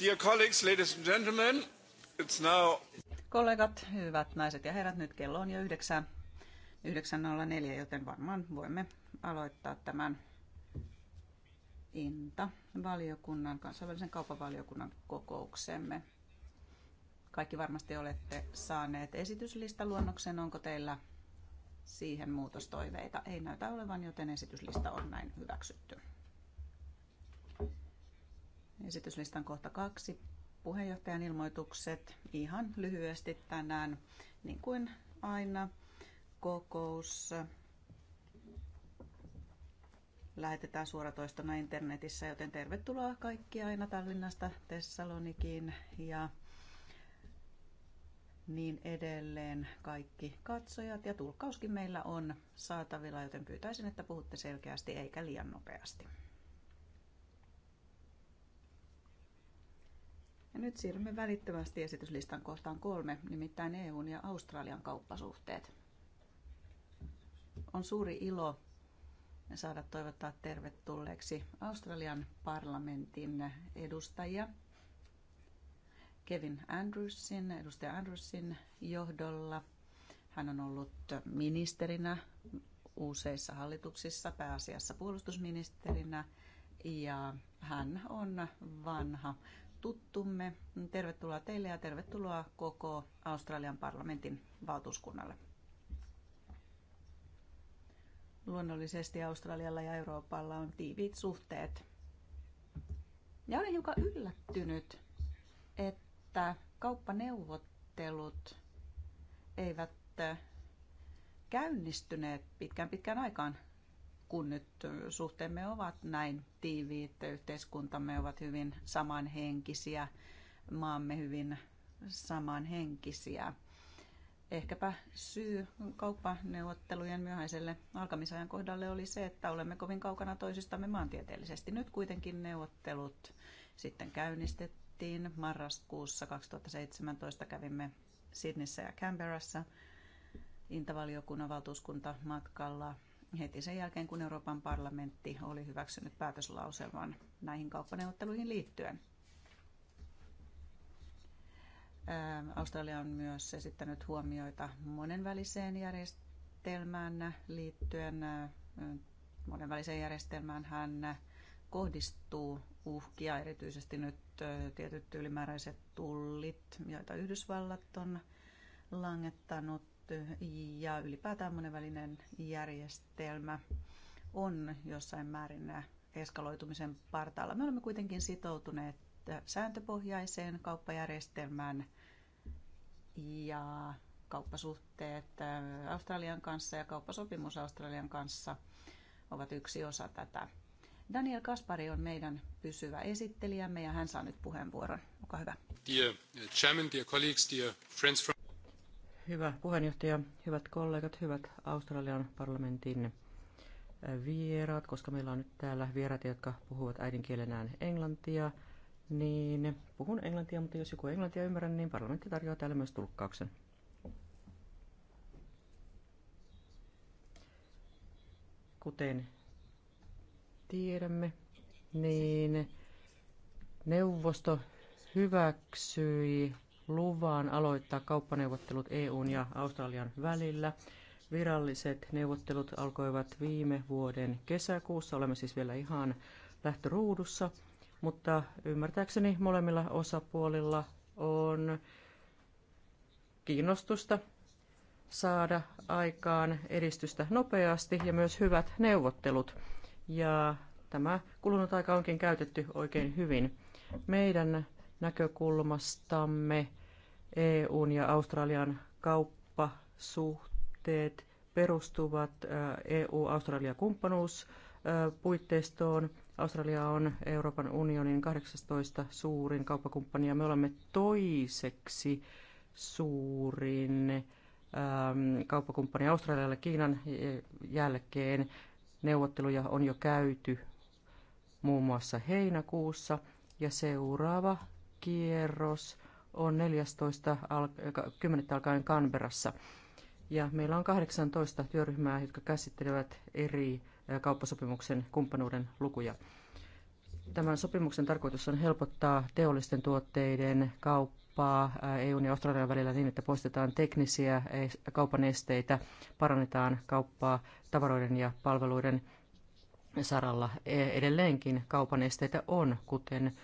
Dear colleagues, ladies and gentlemen, it's now... Kollegat, hyvät naiset ja herrat, nyt kello on jo 9.04, joten varmaan voimme aloittaa tämän INTA-valiokunnan, kansainvälisen kaupavaliokunnan kokouksemme. Kaikki varmasti olette saaneet esityslistaluonnoksen. Onko teillä siihen muutostoiveita? Ei näytä olevan, joten esityslista on näin hyväksytty esityslistan kohta kaksi. Puheenjohtajan ilmoitukset ihan lyhyesti tänään, niin kuin aina, kokous lähetetään suoratoistona internetissä, joten tervetuloa kaikki aina Tallinnasta Tessalonikin ja niin edelleen kaikki katsojat ja tulkkauskin meillä on saatavilla, joten pyytäisin, että puhutte selkeästi eikä liian nopeasti. Ja nyt siirrymme välittömästi esityslistan kohtaan kolme, nimittäin EUn ja Australian kauppasuhteet. On suuri ilo saada toivottaa tervetulleeksi Australian parlamentin edustajia Kevin Andrewsin, edustaja Andrewsin johdolla. Hän on ollut ministerinä useissa hallituksissa, pääasiassa puolustusministerinä, ja hän on vanha tuttumme. Tervetuloa teille ja tervetuloa koko Australian parlamentin valtuuskunnalle. Luonnollisesti Australialla ja Euroopalla on tiiviit suhteet. Ja olen hiukan yllättynyt, että kauppaneuvottelut eivät käynnistyneet pitkään pitkään aikaan kun nyt suhteemme ovat näin tiiviit, yhteiskuntamme ovat hyvin samanhenkisiä, maamme hyvin samanhenkisiä. Ehkäpä syy kauppaneuvottelujen myöhäiselle alkamisajan kohdalle oli se, että olemme kovin kaukana toisistamme maantieteellisesti. Nyt kuitenkin neuvottelut sitten käynnistettiin. Marraskuussa 2017 kävimme Sydneyssä ja Canberrassa intavaliokunnan valtuuskunta matkalla heti sen jälkeen, kun Euroopan parlamentti oli hyväksynyt päätöslauselman näihin kauppaneuvotteluihin liittyen. Australia on myös esittänyt huomioita monenväliseen järjestelmään liittyen. Monenväliseen järjestelmään hän kohdistuu uhkia, erityisesti nyt tietyt ylimääräiset tullit, joita Yhdysvallat on langettanut ja ylipäätään monenvälinen järjestelmä on jossain määrin eskaloitumisen partaalla. Me olemme kuitenkin sitoutuneet sääntöpohjaiseen kauppajärjestelmään ja kauppasuhteet Australian kanssa ja kauppasopimus Australian kanssa ovat yksi osa tätä. Daniel Kaspari on meidän pysyvä esittelijämme ja hän saa nyt puheenvuoron. Olkaa hyvä. Dear uh, chairman, dear colleagues, dear friends from... Hyvä puheenjohtaja, hyvät kollegat, hyvät Australian parlamentin äh, vieraat, koska meillä on nyt täällä vieraat, jotka puhuvat äidinkielenään englantia, niin puhun englantia, mutta jos joku englantia ymmärrän, niin parlamentti tarjoaa täällä myös tulkkauksen. Kuten tiedämme, niin neuvosto hyväksyi luvan aloittaa kauppaneuvottelut EUn ja Australian välillä. Viralliset neuvottelut alkoivat viime vuoden kesäkuussa. Olemme siis vielä ihan lähtöruudussa, mutta ymmärtääkseni molemmilla osapuolilla on kiinnostusta saada aikaan edistystä nopeasti ja myös hyvät neuvottelut. Ja tämä kulunut aika onkin käytetty oikein hyvin. Meidän näkökulmastamme EUn ja Australian kauppasuhteet perustuvat eu australia kumppanuuspuitteistoon Australia on Euroopan unionin 18 suurin kauppakumppani ja me olemme toiseksi suurin kauppakumppani Australialle Kiinan jälkeen. Neuvotteluja on jo käyty muun muassa heinäkuussa ja seuraava kierros on 14. Al- 10. alkaen Canberrassa. Ja meillä on 18 työryhmää, jotka käsittelevät eri kauppasopimuksen kumppanuuden lukuja. Tämän sopimuksen tarkoitus on helpottaa teollisten tuotteiden kauppaa EUn ja Australian välillä niin, että poistetaan teknisiä e-, kaupan esteitä, parannetaan kauppaa tavaroiden ja palveluiden saralla. E-, edelleenkin kaupan esteitä on, kuten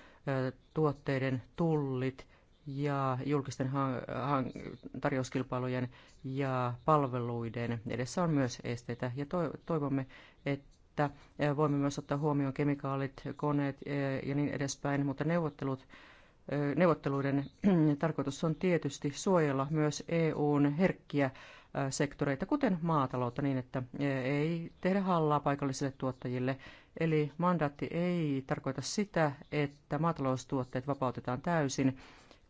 tuotteiden tullit ja julkisten tarjouskilpailujen ja palveluiden edessä on myös esteitä. Ja toivomme, että eh, voimme myös ottaa huomioon kemikaalit, koneet eh, ja niin edespäin, mutta neuvottelut eh, Neuvotteluiden tarkoitus on tietysti suojella myös EUn herkkiä sektoreita, kuten maataloutta, niin että ei tehdä hallaa paikallisille tuottajille. Eli mandaatti ei tarkoita sitä, että maataloustuotteet vapautetaan täysin,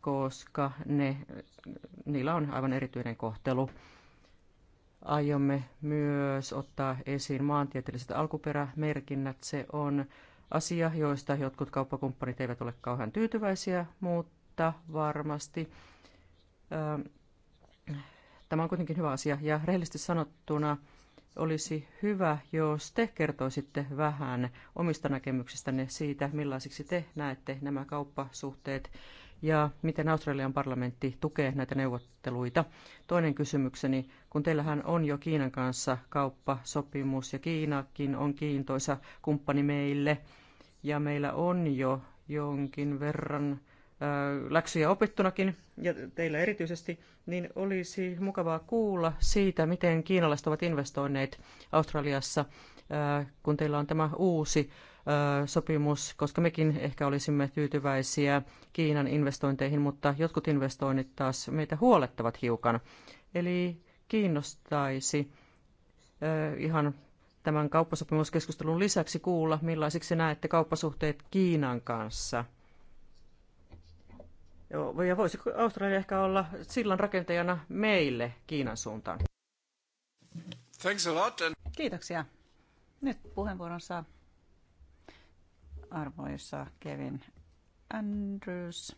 koska ne, niillä on aivan erityinen kohtelu. Aiomme myös ottaa esiin maantieteelliset alkuperämerkinnät. Se on asia, joista jotkut kauppakumppanit eivät ole kauhean tyytyväisiä, mutta varmasti äh, tämä on kuitenkin hyvä asia. Ja rehellisesti sanottuna olisi hyvä, jos te kertoisitte vähän omista näkemyksistänne siitä, millaisiksi te näette nämä kauppasuhteet ja miten Australian parlamentti tukee näitä neuvotteluita. Toinen kysymykseni, kun teillähän on jo Kiinan kanssa kauppasopimus ja Kiinakin on kiintoisa kumppani meille ja meillä on jo jonkin verran läksyjä opittunakin, ja teillä erityisesti, niin olisi mukavaa kuulla siitä, miten kiinalaiset ovat investoineet Australiassa, kun teillä on tämä uusi sopimus, koska mekin ehkä olisimme tyytyväisiä Kiinan investointeihin, mutta jotkut investoinnit taas meitä huolettavat hiukan. Eli kiinnostaisi ihan tämän kauppasopimuskeskustelun lisäksi kuulla, millaisiksi näette kauppasuhteet Kiinan kanssa. ja voisiko Australia ehkä olla sillan rakentajana meille Kiinan suuntaan? Thanks a lot and... Kiitoksia. Nyt puheenvuoron saa arvoisa Kevin Andrews.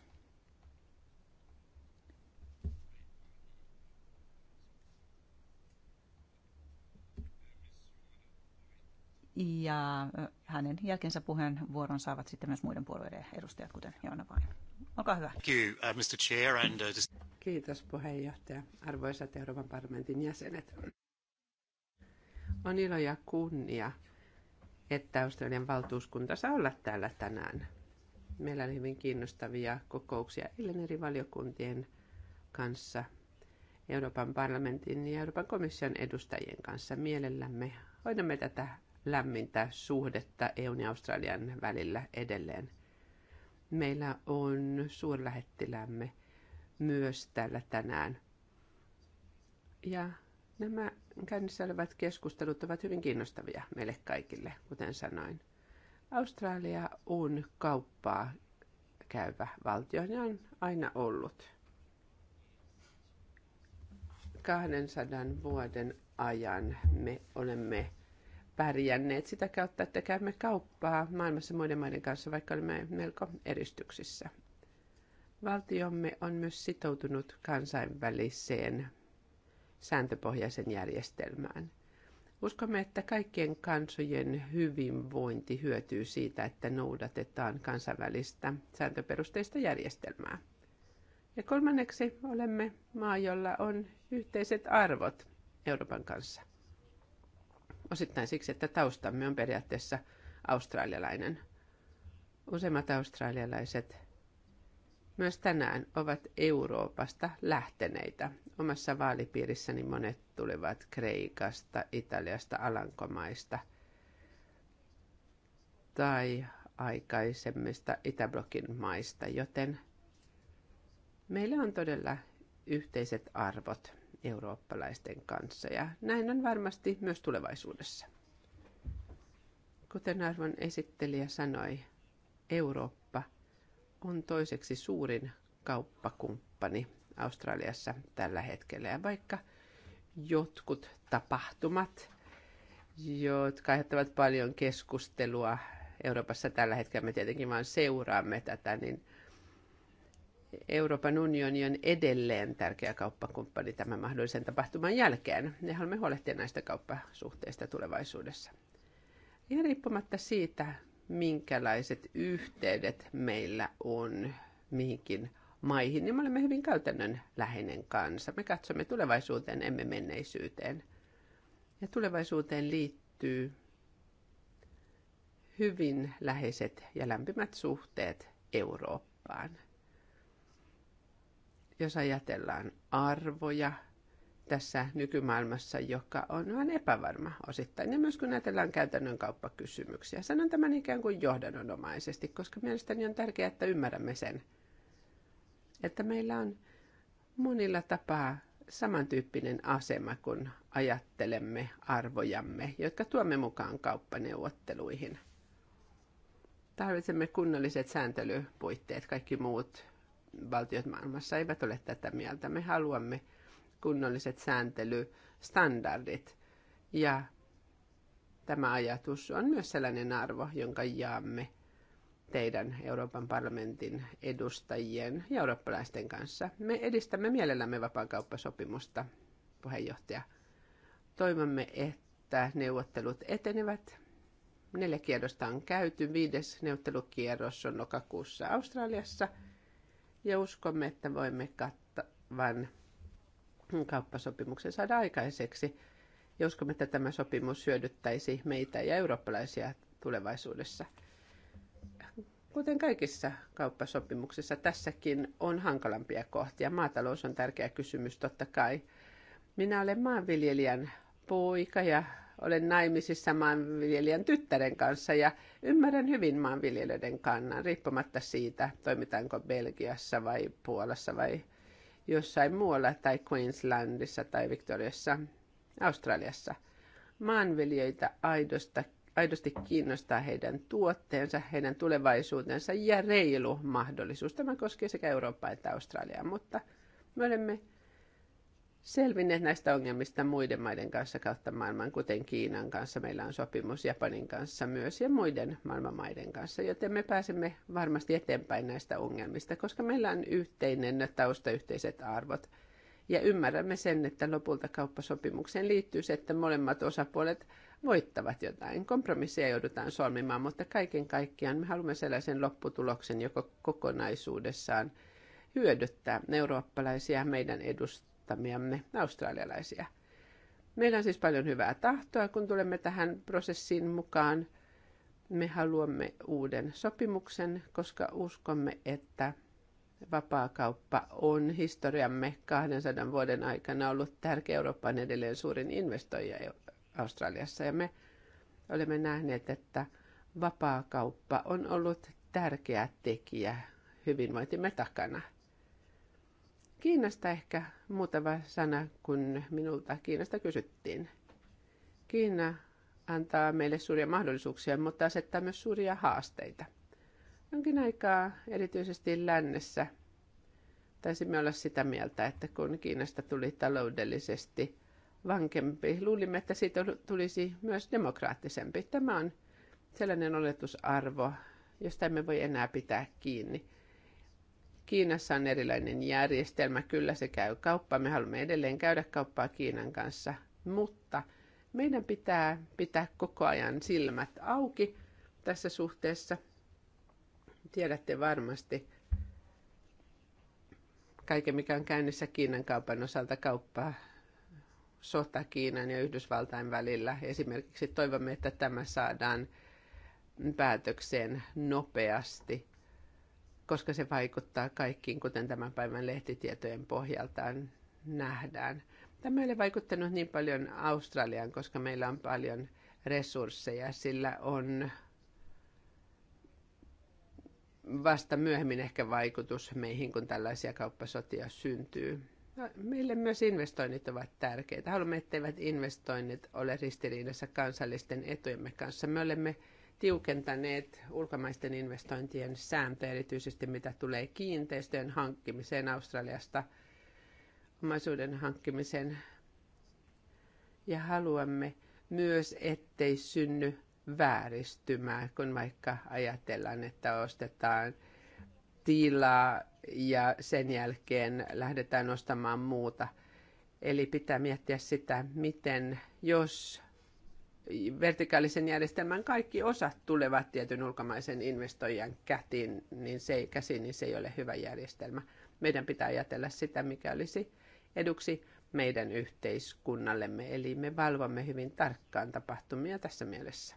Ja hänen jälkensä puheenvuoron saavat sitten myös muiden puolueiden edustajat, kuten Joona Vain. Olkaa hyvä. Uh, uh, Kiitos puheenjohtaja, arvoisat Euroopan parlamentin jäsenet. On ilo ja kunnia että Australian valtuuskunta saa olla täällä tänään. Meillä oli hyvin kiinnostavia kokouksia eilen eri valiokuntien kanssa, Euroopan parlamentin ja Euroopan komission edustajien kanssa. Mielellämme hoidamme tätä lämmintä suhdetta EUn ja Australian välillä edelleen. Meillä on suurlähettilämme myös täällä tänään. Ja Nämä käynnissä olevat keskustelut ovat hyvin kiinnostavia meille kaikille, kuten sanoin. Australia on kauppaa käyvä valtio ja on aina ollut. 200 vuoden ajan me olemme pärjänneet sitä kautta, että käymme kauppaa maailmassa muiden maiden kanssa, vaikka olemme melko eristyksissä. Valtiomme on myös sitoutunut kansainväliseen sääntöpohjaisen järjestelmään. Uskomme, että kaikkien kansojen hyvinvointi hyötyy siitä, että noudatetaan kansainvälistä sääntöperusteista järjestelmää. Ja kolmanneksi olemme maa, jolla on yhteiset arvot Euroopan kanssa. Osittain siksi, että taustamme on periaatteessa australialainen. Useimmat australialaiset myös tänään ovat Euroopasta lähteneitä, Omassa vaalipiirissäni monet tulivat Kreikasta, Italiasta, Alankomaista tai aikaisemmista Itäblokin maista, joten meillä on todella yhteiset arvot eurooppalaisten kanssa ja näin on varmasti myös tulevaisuudessa. Kuten arvon esittelijä sanoi, Eurooppa on toiseksi suurin kauppakumppani Australiassa tällä hetkellä. Ja vaikka jotkut tapahtumat, jotka aiheuttavat paljon keskustelua Euroopassa tällä hetkellä, me tietenkin vain seuraamme tätä, niin Euroopan unioni on edelleen tärkeä kauppakumppani tämän mahdollisen tapahtuman jälkeen. Me haluamme huolehtia näistä kauppasuhteista tulevaisuudessa. Ihan riippumatta siitä, minkälaiset yhteydet meillä on mihinkin maihin, niin me olemme hyvin käytännön läheinen kanssa. Me katsomme tulevaisuuteen, emme menneisyyteen. Ja tulevaisuuteen liittyy hyvin läheiset ja lämpimät suhteet Eurooppaan. Jos ajatellaan arvoja tässä nykymaailmassa, joka on vähän epävarma osittain, ja myös kun ajatellaan käytännön kauppakysymyksiä, sanon tämän ikään kuin johdannonomaisesti, koska mielestäni on tärkeää, että ymmärrämme sen – että meillä on monilla tapaa samantyyppinen asema, kun ajattelemme arvojamme, jotka tuomme mukaan kauppaneuvotteluihin. Tarvitsemme kunnolliset sääntelypuitteet. Kaikki muut valtiot maailmassa eivät ole tätä mieltä. Me haluamme kunnolliset sääntelystandardit. Ja tämä ajatus on myös sellainen arvo, jonka jaamme teidän Euroopan parlamentin edustajien ja eurooppalaisten kanssa. Me edistämme mielellämme vapaakauppasopimusta, puheenjohtaja. Toivomme, että neuvottelut etenevät. Neljä kierrosta on käyty. Viides neuvottelukierros on lokakuussa Australiassa. Ja uskomme, että voimme kattavan kauppasopimuksen saada aikaiseksi. Ja uskomme, että tämä sopimus hyödyttäisi meitä ja eurooppalaisia tulevaisuudessa – Kuten kaikissa kauppasopimuksissa, tässäkin on hankalampia kohtia. Maatalous on tärkeä kysymys totta kai. Minä olen maanviljelijän poika ja olen naimisissa maanviljelijän tyttären kanssa ja ymmärrän hyvin maanviljelijöiden kannan, riippumatta siitä, toimitaanko Belgiassa vai Puolassa vai jossain muualla tai Queenslandissa tai Victoriassa, Australiassa. Maanviljelijöitä aidosta aidosti kiinnostaa heidän tuotteensa, heidän tulevaisuutensa ja reilu mahdollisuus. Tämä koskee sekä Eurooppaa että Australiaa, mutta me olemme selvinneet näistä ongelmista muiden maiden kanssa kautta maailman, kuten Kiinan kanssa. Meillä on sopimus Japanin kanssa myös ja muiden maiden kanssa, joten me pääsemme varmasti eteenpäin näistä ongelmista, koska meillä on yhteinen yhteiset arvot. Ja ymmärrämme sen, että lopulta kauppasopimukseen liittyy se, että molemmat osapuolet – voittavat jotain. Kompromisseja joudutaan solmimaan, mutta kaiken kaikkiaan me haluamme sellaisen lopputuloksen, joka kokonaisuudessaan hyödyttää eurooppalaisia, meidän edustamiamme, australialaisia. Meillä on siis paljon hyvää tahtoa, kun tulemme tähän prosessiin mukaan. Me haluamme uuden sopimuksen, koska uskomme, että vapaakauppa on historiamme 200 vuoden aikana ollut tärkeä Euroopan edelleen suurin investoija Australiassa. Ja me olemme nähneet, että vapaakauppa on ollut tärkeä tekijä hyvinvointimme takana. Kiinasta ehkä muutama sana, kun minulta Kiinasta kysyttiin. Kiina antaa meille suuria mahdollisuuksia, mutta asettaa myös suuria haasteita. Jonkin aikaa erityisesti lännessä taisimme olla sitä mieltä, että kun Kiinasta tuli taloudellisesti vankempi. Luulimme, että siitä tulisi myös demokraattisempi. Tämä on sellainen oletusarvo, josta emme voi enää pitää kiinni. Kiinassa on erilainen järjestelmä, kyllä se käy kauppaa, me haluamme edelleen käydä kauppaa Kiinan kanssa, mutta meidän pitää pitää koko ajan silmät auki tässä suhteessa. Tiedätte varmasti kaiken, mikä on käynnissä Kiinan kaupan osalta kauppaa sota Kiinan ja Yhdysvaltain välillä. Esimerkiksi toivomme, että tämä saadaan päätökseen nopeasti, koska se vaikuttaa kaikkiin, kuten tämän päivän lehtitietojen pohjaltaan nähdään. Tämä ei ole vaikuttanut niin paljon Australiaan, koska meillä on paljon resursseja. Sillä on vasta myöhemmin ehkä vaikutus meihin, kun tällaisia kauppasotia syntyy. No, meille myös investoinnit ovat tärkeitä. Haluamme, etteivät investoinnit ole ristiriidassa kansallisten etujemme kanssa. Me olemme tiukentaneet ulkomaisten investointien sääntöjä, erityisesti mitä tulee kiinteistöjen hankkimiseen Australiasta, omaisuuden hankkimiseen. Ja haluamme myös, ettei synny vääristymää, kun vaikka ajatellaan, että ostetaan tilaa ja sen jälkeen lähdetään ostamaan muuta. Eli pitää miettiä sitä, miten jos vertikaalisen järjestelmän kaikki osat tulevat tietyn ulkomaisen investoijan kätiin, niin se ei, käsiin, niin se ei ole hyvä järjestelmä. Meidän pitää ajatella sitä, mikä olisi eduksi meidän yhteiskunnallemme, eli me valvomme hyvin tarkkaan tapahtumia tässä mielessä.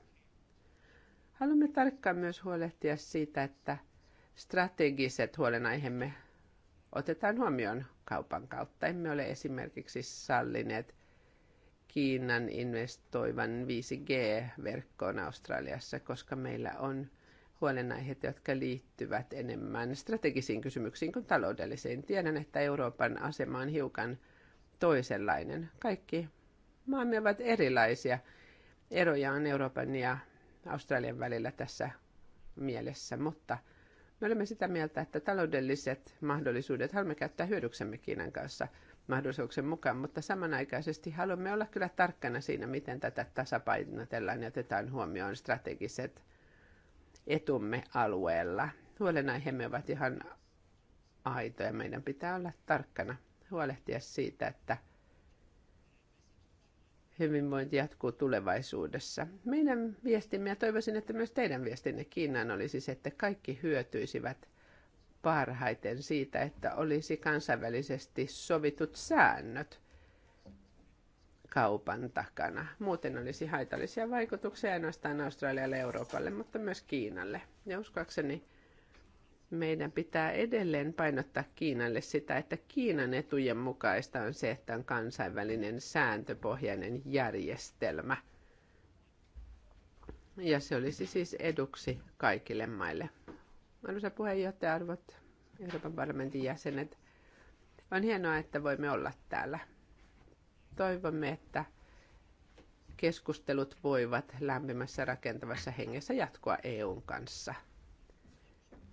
Haluamme tarkkaan myös huolehtia siitä, että – strategiset huolenaiheemme otetaan huomioon kaupan kautta. Emme ole esimerkiksi sallineet Kiinan investoivan 5G-verkkoon Australiassa, koska meillä on huolenaiheet, jotka liittyvät enemmän strategisiin kysymyksiin kuin taloudellisiin. Tiedän, että Euroopan asema on hiukan toisenlainen. Kaikki maamme ovat erilaisia. Eroja on Euroopan ja Australian välillä tässä mielessä, mutta – me olemme sitä mieltä, että taloudelliset mahdollisuudet haluamme käyttää hyödyksemme Kiinan kanssa mahdollisuuksien mukaan, mutta samanaikaisesti haluamme olla kyllä tarkkana siinä, miten tätä tasapainotellaan ja otetaan huomioon strategiset etumme alueella. Huolenaiheemme ovat ihan aitoja. Meidän pitää olla tarkkana, huolehtia siitä, että – hyvinvointi jatkuu tulevaisuudessa. Meidän viestimme, ja toivoisin, että myös teidän viestinne Kiinaan olisi se, että kaikki hyötyisivät parhaiten siitä, että olisi kansainvälisesti sovitut säännöt kaupan takana. Muuten olisi haitallisia vaikutuksia ainoastaan Australialle ja Euroopalle, mutta myös Kiinalle. Ja uskoakseni meidän pitää edelleen painottaa Kiinalle sitä, että Kiinan etujen mukaista on se, että on kansainvälinen sääntöpohjainen järjestelmä. Ja se olisi siis eduksi kaikille maille. Arvoisa puheenjohtaja, arvot Euroopan parlamentin jäsenet, on hienoa, että voimme olla täällä. Toivomme, että keskustelut voivat lämpimässä rakentavassa hengessä jatkoa EUn kanssa –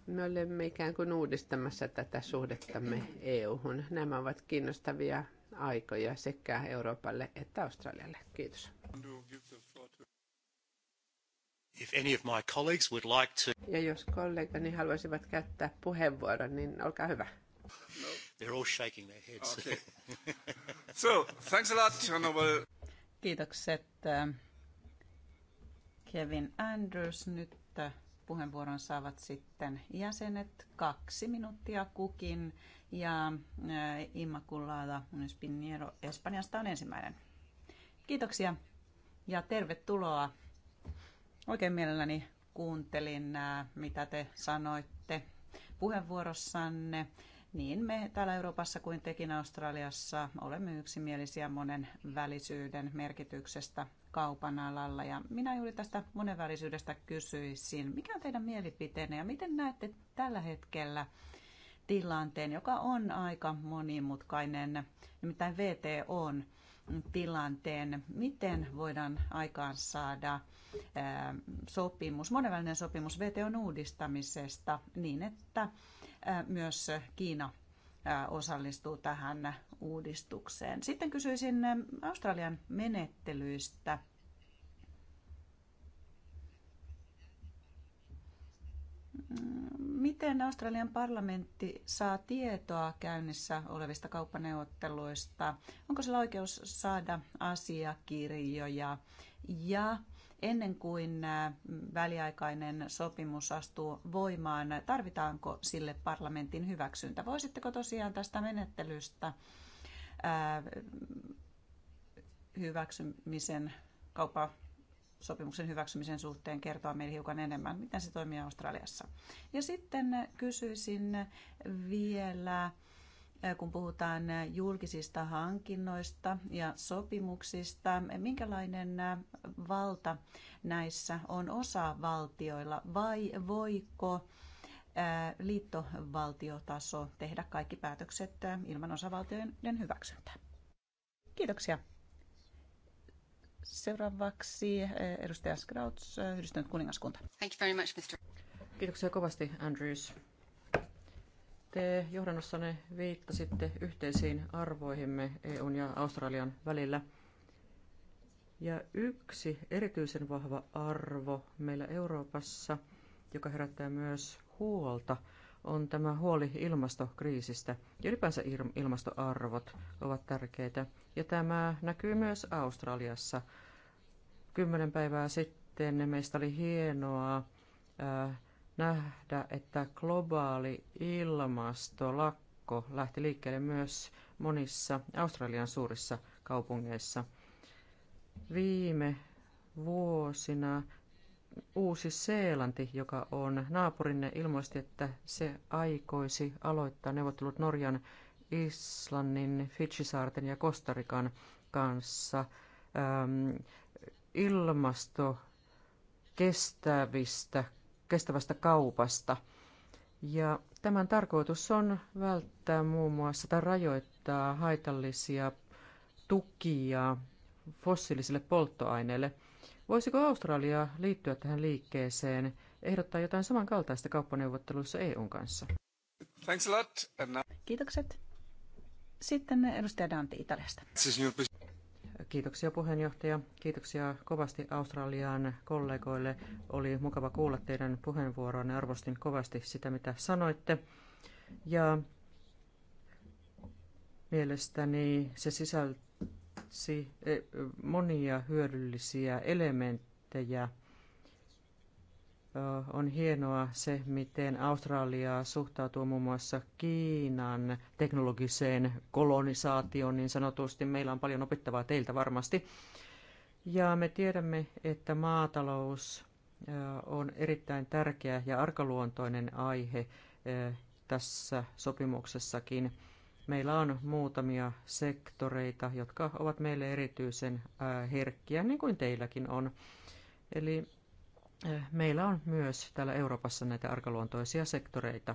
me olemme ikään kuin uudistamassa tätä suhdettamme EU-hun. Nämä ovat kiinnostavia aikoja sekä Euroopalle että Australialle. Kiitos. If any of my colleagues would like to... Ja jos kollegani haluaisivat käyttää puheenvuoron, niin olkaa hyvä. No. They're all shaking their heads. Okay. so, thanks a lot, Honorable. Kiitokset äh, Kevin Andrews. Nyt äh, puheenvuoron saavat sitten jäsenet kaksi minuuttia kukin ja äh, Immaculada Spiniero Espanjasta on ensimmäinen. Kiitoksia ja tervetuloa. Oikein mielelläni kuuntelin, äh, mitä te sanoitte puheenvuorossanne niin me täällä Euroopassa kuin tekin Australiassa olemme yksimielisiä monen välisyyden merkityksestä kaupan alalla. Ja minä juuri tästä monenvälisyydestä kysyisin, mikä on teidän mielipiteenne ja miten näette tällä hetkellä tilanteen, joka on aika monimutkainen, nimittäin VT on tilanteen, miten voidaan aikaan saada sopimus, monenvälinen sopimus VTOn uudistamisesta niin, että myös Kiina osallistuu tähän uudistukseen. Sitten kysyisin Australian menettelyistä. Mm, Miten Australian parlamentti saa tietoa käynnissä olevista kauppaneuvotteluista? Onko sillä oikeus saada asiakirjoja? Ja ennen kuin väliaikainen sopimus astuu voimaan, tarvitaanko sille parlamentin hyväksyntä? Voisitteko tosiaan tästä menettelystä hyväksymisen kaupan sopimuksen hyväksymisen suhteen kertoa meille hiukan enemmän, miten se toimii Australiassa. Ja sitten kysyisin vielä, kun puhutaan julkisista hankinnoista ja sopimuksista, minkälainen valta näissä on osavaltioilla vai voiko liittovaltiotaso tehdä kaikki päätökset ilman osavaltioiden hyväksyntää? Kiitoksia. Seuraavaksi eh, edustaja Skrauts, eh, yhdistynyt kuningaskunta. Thank you very much, Mr. Kiitoksia kovasti, Andrews. Te johdannossanne viittasitte yhteisiin arvoihimme EUn ja Australian välillä. Ja yksi erityisen vahva arvo meillä Euroopassa, joka herättää myös huolta, on tämä huoli ilmastokriisistä. Ja ylipäänsä ilmastoarvot ovat tärkeitä. Ja tämä näkyy myös Australiassa. Kymmenen päivää sitten meistä oli hienoa äh, nähdä, että globaali ilmastolakko lähti liikkeelle myös monissa Australian suurissa kaupungeissa. Viime vuosina Uusi-Seelanti, joka on naapurinne, ilmoisti, että se aikoisi aloittaa neuvottelut Norjan, Islannin, Fidjisaarten ja Kostarikan kanssa ähm, ilmasto kestävistä, kestävästä kaupasta. Ja tämän tarkoitus on välttää muun muassa tai rajoittaa haitallisia tukia fossiilisille polttoaineille – Voisiko Australia liittyä tähän liikkeeseen, ehdottaa jotain samankaltaista kauppaneuvotteluissa EUn kanssa? Thanks a lot. Kiitokset. Sitten edustaja Dante Italiasta. Kiitoksia puheenjohtaja. Kiitoksia kovasti Australian kollegoille. Oli mukava kuulla teidän puheenvuoroanne. Arvostin kovasti sitä, mitä sanoitte. Ja mielestäni se sisältää paitsi e, monia hyödyllisiä elementtejä, e, on hienoa se, miten Australia suhtautuu muun muassa Kiinan teknologiseen kolonisaatioon, niin sanotusti meillä on paljon opittavaa teiltä varmasti. Ja me tiedämme, että maatalous e, on erittäin tärkeä ja arkaluontoinen aihe tässä sopimuksessakin. Meillä on muutamia sektoreita, jotka ovat meille erityisen äh, herkkiä, niin kuin teilläkin on. Eli äh, meillä on myös täällä Euroopassa näitä arkaluontoisia sektoreita.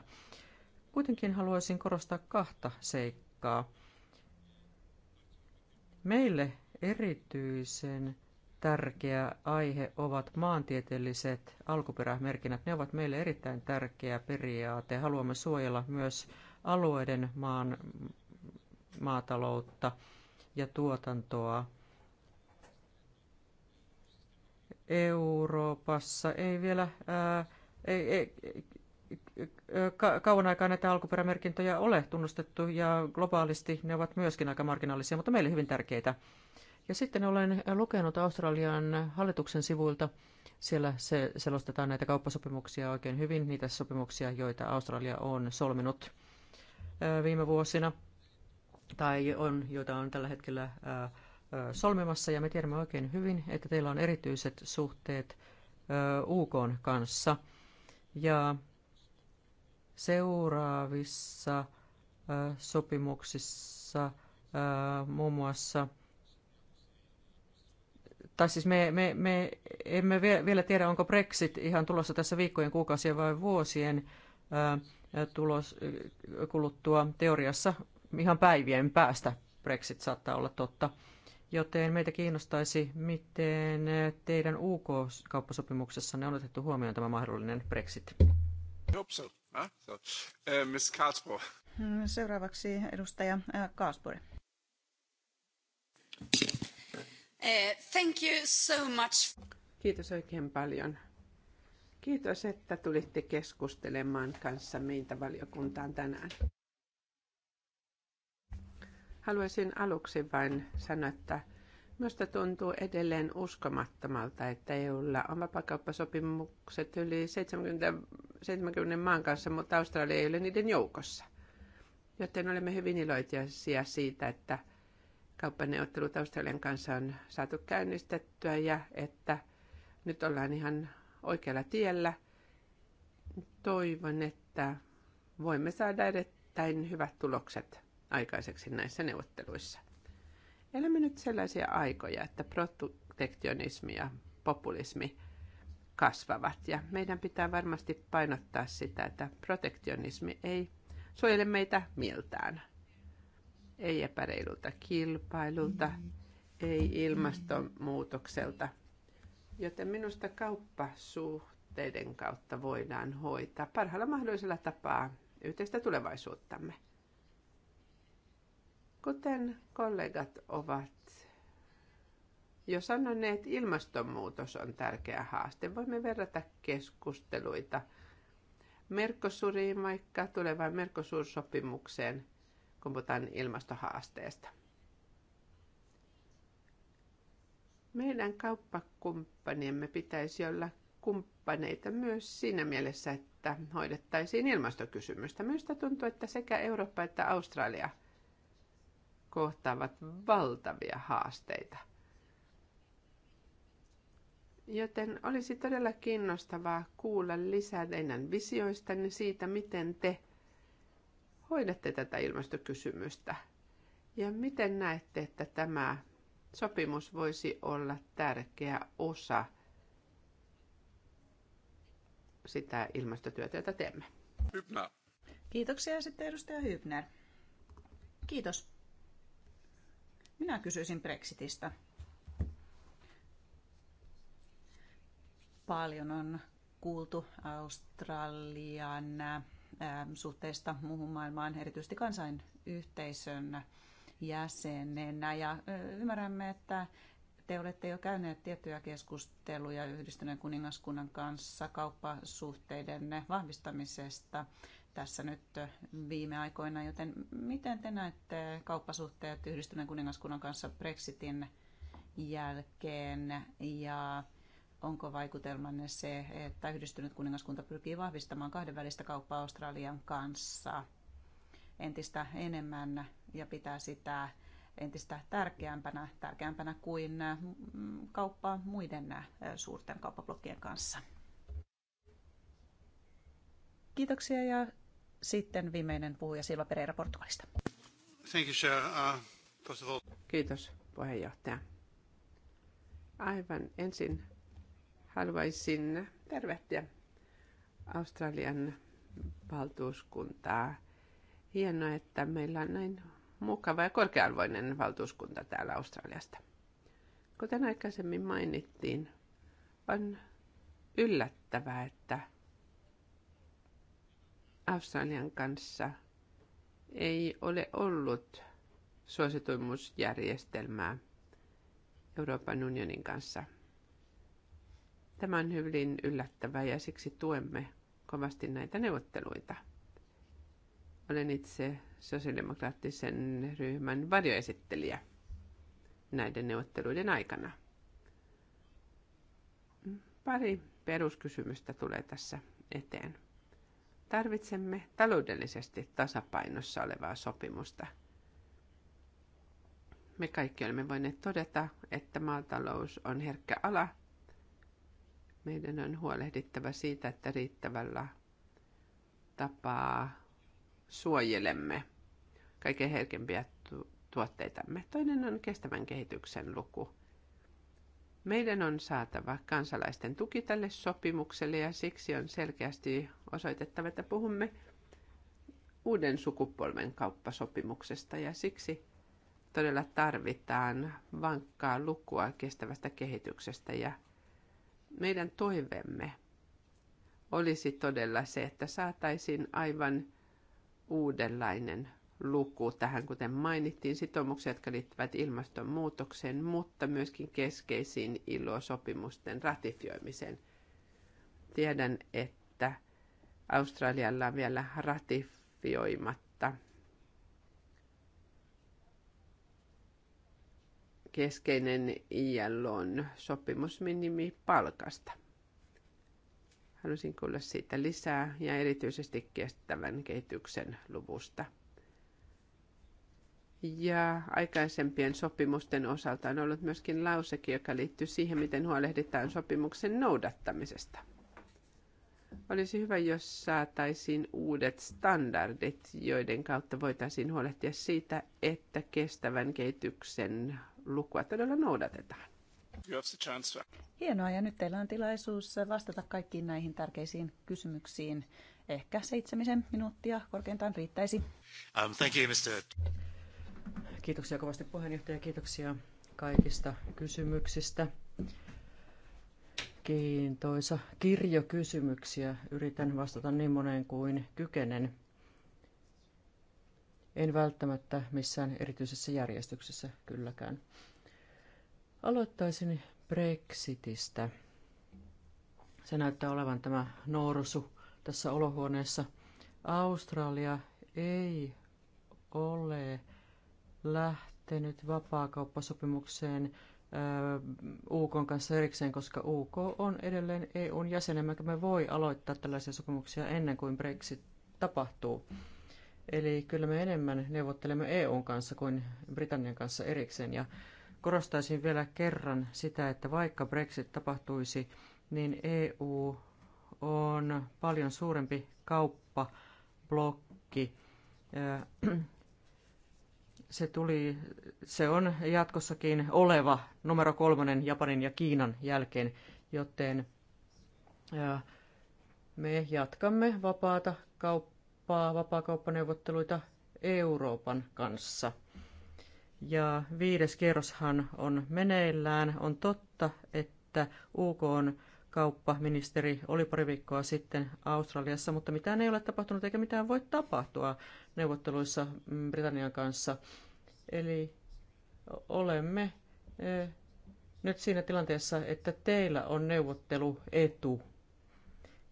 Kuitenkin haluaisin korostaa kahta seikkaa. Meille erityisen tärkeä aihe ovat maantieteelliset alkuperämerkinnät. Ne ovat meille erittäin tärkeä periaate. Haluamme suojella myös alueiden maan, maataloutta ja tuotantoa. Euroopassa ei vielä ää, ei, ei, ka- kauan aikaa näitä alkuperämerkintöjä ole tunnustettu ja globaalisti ne ovat myöskin aika marginaalisia, mutta meille hyvin tärkeitä. Ja sitten olen lukenut Australian hallituksen sivuilta, siellä se selostetaan näitä kauppasopimuksia oikein hyvin, niitä sopimuksia, joita Australia on solminut viime vuosina, tai on, joita on tällä hetkellä solmimassa, ja me tiedämme oikein hyvin, että teillä on erityiset suhteet UK kanssa. Ja seuraavissa sopimuksissa muun muassa tai siis me, me, me emme vielä tiedä, onko Brexit ihan tulossa tässä viikkojen, kuukausien vai vuosien tulos kuluttua. Teoriassa ihan päivien päästä Brexit saattaa olla totta. Joten meitä kiinnostaisi, miten teidän uk kauppasopimuksessa on otettu huomioon tämä mahdollinen Brexit. Miss Seuraavaksi edustaja Kaasbori. Eh, thank you so much. Kiitos oikein paljon Kiitos, että tulitte keskustelemaan kanssa meitä valiokuntaan tänään. Haluaisin aluksi vain sanoa, että Minusta tuntuu edelleen uskomattomalta, että EUlla on vapakauppasopimukset yli 70, 70 maan kanssa, mutta Australia ei ole niiden joukossa. Joten olemme hyvin iloisia siitä, että kauppaneuvottelut Australian kanssa on saatu käynnistettyä ja että nyt ollaan ihan oikealla tiellä. Toivon, että voimme saada erittäin hyvät tulokset aikaiseksi näissä neuvotteluissa. Elämme nyt sellaisia aikoja, että protektionismi ja populismi kasvavat ja meidän pitää varmasti painottaa sitä, että protektionismi ei suojele meitä miltään. Ei epäreilulta kilpailulta, ei ilmastonmuutokselta – Joten minusta kauppasuhteiden kautta voidaan hoitaa parhaalla mahdollisella tapaa yhteistä tulevaisuuttamme. Kuten kollegat ovat jo sanoneet, ilmastonmuutos on tärkeä haaste. Voimme verrata keskusteluita Merkosuriin, vaikka tulevaan Merkosuursopimukseen, kun puhutaan ilmastohaasteesta – Meidän kauppakumppaniemme pitäisi olla kumppaneita myös siinä mielessä, että hoidettaisiin ilmastokysymystä. Minusta tuntuu, että sekä Eurooppa että Australia kohtaavat valtavia haasteita. Joten olisi todella kiinnostavaa kuulla lisää teidän visioistanne siitä, miten te hoidatte tätä ilmastokysymystä. Ja miten näette, että tämä sopimus voisi olla tärkeä osa sitä ilmastotyötä, jota teemme. Hybner. Kiitoksia sitten edustaja Hybner. Kiitos. Minä kysyisin Brexitistä. Paljon on kuultu Australian suhteesta muuhun maailmaan, erityisesti kansainyhteisön jäsenenä ja ymmärrämme, että te olette jo käyneet tiettyjä keskusteluja yhdistyneen kuningaskunnan kanssa kauppasuhteiden vahvistamisesta tässä nyt viime aikoina, joten miten te näette kauppasuhteet yhdistyneen kuningaskunnan kanssa Brexitin jälkeen ja onko vaikutelmanne se, että yhdistynyt kuningaskunta pyrkii vahvistamaan kahdenvälistä kauppaa Australian kanssa entistä enemmän ja pitää sitä entistä tärkeämpänä, tärkeämpänä kuin äh, kauppa muiden äh, suurten kauppablokkien kanssa. Kiitoksia ja sitten viimeinen puhuja Silva Pereira Portugalista. Thank you, Chair. Uh, first of all... Kiitos puheenjohtaja. Aivan ensin haluaisin tervehtiä Australian valtuuskuntaa. Hienoa, että meillä on näin mukava ja korkearvoinen valtuuskunta täällä Australiasta. Kuten aikaisemmin mainittiin, on yllättävää, että Australian kanssa ei ole ollut suosituimmuusjärjestelmää Euroopan unionin kanssa. Tämä on hyvin yllättävää ja siksi tuemme kovasti näitä neuvotteluita – olen itse sosiaalidemokraattisen ryhmän varjoesittelijä näiden neuvotteluiden aikana. Pari peruskysymystä tulee tässä eteen. Tarvitsemme taloudellisesti tasapainossa olevaa sopimusta. Me kaikki olemme voineet todeta, että maatalous on herkkä ala. Meidän on huolehdittava siitä, että riittävällä tapaa suojelemme kaikkein herkempiä tuotteitamme. Toinen on kestävän kehityksen luku. Meidän on saatava kansalaisten tuki tälle sopimukselle ja siksi on selkeästi osoitettava, että puhumme uuden sukupolven kauppasopimuksesta ja siksi todella tarvitaan vankkaa lukua kestävästä kehityksestä ja meidän toivemme olisi todella se, että saataisiin aivan uudenlainen luku tähän, kuten mainittiin, sitoumuksia, jotka liittyvät ilmastonmuutokseen, mutta myöskin keskeisiin ILO-sopimusten ratifioimiseen. Tiedän, että Australialla on vielä ratifioimatta keskeinen ILOn sopimusminimi palkasta. Halusin kuulla siitä lisää ja erityisesti kestävän kehityksen luvusta. Ja aikaisempien sopimusten osalta on ollut myöskin lauseke, joka liittyy siihen, miten huolehditaan sopimuksen noudattamisesta. Olisi hyvä, jos saataisiin uudet standardit, joiden kautta voitaisiin huolehtia siitä, että kestävän kehityksen lukua todella noudatetaan. Hienoa, ja nyt teillä on tilaisuus vastata kaikkiin näihin tärkeisiin kysymyksiin. Ehkä seitsemisen minuuttia korkeintaan riittäisi. Um, thank you, Mr. Kiitoksia kovasti puheenjohtaja, kiitoksia kaikista kysymyksistä. Kiintoisa kirjo kysymyksiä. Yritän vastata niin moneen kuin kykenen. En välttämättä missään erityisessä järjestyksessä kylläkään. Aloittaisin Brexitistä. Se näyttää olevan tämä norsu tässä olohuoneessa. Australia ei ole lähtenyt vapaakauppasopimukseen UK kanssa erikseen, koska UK on edelleen EUn jäsen, emmekä me voi aloittaa tällaisia sopimuksia ennen kuin Brexit tapahtuu. Eli kyllä me enemmän neuvottelemme EUn kanssa kuin Britannian kanssa erikseen, ja korostaisin vielä kerran sitä, että vaikka Brexit tapahtuisi, niin EU on paljon suurempi kauppablokki. Se, tuli, se on jatkossakin oleva numero kolmonen Japanin ja Kiinan jälkeen, joten me jatkamme vapaata kauppaa, vapaakauppaneuvotteluita Euroopan kanssa – ja viides kierroshan on meneillään. On totta, että UK on kauppaministeri oli pari viikkoa sitten Australiassa, mutta mitään ei ole tapahtunut eikä mitään voi tapahtua neuvotteluissa mm, Britannian kanssa. Eli olemme nyt siinä tilanteessa, että teillä on neuvotteluetu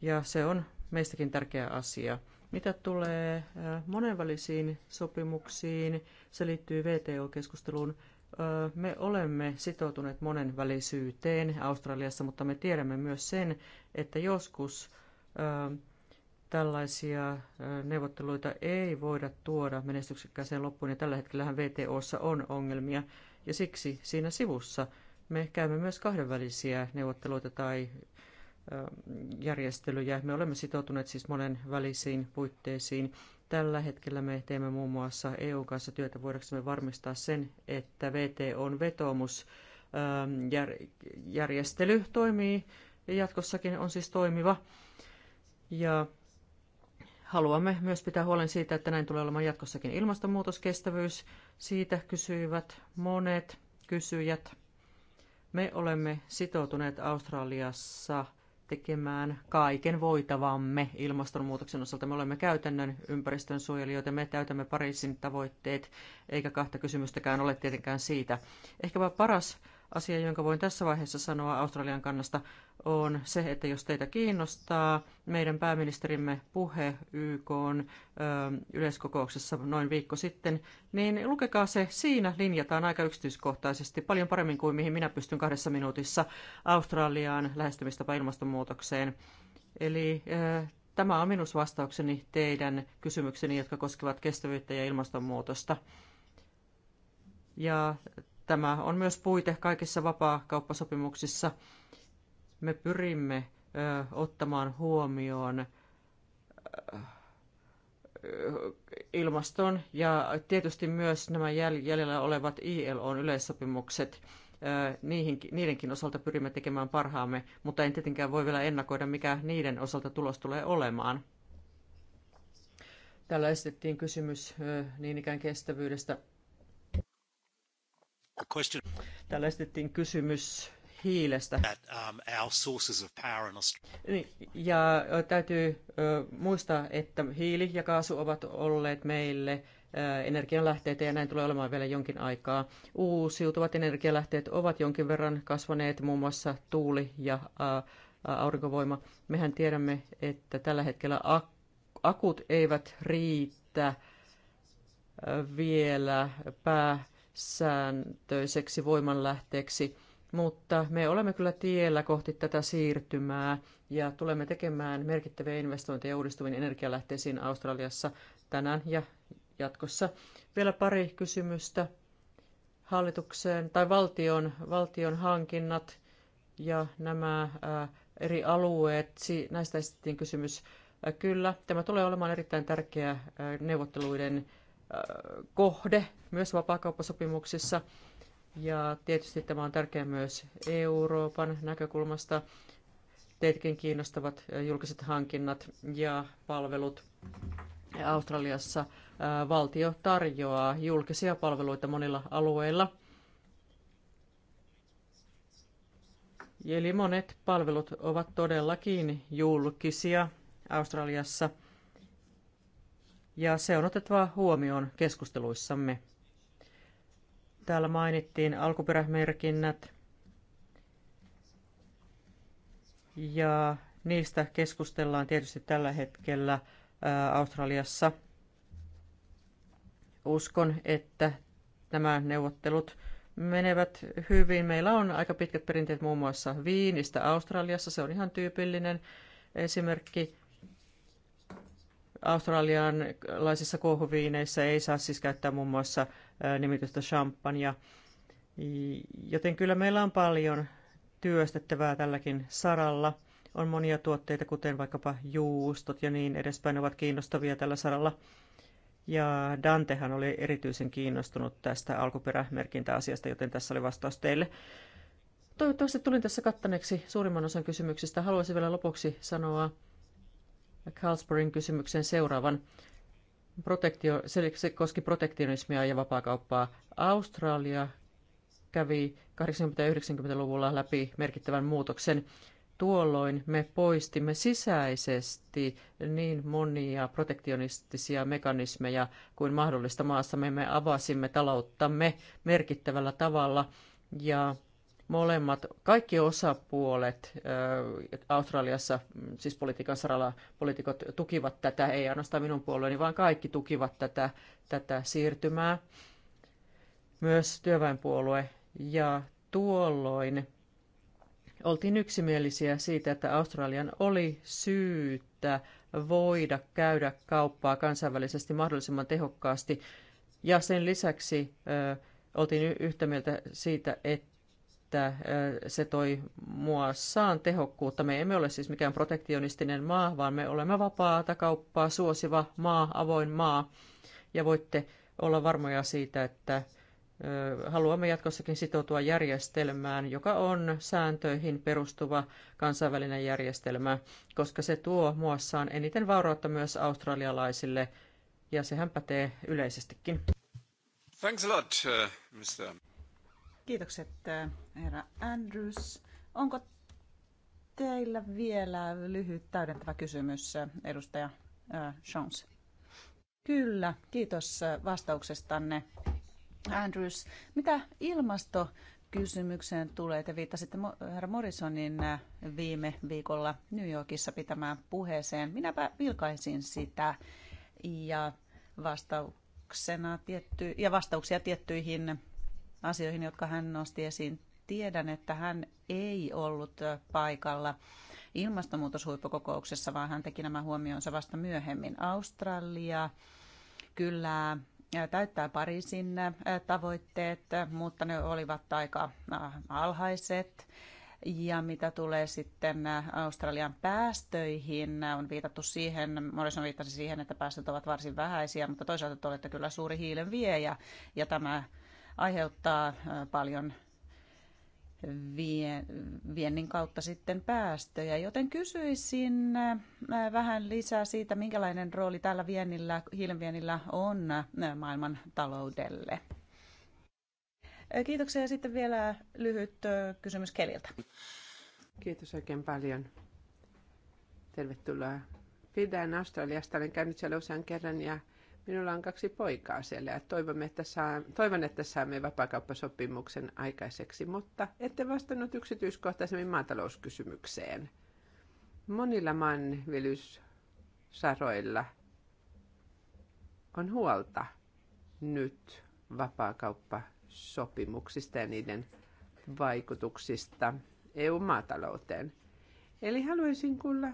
ja se on meistäkin tärkeä asia. Mitä tulee äh, monenvälisiin sopimuksiin, se liittyy VTO-keskusteluun. Äh, me olemme sitoutuneet monenvälisyyteen Australiassa, mutta me tiedämme myös sen, että joskus äh, tällaisia neuvotteluita ei voida tuoda menestyksekkääseen loppuun, ja tällä hetkellähän VTOssa on ongelmia, ja siksi siinä sivussa me käymme myös kahdenvälisiä neuvotteluita tai järjestelyjä. Me olemme sitoutuneet siis monen välisiin puitteisiin. Tällä hetkellä me teemme muun muassa EU kanssa työtä voidaksemme varmistaa sen, että VTOn vetoomus järjestely toimii ja jatkossakin on siis toimiva. Ja haluamme myös pitää huolen siitä, että näin tulee olemaan jatkossakin ilmastonmuutoskestävyys. Siitä kysyivät monet kysyjät. Me olemme sitoutuneet Australiassa – tekemään kaiken voitavamme ilmastonmuutoksen osalta. Me olemme käytännön ympäristön suojelijoita, me täytämme Pariisin tavoitteet, eikä kahta kysymystäkään ole tietenkään siitä. Ehkäpä paras asia, jonka voin tässä vaiheessa sanoa Australian kannasta, on se, että jos teitä kiinnostaa, meidän pääministerimme puhe YK yleiskokouksessa noin viikko sitten, niin lukekaa se. Siinä linjataan aika yksityiskohtaisesti, paljon paremmin kuin mihin minä pystyn kahdessa minuutissa Australiaan lähestymistapa ilmastonmuutokseen. Eli tämä on minun vastaukseni teidän kysymykseni, jotka koskevat kestävyyttä ja ilmastonmuutosta. Ja Tämä on myös puite kaikissa vapaakauppasopimuksissa. Me pyrimme ottamaan huomioon ilmaston ja tietysti myös nämä jäljellä olevat ILOn yleissopimukset. Niihin, niidenkin osalta pyrimme tekemään parhaamme, mutta en tietenkään voi vielä ennakoida, mikä niiden osalta tulos tulee olemaan. Täällä esitettiin kysymys niin ikään kestävyydestä. Täällä esitettiin kysymys hiilestä. Um, niin, ja täytyy muistaa, että hiili ja kaasu ovat olleet meille energianlähteitä ja näin tulee olemaan vielä jonkin aikaa. Uusiutuvat energialähteet ovat jonkin verran kasvaneet, muun muassa tuuli ja aurinkovoima. Mehän tiedämme, että tällä hetkellä akut eivät riitä vielä pää sääntöiseksi voimanlähteeksi, mutta me olemme kyllä tiellä kohti tätä siirtymää ja tulemme tekemään merkittäviä investointeja uudistuviin energialähteisiin Australiassa tänään ja jatkossa. Vielä pari kysymystä hallituksen tai valtion, valtion hankinnat ja nämä eri alueet. si Näistä esitettiin kysymys. Kyllä, tämä tulee olemaan erittäin tärkeä neuvotteluiden kohde myös vapaakauppasopimuksissa. Ja tietysti tämä on tärkeää myös Euroopan näkökulmasta. Teitkin kiinnostavat julkiset hankinnat ja palvelut. Australiassa valtio tarjoaa julkisia palveluita monilla alueilla. Eli monet palvelut ovat todellakin julkisia Australiassa – ja se on otettava huomioon keskusteluissamme. Täällä mainittiin alkuperämerkinnät ja niistä keskustellaan tietysti tällä hetkellä Australiassa. Uskon, että nämä neuvottelut menevät hyvin. Meillä on aika pitkät perinteet muun muassa Viinistä Australiassa. Se on ihan tyypillinen esimerkki australialaisissa kohviineissä ei saa siis käyttää muun muassa nimitystä champagne. Joten kyllä meillä on paljon työstettävää tälläkin saralla. On monia tuotteita, kuten vaikkapa juustot ja niin edespäin, ovat kiinnostavia tällä saralla. Ja Dantehan oli erityisen kiinnostunut tästä alkuperämerkintäasiasta, joten tässä oli vastaus teille. Toivottavasti tulin tässä kattaneeksi suurimman osan kysymyksistä. Haluaisin vielä lopuksi sanoa, Carlsbergin kysymyksen seuraavan. Protektio, se koski protektionismia ja vapaakauppaa. Australia kävi 80-90-luvulla läpi merkittävän muutoksen. Tuolloin me poistimme sisäisesti niin monia protektionistisia mekanismeja kuin mahdollista maassamme. Me avasimme talouttamme merkittävällä tavalla ja molemmat, kaikki osapuolet Australiassa, siis politiikan saralla poliitikot tukivat tätä, ei ainoastaan minun puolueeni, vaan kaikki tukivat tätä, tätä siirtymää, myös työväenpuolue. Ja tuolloin oltiin yksimielisiä siitä, että Australian oli syytä voida käydä kauppaa kansainvälisesti mahdollisimman tehokkaasti. Ja sen lisäksi ö, oltiin yhtä mieltä siitä, että että se toi muassaan tehokkuutta. Me emme ole siis mikään protektionistinen maa, vaan me olemme vapaata kauppaa suosiva maa, avoin maa. Ja voitte olla varmoja siitä, että haluamme jatkossakin sitoutua järjestelmään, joka on sääntöihin perustuva kansainvälinen järjestelmä, koska se tuo muassaan eniten vaurautta myös australialaisille, ja sehän pätee yleisestikin. Thanks a lot, uh, Mr. Kiitokset, äh, herra Andrews. Onko teillä vielä lyhyt täydentävä kysymys, äh, edustaja Jones? Äh, Kyllä, kiitos vastauksestanne. Andrews, mitä ilmasto kysymykseen tulee. Te viittasitte herra Morrisonin viime viikolla New Yorkissa pitämään puheeseen. Minäpä vilkaisin sitä ja, vastauksena tietty, ja vastauksia tiettyihin asioihin, jotka hän nosti esiin. Tiedän, että hän ei ollut paikalla ilmastonmuutoshuippukokouksessa, vaan hän teki nämä huomionsa vasta myöhemmin. Australia kyllä täyttää Pariisin tavoitteet, mutta ne olivat aika alhaiset. Ja mitä tulee sitten Australian päästöihin, on viitattu siihen, Morrison viittasi siihen, että päästöt ovat varsin vähäisiä, mutta toisaalta te olette kyllä suuri hiilen viejä, ja tämä aiheuttaa äh, paljon viennin kautta sitten päästöjä. Joten kysyisin äh, äh, vähän lisää siitä, minkälainen rooli tällä viennillä, hiilenviennillä on maailman taloudelle. Kiitoksia. Sitten vielä lyhyt kysymys Keliltä. Kiitos oikein paljon. Tervetuloa Pidän Australiasta. Olen käynyt siellä usean kerran ja Minulla on kaksi poikaa siellä ja toivon, että, saa, toivon, että saamme vapaakauppasopimuksen aikaiseksi, mutta ette vastannut yksityiskohtaisemmin maatalouskysymykseen. Monilla maanvilyssaroilla on huolta nyt vapaakauppasopimuksista ja niiden vaikutuksista EU-maatalouteen. Eli haluaisin kuulla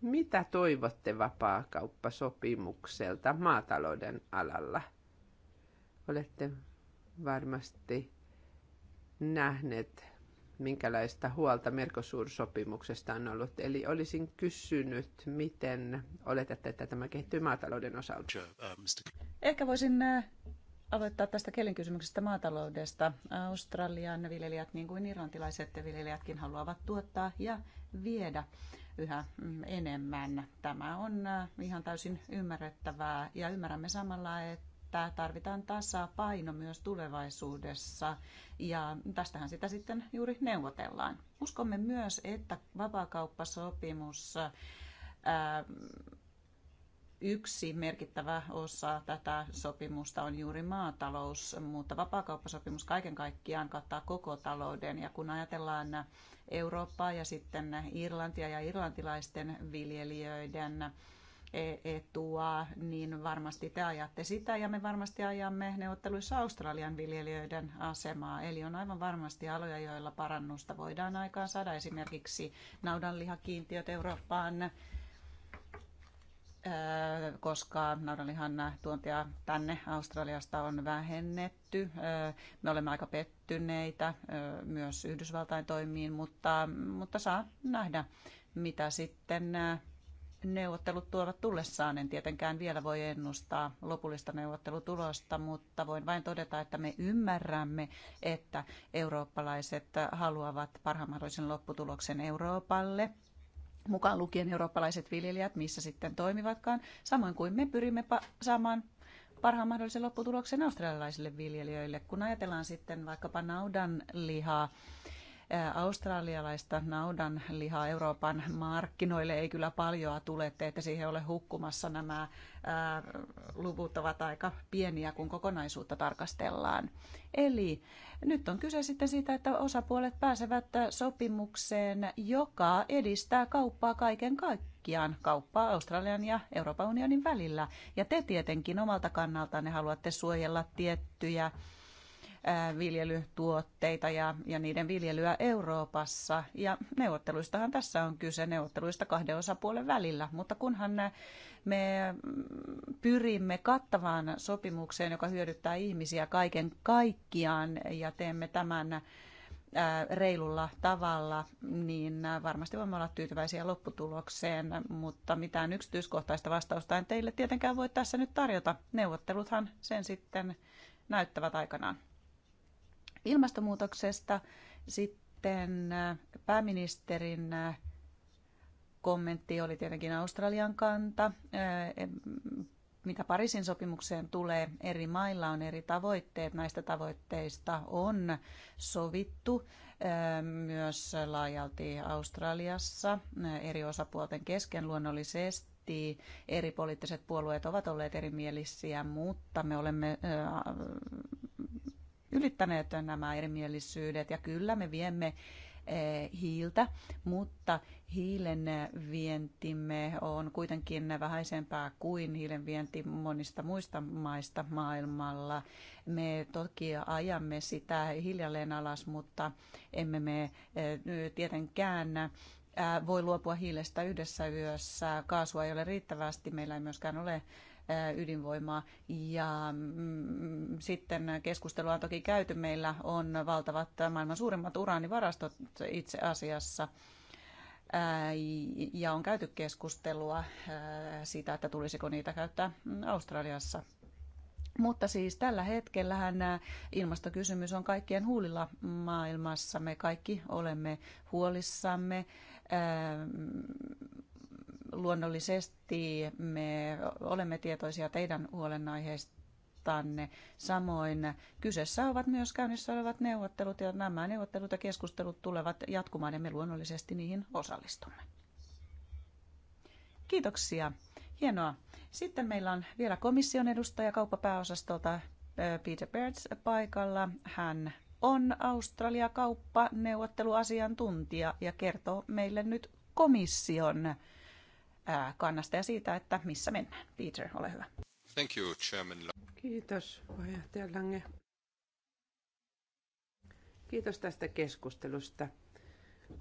mitä toivotte vapaakauppasopimukselta maatalouden alalla? Olette varmasti nähneet, minkälaista huolta Mercosur-sopimuksesta on ollut. Eli olisin kysynyt, miten oletatte, että tämä kehittyy maatalouden osalta? Uh, Ehkä voisin uh, aloittaa tästä kelin kysymyksestä maataloudesta. Australian viljelijät, niin kuin irlantilaiset viljelijätkin, haluavat tuottaa ja viedä yhä mm, enemmän. Tämä on äh, ihan täysin ymmärrettävää ja ymmärrämme samalla, että tarvitaan tasapaino myös tulevaisuudessa ja tästähän sitä sitten juuri neuvotellaan. Uskomme myös, että vapaakauppasopimus äh, Yksi merkittävä osa tätä sopimusta on juuri maatalous, mutta vapaakauppasopimus kaiken kaikkiaan kattaa koko talouden. Ja kun ajatellaan Eurooppaa ja sitten Irlantia ja irlantilaisten viljelijöiden e- etua, niin varmasti te ajatte sitä ja me varmasti ajamme neuvotteluissa Australian viljelijöiden asemaa. Eli on aivan varmasti aloja, joilla parannusta voidaan aikaan saada. Esimerkiksi naudanlihakiintiöt Eurooppaan koska naudanlihan tuontia tänne Australiasta on vähennetty. Me olemme aika pettyneitä myös Yhdysvaltain toimiin, mutta, mutta saa nähdä, mitä sitten neuvottelut tuovat tullessaan. En tietenkään vielä voi ennustaa lopullista neuvottelutulosta, mutta voin vain todeta, että me ymmärrämme, että eurooppalaiset haluavat parhaan mahdollisen lopputuloksen Euroopalle – mukaan lukien eurooppalaiset viljelijät, missä sitten toimivatkaan, samoin kuin me pyrimme saamaan parhaan mahdollisen lopputuloksen australialaisille viljelijöille. Kun ajatellaan sitten vaikkapa naudan lihaa, australialaista naudan lihaa Euroopan markkinoille ei kyllä paljoa tule, että siihen ole hukkumassa. Nämä ää, luvut ovat aika pieniä, kun kokonaisuutta tarkastellaan. Eli nyt on kyse sitten siitä, että osapuolet pääsevät äh, sopimukseen, joka edistää kauppaa kaiken kaikkiaan, kauppaa Australian ja Euroopan unionin välillä. Ja te tietenkin omalta kannaltanne haluatte suojella tiettyjä äh, viljelytuotteita ja, ja niiden viljelyä Euroopassa. Ja neuvotteluistahan tässä on kyse, neuvotteluista kahden osapuolen välillä, mutta kunhan äh, me pyrimme kattavaan sopimukseen, joka hyödyttää ihmisiä kaiken kaikkiaan ja teemme tämän reilulla tavalla, niin varmasti voimme olla tyytyväisiä lopputulokseen, mutta mitään yksityiskohtaista vastausta en teille tietenkään voi tässä nyt tarjota. Neuvotteluthan sen sitten näyttävät aikanaan. Ilmastonmuutoksesta sitten pääministerin kommentti oli tietenkin Australian kanta. Mitä Pariisin sopimukseen tulee, eri mailla on eri tavoitteet. Näistä tavoitteista on sovittu myös laajalti Australiassa eri osapuolten kesken luonnollisesti eri poliittiset puolueet ovat olleet erimielisiä, mutta me olemme ylittäneet nämä erimielisyydet ja kyllä me viemme Eh, hiiltä, mutta hiilen vientimme on kuitenkin vähäisempää kuin hiilen vienti monista muista maista maailmalla. Me toki ajamme sitä hiljalleen alas, mutta emme me eh, tietenkään eh, voi luopua hiilestä yhdessä yössä. Kaasua ei ole riittävästi, meillä ei myöskään ole ydinvoimaa. Ja mm, sitten keskustelua on toki käyty. Meillä on valtavat maailman suurimmat uraanivarastot itse asiassa. Ja on käyty keskustelua siitä, että tulisiko niitä käyttää mm, Australiassa mutta siis tällä hetkellähän ilmastokysymys on kaikkien huulilla maailmassa. Me kaikki olemme huolissamme. Luonnollisesti me olemme tietoisia teidän tänne. Samoin kyseessä ovat myös käynnissä olevat neuvottelut ja nämä neuvottelut ja keskustelut tulevat jatkumaan ja me luonnollisesti niihin osallistumme. Kiitoksia. Hienoa. Sitten meillä on vielä komission edustaja kauppapääosastolta Peter Birds paikalla. Hän on Australia kauppaneuvotteluasiantuntija ja kertoo meille nyt komission kannasta ja siitä, että missä mennään. Peter, ole hyvä. Thank you, Chairman. Kiitos, puheenjohtaja Lange. Kiitos tästä keskustelusta.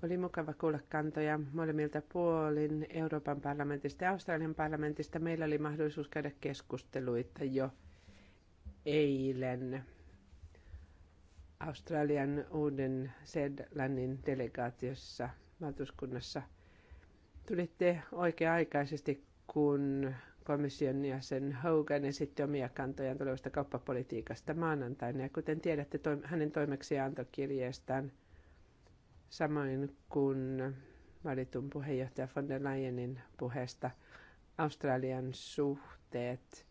Oli mukava kuulla kantoja molemmilta puolin Euroopan parlamentista ja Australian parlamentista. Meillä oli mahdollisuus käydä keskusteluita jo eilen Australian uuden Sedlannin delegaatiossa valtuuskunnassa – Tulitte oikea-aikaisesti, kun komission jäsen Hogan esitti omia kantojaan tulevasta kauppapolitiikasta maanantaina. Ja kuten tiedätte to- hänen toimeksiantokirjeestään, samoin kuin valitun puheenjohtaja von der Leyenin puheesta, Australian suhteet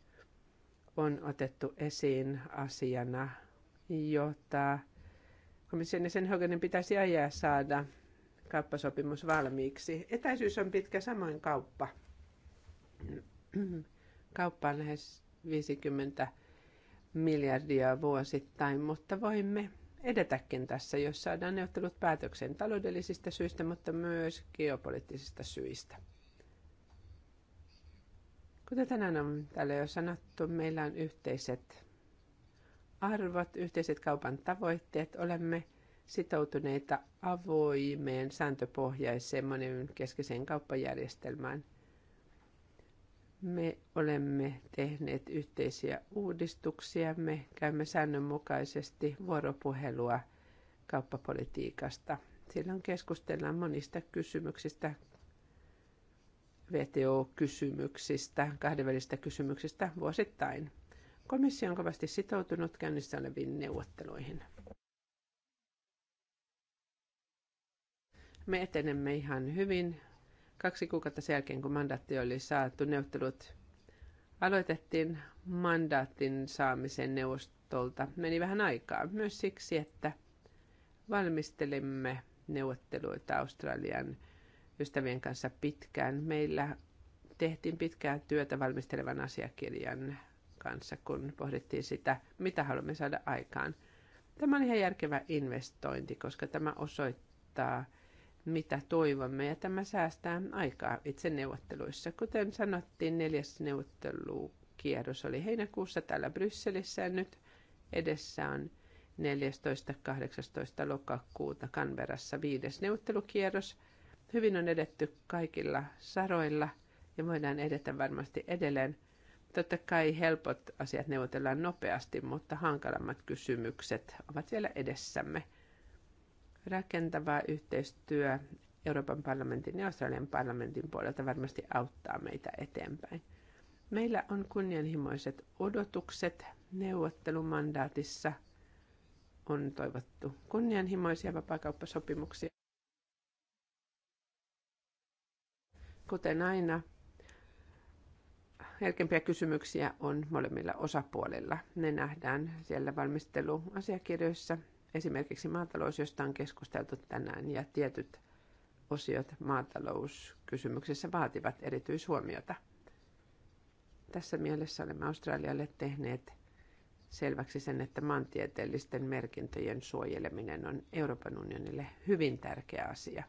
on otettu esiin asiana, jota komission jäsen Hoganin pitäisi ajaa saada kauppasopimus valmiiksi. Etäisyys on pitkä, samoin kauppa. Kauppa on lähes 50 miljardia vuosittain, mutta voimme edetäkin tässä, jos saadaan neuvottelut päätökseen taloudellisista syistä, mutta myös geopoliittisista syistä. Kuten tänään on täällä jo sanottu, meillä on yhteiset arvot, yhteiset kaupan tavoitteet. Olemme sitoutuneita avoimeen sääntöpohjaiseen monen keskeiseen kauppajärjestelmään. Me olemme tehneet yhteisiä uudistuksia, me käymme säännönmukaisesti vuoropuhelua kauppapolitiikasta. Silloin keskustellaan monista kysymyksistä, VTO-kysymyksistä, kahdenvälisistä kysymyksistä vuosittain. Komissio on kovasti sitoutunut käynnissä oleviin neuvotteluihin. Me etenemme ihan hyvin. Kaksi kuukautta sen jälkeen, kun mandaatti oli saatu, neuvottelut aloitettiin mandaatin saamisen neuvostolta. Meni vähän aikaa myös siksi, että valmistelimme neuvotteluita Australian ystävien kanssa pitkään. Meillä tehtiin pitkää työtä valmistelevan asiakirjan kanssa, kun pohdittiin sitä, mitä haluamme saada aikaan. Tämä on ihan järkevä investointi, koska tämä osoittaa mitä toivomme, ja tämä säästää aikaa itse neuvotteluissa. Kuten sanottiin, neljäs neuvottelukierros oli heinäkuussa täällä Brysselissä, ja nyt edessä on 14.18. lokakuuta Kanverassa viides neuvottelukierros. Hyvin on edetty kaikilla saroilla, ja voidaan edetä varmasti edelleen. Totta kai helpot asiat neuvotellaan nopeasti, mutta hankalammat kysymykset ovat vielä edessämme – rakentava yhteistyö Euroopan parlamentin ja Australian parlamentin puolelta varmasti auttaa meitä eteenpäin. Meillä on kunnianhimoiset odotukset neuvottelumandaatissa. On toivottu kunnianhimoisia vapaakauppasopimuksia. Kuten aina, herkempiä kysymyksiä on molemmilla osapuolilla. Ne nähdään siellä valmisteluasiakirjoissa Esimerkiksi maatalous, josta on keskusteltu tänään, ja tietyt osiot maatalouskysymyksissä vaativat erityishuomiota. Tässä mielessä olemme Australialle tehneet selväksi sen, että maantieteellisten merkintöjen suojeleminen on Euroopan unionille hyvin tärkeä asia.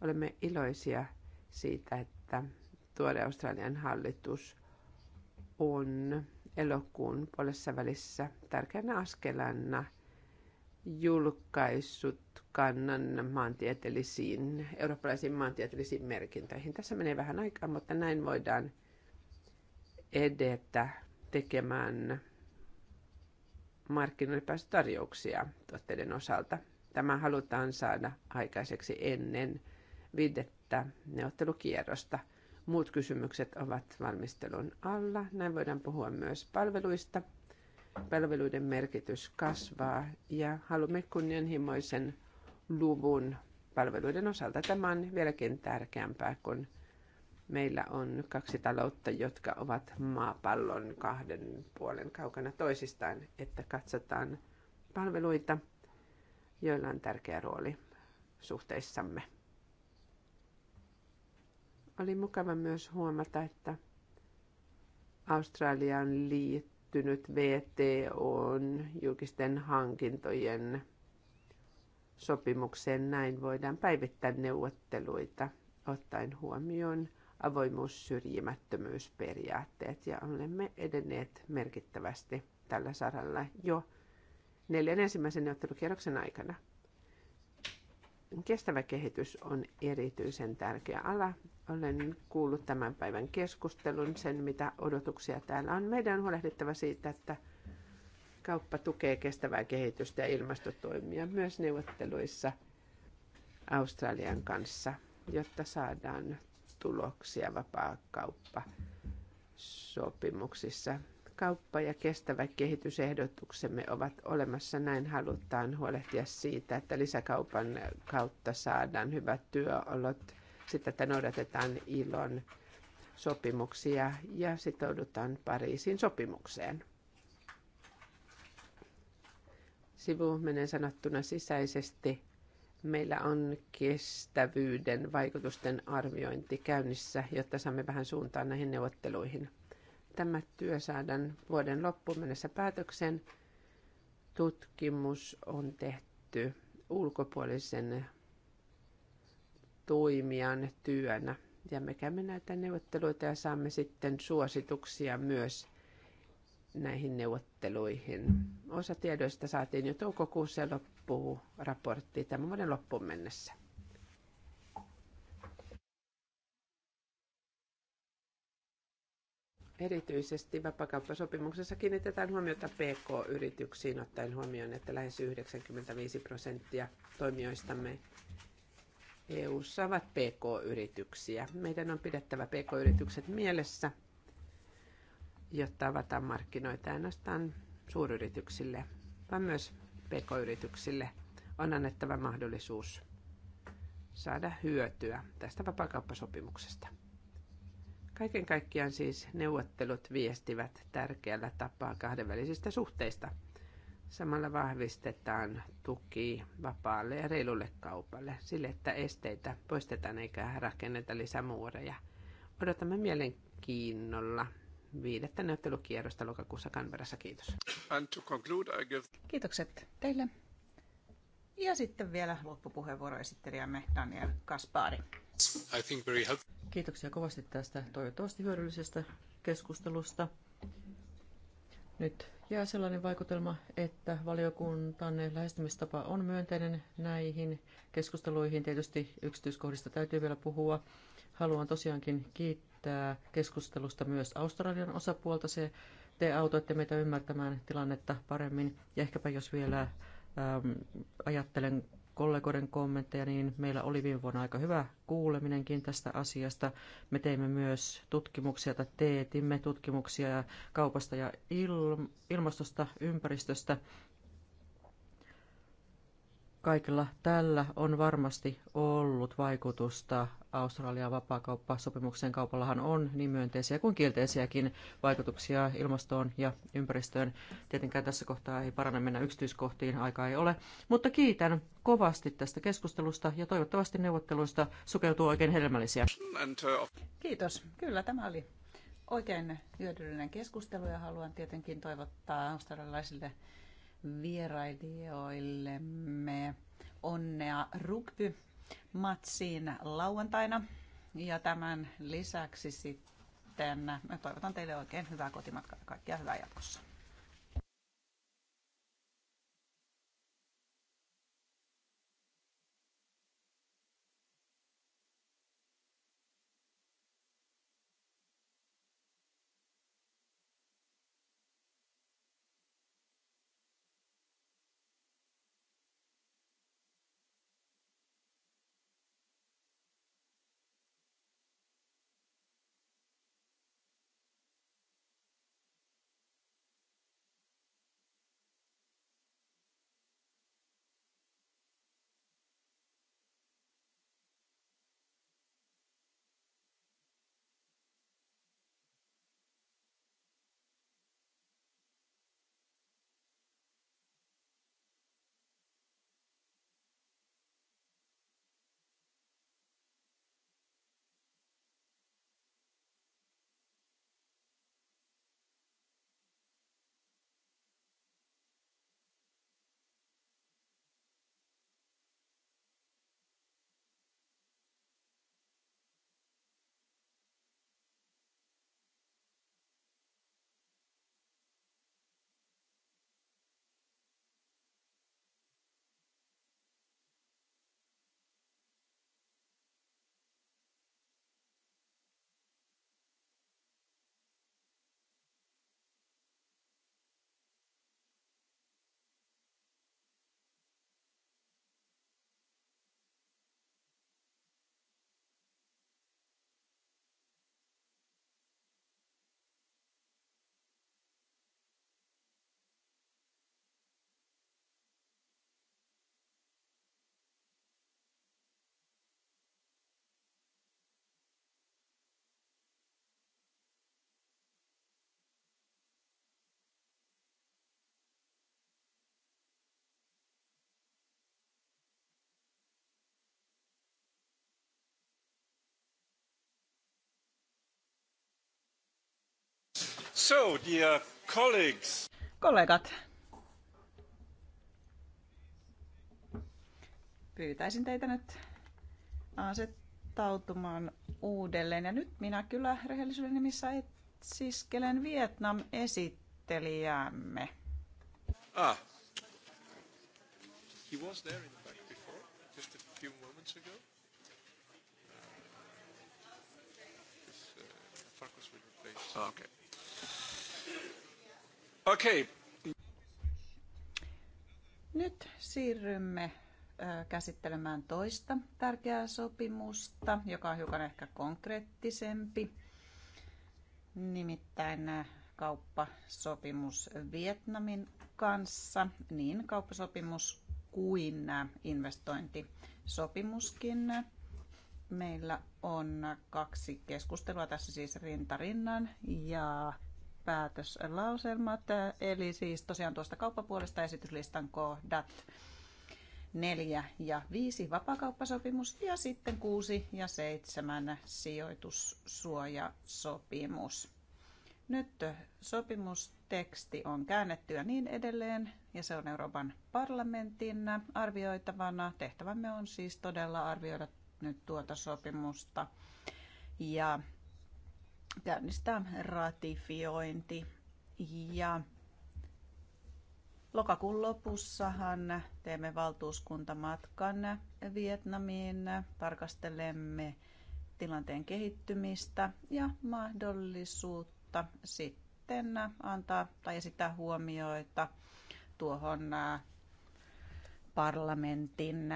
Olemme iloisia siitä, että tuore Australian hallitus on elokuun puolessa välissä tärkeänä askelana – julkaissut kannan maantieteellisiin, eurooppalaisiin maantieteellisiin merkintöihin. Tässä menee vähän aikaa, mutta näin voidaan edetä tekemään markkinoille tarjouksia tuotteiden osalta. Tämä halutaan saada aikaiseksi ennen viidettä neuvottelukierrosta. Muut kysymykset ovat valmistelun alla. Näin voidaan puhua myös palveluista – palveluiden merkitys kasvaa ja haluamme kunnianhimoisen luvun palveluiden osalta. Tämä on vieläkin tärkeämpää, kun meillä on kaksi taloutta, jotka ovat maapallon kahden puolen kaukana toisistaan, että katsotaan palveluita, joilla on tärkeä rooli suhteissamme. Oli mukava myös huomata, että Australian liitto pettynyt VTOn julkisten hankintojen sopimukseen. Näin voidaan päivittää neuvotteluita ottaen huomioon avoimuus- syrjimättömyysperiaatteet ja olemme edenneet merkittävästi tällä saralla jo neljän ensimmäisen neuvottelukierroksen aikana. Kestävä kehitys on erityisen tärkeä ala. Olen kuullut tämän päivän keskustelun, sen mitä odotuksia täällä on. Meidän on huolehdittava siitä, että kauppa tukee kestävää kehitystä ja ilmastotoimia myös neuvotteluissa Australian kanssa, jotta saadaan tuloksia vapaa kauppa sopimuksissa kauppa- ja kestävä kehitysehdotuksemme ovat olemassa. Näin halutaan huolehtia siitä, että lisäkaupan kautta saadaan hyvät työolot, sitä, että noudatetaan ilon sopimuksia ja sitoudutaan Pariisin sopimukseen. Sivu menee sanottuna sisäisesti. Meillä on kestävyyden vaikutusten arviointi käynnissä, jotta saamme vähän suuntaan näihin neuvotteluihin – tämä työ saadaan vuoden loppuun mennessä päätöksen. Tutkimus on tehty ulkopuolisen toimijan työnä. Ja me käymme näitä neuvotteluita ja saamme sitten suosituksia myös näihin neuvotteluihin. Osa tiedoista saatiin jo toukokuussa ja loppuu raportti tämän vuoden loppuun mennessä. Erityisesti vapakauppasopimuksessa kiinnitetään huomiota PK-yrityksiin, ottaen huomioon, että lähes 95 prosenttia toimijoistamme EU-ssa ovat PK-yrityksiä. Meidän on pidettävä PK-yritykset mielessä, jotta avataan markkinoita ainoastaan suuryrityksille, vaan myös PK-yrityksille on annettava mahdollisuus saada hyötyä tästä vapakauppasopimuksesta. Kaiken kaikkiaan siis neuvottelut viestivät tärkeällä tapaa kahdenvälisistä suhteista. Samalla vahvistetaan tuki vapaalle ja reilulle kaupalle sille, että esteitä poistetaan eikä rakenneta lisämuureja. Odotamme mielenkiinnolla viidettä neuvottelukierrosta lokakuussa Canberrassa. Kiitos. And to conclude, I give... Kiitokset teille. Ja sitten vielä loppupuheenvuoro esittelijämme Daniel Kaspari. I think very Kiitoksia kovasti tästä toivottavasti hyödyllisestä keskustelusta. Nyt jää sellainen vaikutelma, että valiokuntan lähestymistapa on myönteinen näihin keskusteluihin. Tietysti yksityiskohdista täytyy vielä puhua. Haluan tosiaankin kiittää keskustelusta myös Australian osapuolta. Se te autoitte meitä ymmärtämään tilannetta paremmin. Ja ehkäpä jos vielä ähm, ajattelen kollegoiden kommentteja, niin meillä oli viime vuonna aika hyvä kuuleminenkin tästä asiasta. Me teimme myös tutkimuksia, tai teetimme tutkimuksia kaupasta ja ilmastosta, ympäristöstä. Kaikella tällä on varmasti ollut vaikutusta Australian vapaakauppasopimuksen kaupallahan on niin myönteisiä kuin kielteisiäkin vaikutuksia ilmastoon ja ympäristöön. Tietenkään tässä kohtaa ei parane mennä yksityiskohtiin, aika ei ole. Mutta kiitän kovasti tästä keskustelusta ja toivottavasti neuvotteluista sukeutuu oikein hedelmällisiä. Kiitos. Kyllä tämä oli oikein hyödyllinen keskustelu ja haluan tietenkin toivottaa australialaisille vierailijoillemme onnea rugby matsiin lauantaina. Ja tämän lisäksi sitten toivotan teille oikein hyvää kotimatkaa ja kaikkia hyvää jatkossa. So, dear colleagues. Kollegat, pyytäisin teitä nyt asettautumaan uudelleen. Ja nyt minä kyllä rehellisyyden nimissä etsiskelen vietnam esittelijämme Ah. He was there in the back before, just a few moments ago. Uh, this, uh, Farkas will replace. Oh, okay. Nyt siirrymme käsittelemään toista tärkeää sopimusta, joka on hiukan ehkä konkreettisempi, nimittäin kauppasopimus Vietnamin kanssa, niin kauppasopimus kuin investointisopimuskin. Meillä on kaksi keskustelua tässä siis rintarinnan ja päätöslauselmat, eli siis tosiaan tuosta kauppapuolesta esityslistan kohdat 4 ja 5 vapakauppasopimus ja sitten 6 ja 7 sijoitussuojasopimus. Nyt sopimusteksti on käännetty ja niin edelleen, ja se on Euroopan parlamentin arvioitavana. Tehtävämme on siis todella arvioida nyt tuota sopimusta. Ja käynnistää ratifiointi. Ja Lokakuun lopussahan teemme valtuuskuntamatkan Vietnamiin, tarkastelemme tilanteen kehittymistä ja mahdollisuutta sitten antaa tai esittää huomioita tuohon parlamentin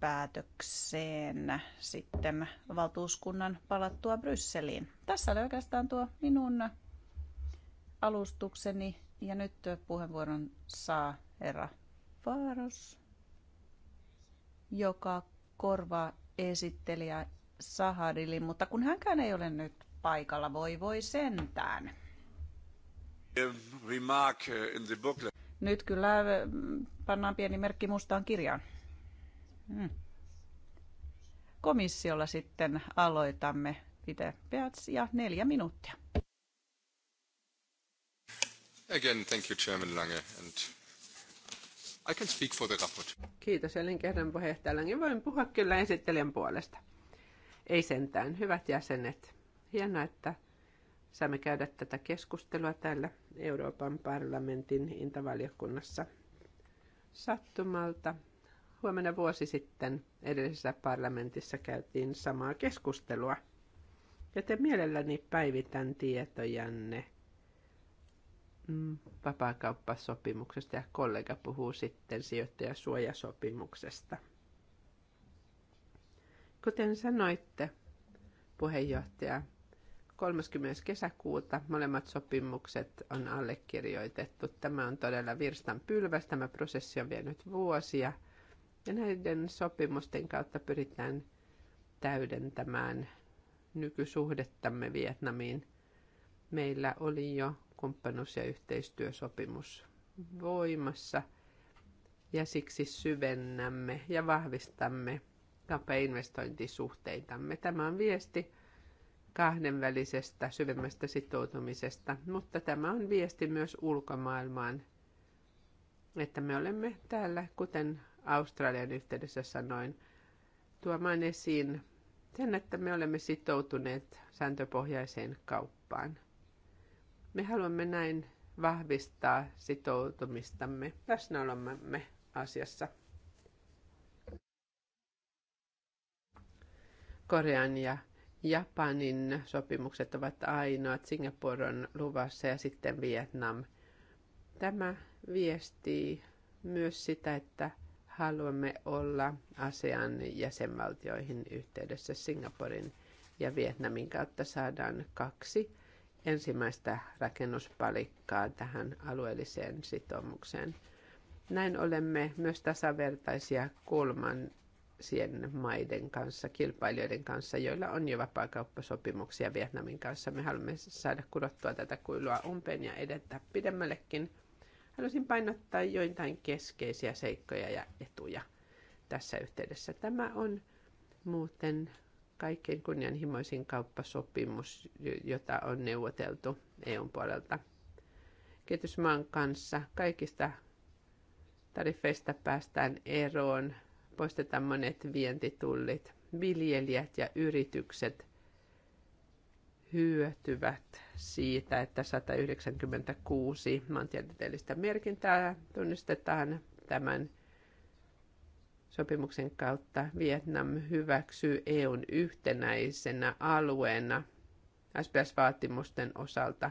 päätökseen sitten valtuuskunnan palattua Brysseliin. Tässä oli oikeastaan tuo minun alustukseni ja nyt puheenvuoron saa herra Faaros, joka korvaa esittelijä Sahadili, mutta kun hänkään ei ole nyt paikalla, voi voi sentään. Uh, nyt kyllä mm, pannaan pieni merkki mustaan kirjaan. Mm. Komissiolla sitten aloitamme. Pite Peats ja neljä minuuttia. Again, thank you, Chairman Lange. And I can speak for the report. Kiitos, elinkehden kerran puheenjohtaja Lange. Voin puhua kyllä esittelijän puolesta. Ei sentään. Hyvät jäsenet. Hienoa, että saamme käydä tätä keskustelua täällä Euroopan parlamentin intavaliokunnassa sattumalta huomenna vuosi sitten edellisessä parlamentissa käytiin samaa keskustelua. Joten mielelläni päivitän tietojanne mm, vapaakauppasopimuksesta ja kollega puhuu sitten sijoittajasuojasopimuksesta. Kuten sanoitte, puheenjohtaja, 30. kesäkuuta molemmat sopimukset on allekirjoitettu. Tämä on todella virstan pylväs. Tämä prosessi on vienyt vuosia – ja näiden sopimusten kautta pyritään täydentämään nykysuhdettamme Vietnamiin. Meillä oli jo kumppanuus- ja yhteistyösopimus voimassa ja siksi syvennämme ja vahvistamme investointisuhteitamme. Tämä on viesti kahdenvälisestä syvemmästä sitoutumisesta, mutta tämä on viesti myös ulkomaailmaan, että me olemme täällä, kuten Australian yhteydessä sanoin, tuomaan esiin sen, että me olemme sitoutuneet sääntöpohjaiseen kauppaan. Me haluamme näin vahvistaa sitoutumistamme, läsnäolomme asiassa. Korean ja Japanin sopimukset ovat ainoat, Singapore on luvassa ja sitten Vietnam. Tämä viestii myös sitä, että haluamme olla ASEAN jäsenvaltioihin yhteydessä Singaporin ja Vietnamin kautta saadaan kaksi ensimmäistä rakennuspalikkaa tähän alueelliseen sitoumukseen. Näin olemme myös tasavertaisia sien maiden kanssa, kilpailijoiden kanssa, joilla on jo vapaakauppasopimuksia Vietnamin kanssa. Me haluamme saada kurottua tätä kuilua umpeen ja edetä pidemmällekin – Haluaisin painottaa joitain keskeisiä seikkoja ja etuja tässä yhteydessä. Tämä on muuten kaikkein kunnianhimoisin kauppasopimus, jota on neuvoteltu EUn puolelta kehitysmaan kanssa. Kaikista tarifeista päästään eroon, poistetaan monet vientitullit, viljelijät ja yritykset hyötyvät siitä, että 196 maantieteellistä merkintää tunnistetaan tämän sopimuksen kautta. Vietnam hyväksyy EUn yhtenäisenä alueena SPS-vaatimusten osalta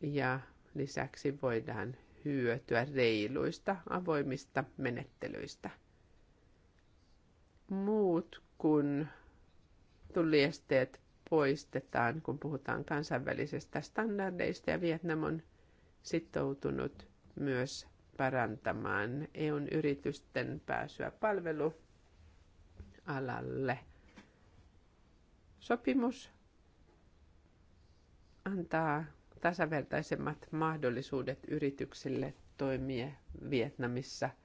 ja lisäksi voidaan hyötyä reiluista avoimista menettelyistä. Muut kuin tulliesteet poistetaan, kun puhutaan kansainvälisistä standardeista, ja Vietnam on sitoutunut myös parantamaan EUn yritysten pääsyä palvelualalle. Sopimus antaa tasavertaisemmat mahdollisuudet yrityksille toimia Vietnamissa –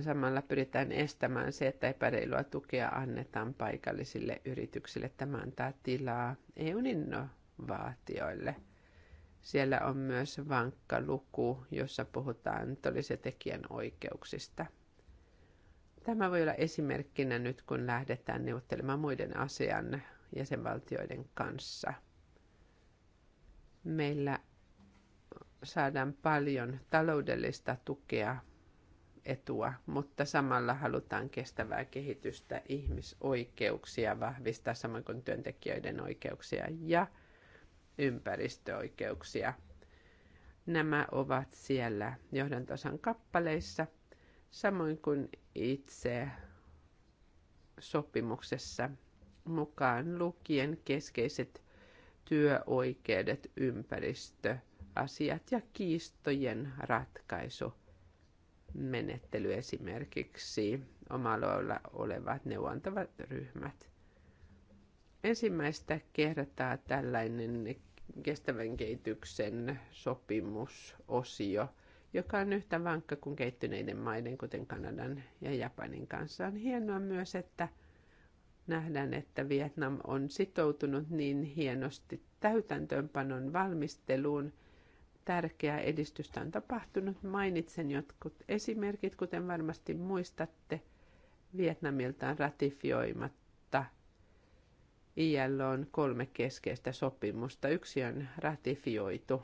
samalla pyritään estämään se, että epäreilua tukea annetaan paikallisille yrityksille. Tämä antaa tilaa EUn innovaatioille. Siellä on myös vankka luku, jossa puhutaan todellisen tekijän oikeuksista. Tämä voi olla esimerkkinä nyt, kun lähdetään neuvottelemaan muiden asian jäsenvaltioiden kanssa. Meillä saadaan paljon taloudellista tukea etua, mutta samalla halutaan kestävää kehitystä, ihmisoikeuksia vahvistaa, samoin kuin työntekijöiden oikeuksia ja ympäristöoikeuksia. Nämä ovat siellä johdantosan kappaleissa, samoin kuin itse sopimuksessa mukaan lukien keskeiset työoikeudet, ympäristöasiat ja kiistojen ratkaisu – menettely esimerkiksi omalla olevat neuvontavat ryhmät. Ensimmäistä kertaa tällainen kestävän kehityksen sopimusosio, joka on yhtä vankka kuin kehittyneiden maiden, kuten Kanadan ja Japanin kanssa. On hienoa myös, että nähdään, että Vietnam on sitoutunut niin hienosti täytäntöönpanon valmisteluun – tärkeää edistystä on tapahtunut. Mainitsen jotkut esimerkit, kuten varmasti muistatte, Vietnamilta ratifioimatta ILO on kolme keskeistä sopimusta. Yksi on ratifioitu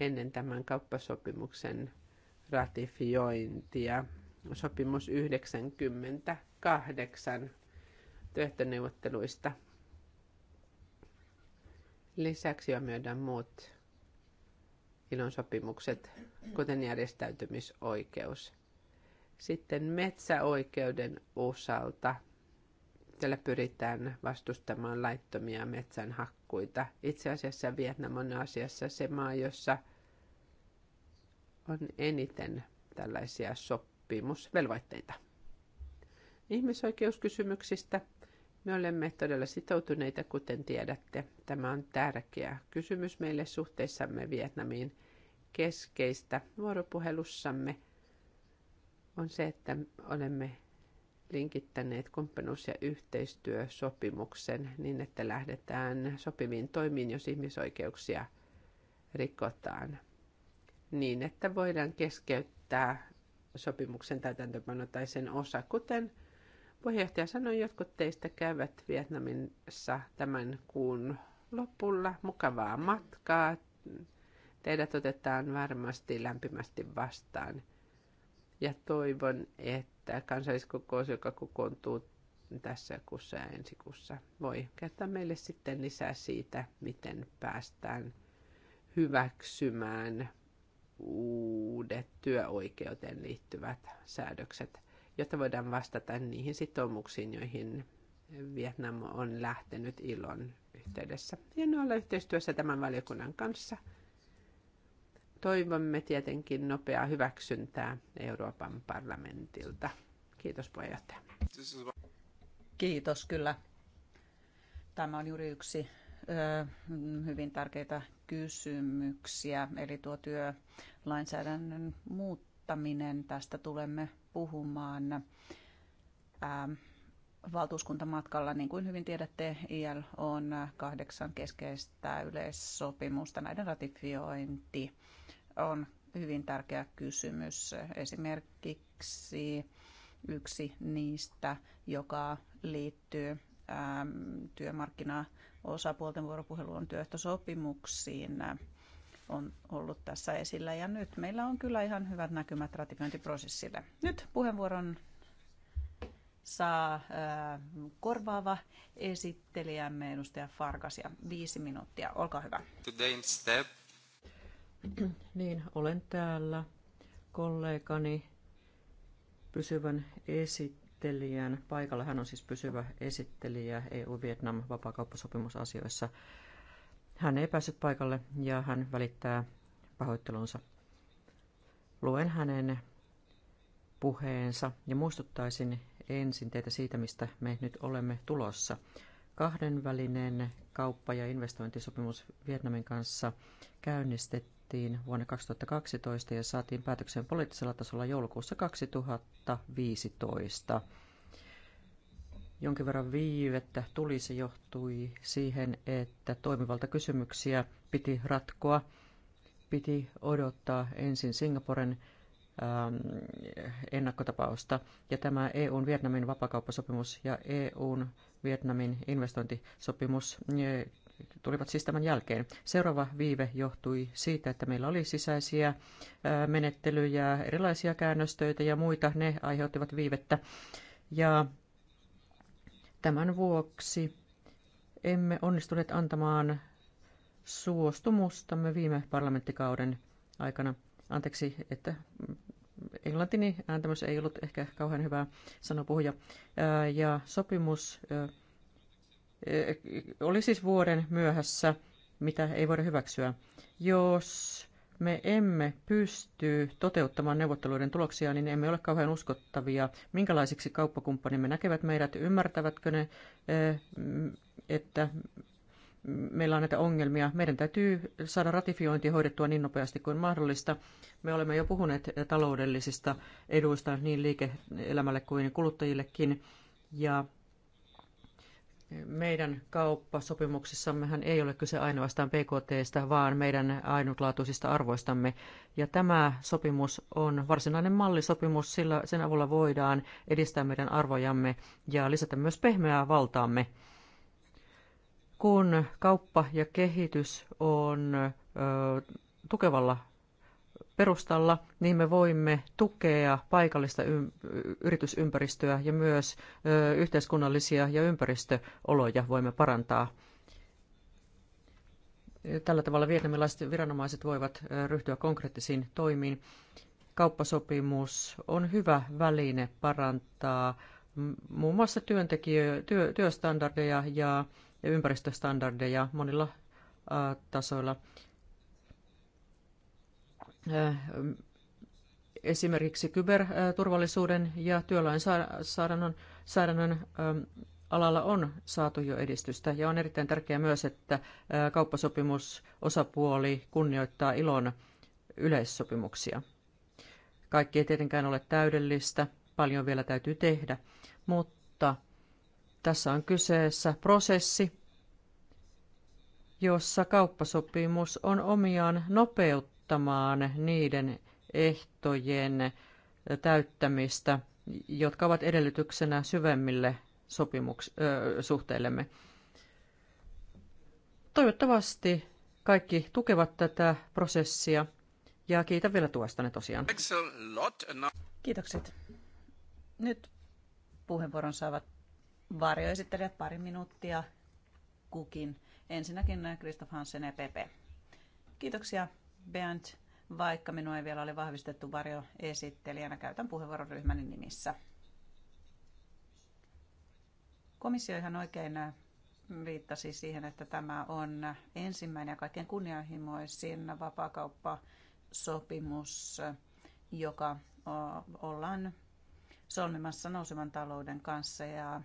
ennen tämän kauppasopimuksen ratifiointia. Sopimus 98 työhtöneuvotteluista Lisäksi on myödä muut ilon sopimukset, kuten järjestäytymisoikeus. Sitten metsäoikeuden osalta tällä pyritään vastustamaan laittomia metsänhakkuita. Itse asiassa Vietnam on asiassa se maa, jossa on eniten tällaisia sopimusvelvoitteita. Ihmisoikeuskysymyksistä – me olemme todella sitoutuneita, kuten tiedätte. Tämä on tärkeä kysymys meille suhteissamme Vietnamiin. Keskeistä vuoropuhelussamme on se, että olemme linkittäneet kumppanuus- ja yhteistyösopimuksen niin, että lähdetään sopiviin toimiin, jos ihmisoikeuksia rikotaan, niin että voidaan keskeyttää sopimuksen täytäntöpano tai sen osa, kuten – Puheenjohtaja sanoi, että jotkut teistä käyvät Vietnamissa tämän kuun lopulla. Mukavaa matkaa. Teidät otetaan varmasti lämpimästi vastaan. Ja toivon, että kansalliskokous, joka kokoontuu tässä kuussa ja ensi kuussa, voi kertoa meille sitten lisää siitä, miten päästään hyväksymään uudet työoikeuteen liittyvät säädökset – jotta voidaan vastata niihin sitoumuksiin, joihin Vietnam on lähtenyt ilon yhteydessä. ne olla yhteistyössä tämän valiokunnan kanssa. Toivomme tietenkin nopeaa hyväksyntää Euroopan parlamentilta. Kiitos puheenjohtaja. Kiitos kyllä. Tämä on juuri yksi ö, hyvin tärkeitä kysymyksiä, eli tuo työlainsäädännön muuttaminen. Tästä tulemme puhumaan ähm, valtuuskuntamatkalla, niin kuin hyvin tiedätte, IL on kahdeksan keskeistä yleissopimusta. Näiden ratifiointi on hyvin tärkeä kysymys. Esimerkiksi yksi niistä, joka liittyy ähm, työmarkkinaosapuolten vuoropuheluun työehtosopimuksiin, on ollut tässä esillä. Ja nyt meillä on kyllä ihan hyvät näkymät ratifiointiprosessille. Nyt puheenvuoron saa ää, korvaava esittelijämme edustaja Farkas ja viisi minuuttia. Olkaa hyvä. Today in step. niin, olen täällä kollegani pysyvän esittelijän paikalla. Hän on siis pysyvä esittelijä EU-Vietnam vapaakauppasopimusasioissa. Hän ei päässyt paikalle ja hän välittää pahoittelunsa. Luen hänen puheensa ja muistuttaisin ensin teitä siitä, mistä me nyt olemme tulossa. Kahdenvälinen kauppa- ja investointisopimus Vietnamin kanssa käynnistettiin vuonna 2012 ja saatiin päätökseen poliittisella tasolla joulukuussa 2015 jonkin verran viivettä tuli, se johtui siihen, että toimivalta kysymyksiä piti ratkoa. Piti odottaa ensin Singaporen ähm, ennakkotapausta. Ja tämä EUn Vietnamin vapakauppasopimus ja EUn Vietnamin investointisopimus äh, tulivat siis tämän jälkeen. Seuraava viive johtui siitä, että meillä oli sisäisiä äh, menettelyjä, erilaisia käännöstöitä ja muita. Ne aiheuttivat viivettä. Ja Tämän vuoksi emme onnistuneet antamaan suostumustamme viime parlamenttikauden aikana. Anteeksi, että englantini niin ääntämys ei ollut ehkä kauhean hyvä sanopuhuja. Ja sopimus oli siis vuoden myöhässä, mitä ei voida hyväksyä. Jos me emme pysty toteuttamaan neuvotteluiden tuloksia, niin emme ole kauhean uskottavia. Minkälaisiksi kauppakumppanimme näkevät meidät? Ymmärtävätkö ne, eh, että meillä on näitä ongelmia. Meidän täytyy saada ratifiointi hoidettua niin nopeasti kuin mahdollista. Me olemme jo puhuneet taloudellisista eduista niin liike-elämälle kuin kuluttajillekin. Ja meidän kauppasopimuksissammehan ei ole kyse ainoastaan PKTstä, vaan meidän ainutlaatuisista arvoistamme. Ja tämä sopimus on varsinainen mallisopimus, sillä sen avulla voidaan edistää meidän arvojamme ja lisätä myös pehmeää valtaamme. Kun kauppa ja kehitys on ö, tukevalla perustalla, niin me voimme tukea paikallista yritysympäristöä ja myös yhteiskunnallisia ja ympäristöoloja voimme parantaa. Tällä tavalla vietnamilaiset viranomaiset voivat ryhtyä konkreettisiin toimiin. Kauppasopimus on hyvä väline parantaa muun muassa työntekijö, työ, työstandardeja ja ympäristöstandardeja monilla tasoilla esimerkiksi kyberturvallisuuden ja työlainsäädännön alalla on saatu jo edistystä ja on erittäin tärkeää myös, että kauppasopimusosapuoli kunnioittaa ilon yleissopimuksia. Kaikki ei tietenkään ole täydellistä, paljon vielä täytyy tehdä, mutta tässä on kyseessä prosessi, jossa kauppasopimus on omiaan nopeut, helpottamaan niiden ehtojen täyttämistä, jotka ovat edellytyksenä syvemmille sopimuks- ö, suhteillemme. Toivottavasti kaikki tukevat tätä prosessia ja kiitän vielä tuestanne tosiaan. Kiitokset. Nyt puheenvuoron saavat varjoesittelijät pari minuuttia kukin. Ensinnäkin Kristoff Hansen ja e Pepe. Kiitoksia Bernd, vaikka minua ei vielä ole vahvistettu varjoesittelijänä, käytän puheenvuoron ryhmäni nimissä. Komissio ihan oikein äh, viittasi siihen, että tämä on ensimmäinen ja kaikkein kunnianhimoisin vapaakauppasopimus, joka ollaan solmimassa nousevan talouden kanssa. Ja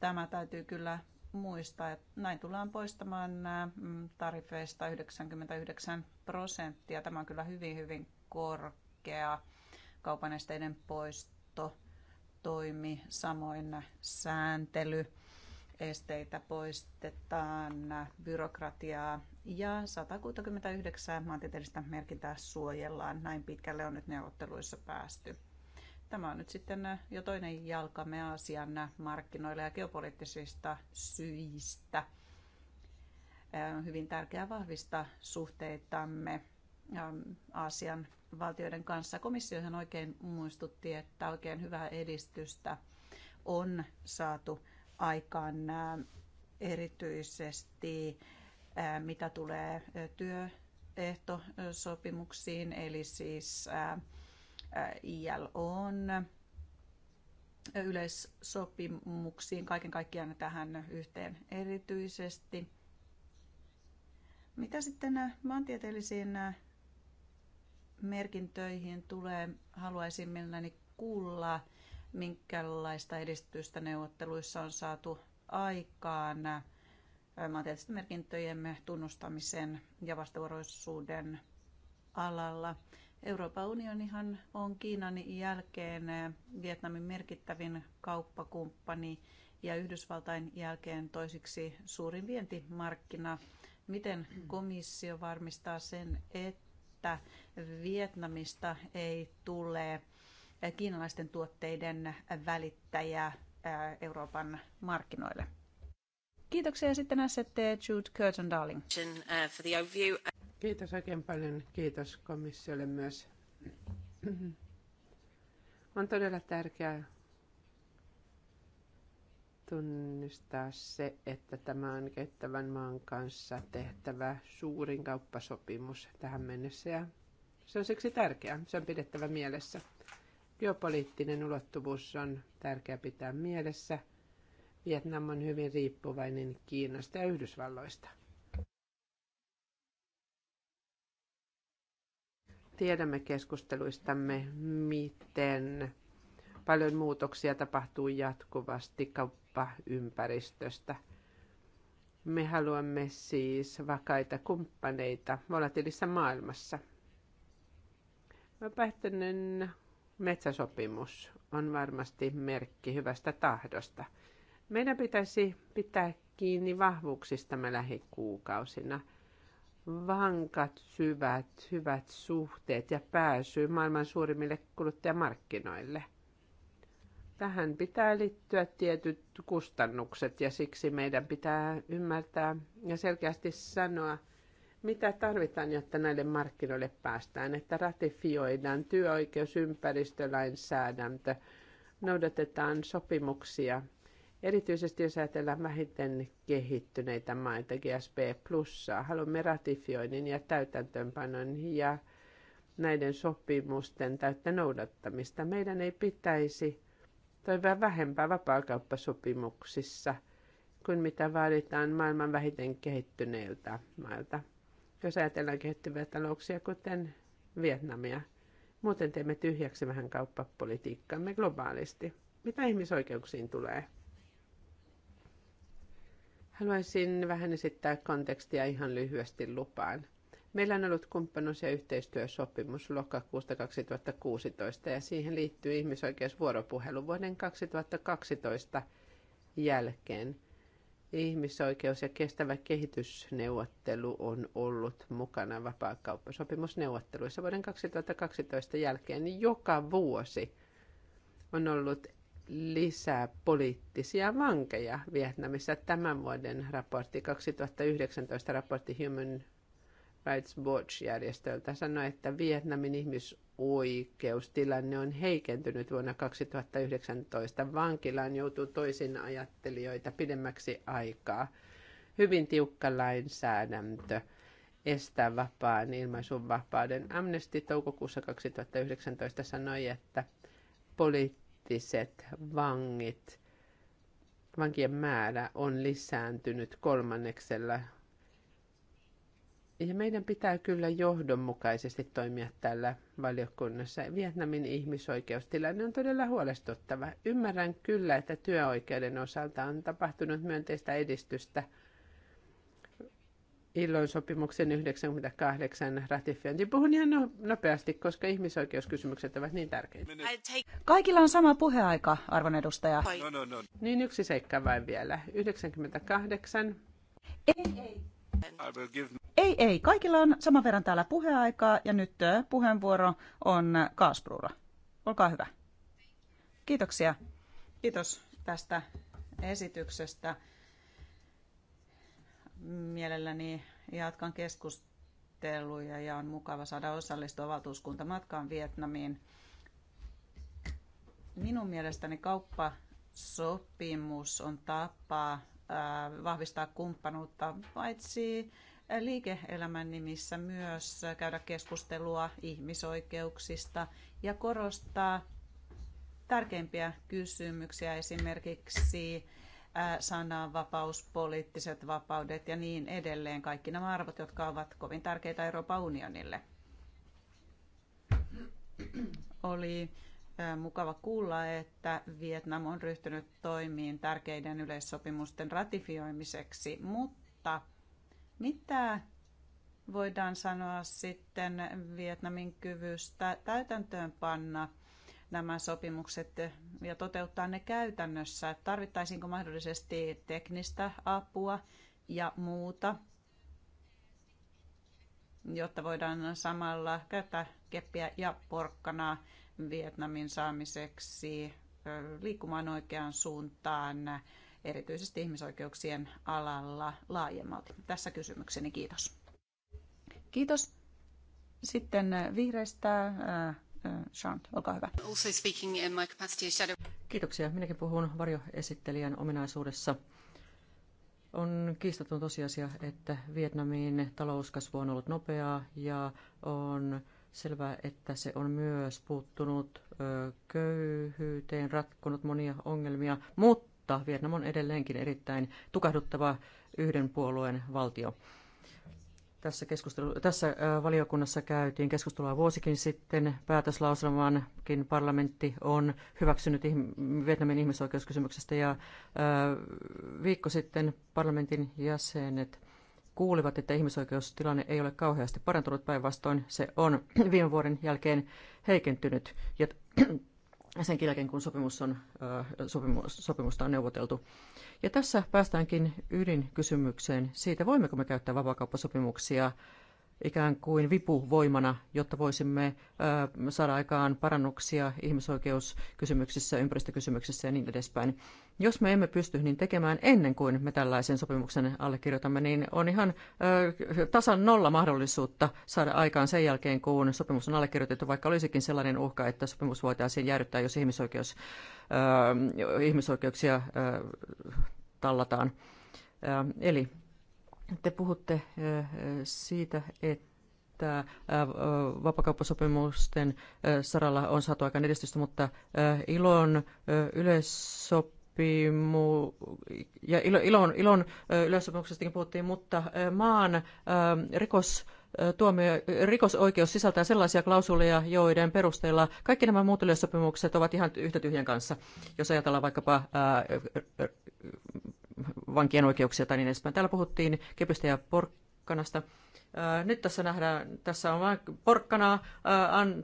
tämä täytyy kyllä muistaa, että näin tullaan poistamaan nämä mm, tarifeista 99 prosenttia. Tämä on kyllä hyvin, hyvin korkea kaupanesteiden poisto toimi, samoin sääntely, esteitä poistetaan, byrokratiaa ja 169 maantieteellistä merkintää suojellaan. Näin pitkälle on nyt neuvotteluissa päästy. Tämä on nyt sitten äh, jo toinen jalkamme Aasian äh, markkinoilla ja geopoliittisista syistä. On äh, hyvin tärkeää vahvistaa suhteitamme ähm, Aasian valtioiden kanssa. Komissiohan oikein muistutti, että oikein hyvää edistystä on saatu aikaan erityisesti mitä tulee työehtosopimuksiin, eli siis on yleissopimuksiin, kaiken kaikkiaan tähän yhteen erityisesti. Mitä sitten maantieteellisiin merkintöihin tulee, haluaisin mielelläni kuulla, minkälaista edistystä neuvotteluissa on saatu aikaan maantieteellisten merkintöjemme tunnustamisen ja vastavuoroisuuden alalla. Euroopan unionihan on Kiinan jälkeen eh, Vietnamin merkittävin kauppakumppani ja Yhdysvaltain jälkeen toisiksi suurin vientimarkkina. Miten komissio varmistaa sen, että Vietnamista ei tule eh, kiinalaisten tuotteiden välittäjä eh, Euroopan markkinoille? Kiitoksia sitten ST Jude Curtin Darling. Kiitos oikein paljon. Kiitos komissiolle myös. On todella tärkeää tunnistaa se, että tämä on kettävän maan kanssa tehtävä suurin kauppasopimus tähän mennessä ja se on siksi tärkeää. Se on pidettävä mielessä. Geopoliittinen ulottuvuus on tärkeää pitää mielessä. Vietnam on hyvin riippuvainen Kiinasta ja Yhdysvalloista – Tiedämme keskusteluistamme, miten paljon muutoksia tapahtuu jatkuvasti kauppaympäristöstä. Me haluamme siis vakaita kumppaneita volatiilissa maailmassa. Vapaaehtoinen metsäsopimus on varmasti merkki hyvästä tahdosta. Meidän pitäisi pitää kiinni vahvuuksistamme lähikuukausina – vankat, syvät, hyvät suhteet ja pääsy maailman suurimmille kuluttajamarkkinoille. Tähän pitää liittyä tietyt kustannukset ja siksi meidän pitää ymmärtää ja selkeästi sanoa, mitä tarvitaan, jotta näille markkinoille päästään, että ratifioidaan työoikeusympäristölainsäädäntö, noudatetaan sopimuksia – Erityisesti jos ajatellaan vähiten kehittyneitä maita, GSP plussaa, haluamme ratifioinnin ja täytäntöönpanon ja näiden sopimusten täyttä noudattamista. Meidän ei pitäisi toivoa vähempää vapaakauppasopimuksissa kuin mitä vaaditaan maailman vähiten kehittyneiltä mailta. Jos ajatellaan kehittyviä talouksia, kuten Vietnamia, muuten teemme tyhjäksi vähän kauppapolitiikkaamme globaalisti. Mitä ihmisoikeuksiin tulee? Haluaisin vähän esittää kontekstia ihan lyhyesti lupaan. Meillä on ollut kumppanuus- ja yhteistyösopimus lokakuusta 2016 ja siihen liittyy ihmisoikeusvuoropuhelu vuoden 2012 jälkeen. Ihmisoikeus- ja kestävä kehitysneuvottelu on ollut mukana vapaakauppasopimusneuvotteluissa vuoden 2012 jälkeen. Joka vuosi on ollut lisää poliittisia vankeja Vietnamissa. Tämän vuoden raportti, 2019 raportti Human Rights Watch-järjestöltä sanoi, että Vietnamin ihmisoikeustilanne on heikentynyt vuonna 2019. Vankilaan joutuu toisin ajattelijoita pidemmäksi aikaa. Hyvin tiukka lainsäädäntö estää vapaan ilmaisun vapauden. Amnesty toukokuussa 2019 sanoi, että poliittisia poliittiset vangit, vankien määrä on lisääntynyt kolmanneksella. Ja meidän pitää kyllä johdonmukaisesti toimia tällä valiokunnassa. Vietnamin ihmisoikeustilanne on todella huolestuttava. Ymmärrän kyllä, että työoikeuden osalta on tapahtunut myönteistä edistystä – illoin sopimuksen 98 ratifiointi. Puhun ihan no, nopeasti, koska ihmisoikeuskysymykset ovat niin tärkeitä. Kaikilla on sama puheaika, arvon edustaja. No, no, no. Niin yksi seikka vain vielä. 98. Ei, ei. Give... Ei, ei. Kaikilla on saman verran täällä puheaikaa ja nyt puheenvuoro on Kaasbruura. Olkaa hyvä. Kiitoksia. Kiitos tästä esityksestä mielelläni jatkan keskusteluja ja on mukava saada osallistua valtuuskuntamatkaan Vietnamiin. Minun mielestäni kauppasopimus on tapa vahvistaa kumppanuutta paitsi liike-elämän nimissä myös käydä keskustelua ihmisoikeuksista ja korostaa tärkeimpiä kysymyksiä, esimerkiksi sananvapaus, poliittiset vapaudet ja niin edelleen. Kaikki nämä arvot, jotka ovat kovin tärkeitä Euroopan unionille. Oli mukava kuulla, että Vietnam on ryhtynyt toimiin tärkeiden yleissopimusten ratifioimiseksi, mutta mitä voidaan sanoa sitten Vietnamin kyvystä panna? nämä sopimukset ja toteuttaa ne käytännössä? Tarvittaisiinko mahdollisesti teknistä apua ja muuta, jotta voidaan samalla käyttää keppiä ja porkkanaa Vietnamin saamiseksi liikkumaan oikeaan suuntaan, erityisesti ihmisoikeuksien alalla laajemmalti. Tässä kysymykseni, kiitos. Kiitos. Sitten vihreistä Jean, olkaa hyvä. Also speaking in my capacity as shadow. Kiitoksia. Minäkin puhun varjoesittelijän ominaisuudessa. On kiistaton tosiasia, että Vietnamin talouskasvu on ollut nopeaa ja on selvää, että se on myös puuttunut köyhyyteen, ratkonut monia ongelmia, mutta Vietnam on edelleenkin erittäin tukahduttava yhden puolueen valtio. Tässä, keskustelu, tässä valiokunnassa käytiin keskustelua vuosikin sitten. Päätöslauselmankin parlamentti on hyväksynyt Vietnamin ihmisoikeuskysymyksestä ja viikko sitten parlamentin jäsenet kuulivat, että ihmisoikeustilanne ei ole kauheasti parantunut. Päinvastoin se on viime vuoden jälkeen heikentynyt ja senkin jälkeen, kun sopimus on, sopimus, sopimusta on neuvoteltu. Ja tässä päästäänkin ydinkysymykseen siitä, voimmeko me käyttää vapaakauppasopimuksia ikään kuin vipuvoimana, jotta voisimme saada aikaan parannuksia ihmisoikeuskysymyksissä, ympäristökysymyksissä ja niin edespäin. Jos me emme pysty niin tekemään ennen kuin me tällaisen sopimuksen allekirjoitamme, niin on ihan tasan nolla mahdollisuutta saada aikaan sen jälkeen, kun sopimus on allekirjoitettu, vaikka olisikin sellainen uhka, että sopimus voitaisiin jäädyttää, jos ihmisoikeus, ihmisoikeuksia tallataan. Eli te puhutte siitä, että että vapakauppasopimusten saralla on saatu aika edistystä, mutta ilon yleissopimu, ja ilon, ilon yleissopimuksestakin puhuttiin, mutta maan rikos tuomio, rikosoikeus sisältää sellaisia klausuleja, joiden perusteella kaikki nämä muut yleissopimukset ovat ihan yhtä tyhjän kanssa. Jos ajatellaan vaikkapa ää, vankien oikeuksia tai niin edespäin. Täällä puhuttiin kepistä ja porkkanasta. Äh, nyt tässä nähdään, tässä on vain porkkanaa äh,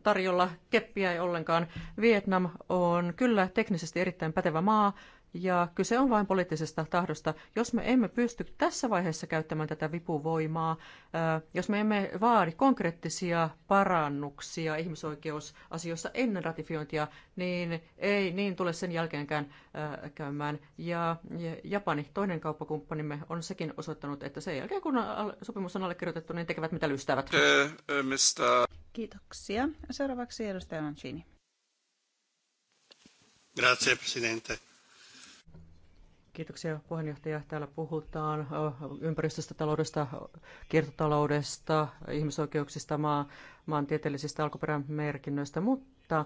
tarjolla, keppiä ei ollenkaan. Vietnam on kyllä teknisesti erittäin pätevä maa, ja kyse on vain poliittisesta tahdosta. Jos me emme pysty tässä vaiheessa käyttämään tätä vipuvoimaa, jos me emme vaadi konkreettisia parannuksia ihmisoikeusasioissa ennen ratifiointia, niin ei niin tule sen jälkeenkään käymään. Ja Japani, toinen kauppakumppanimme, on sekin osoittanut, että sen jälkeen kun sopimus on allekirjoitettu, niin tekevät mitä lystävät. Kiitoksia. Seuraavaksi edustaja Mancini. Grazie, Presidente. Kiitoksia puheenjohtaja. Täällä puhutaan ympäristöstä, taloudesta, kiertotaloudesta, ihmisoikeuksista, maa, maantieteellisistä alkuperämerkinnöistä, mutta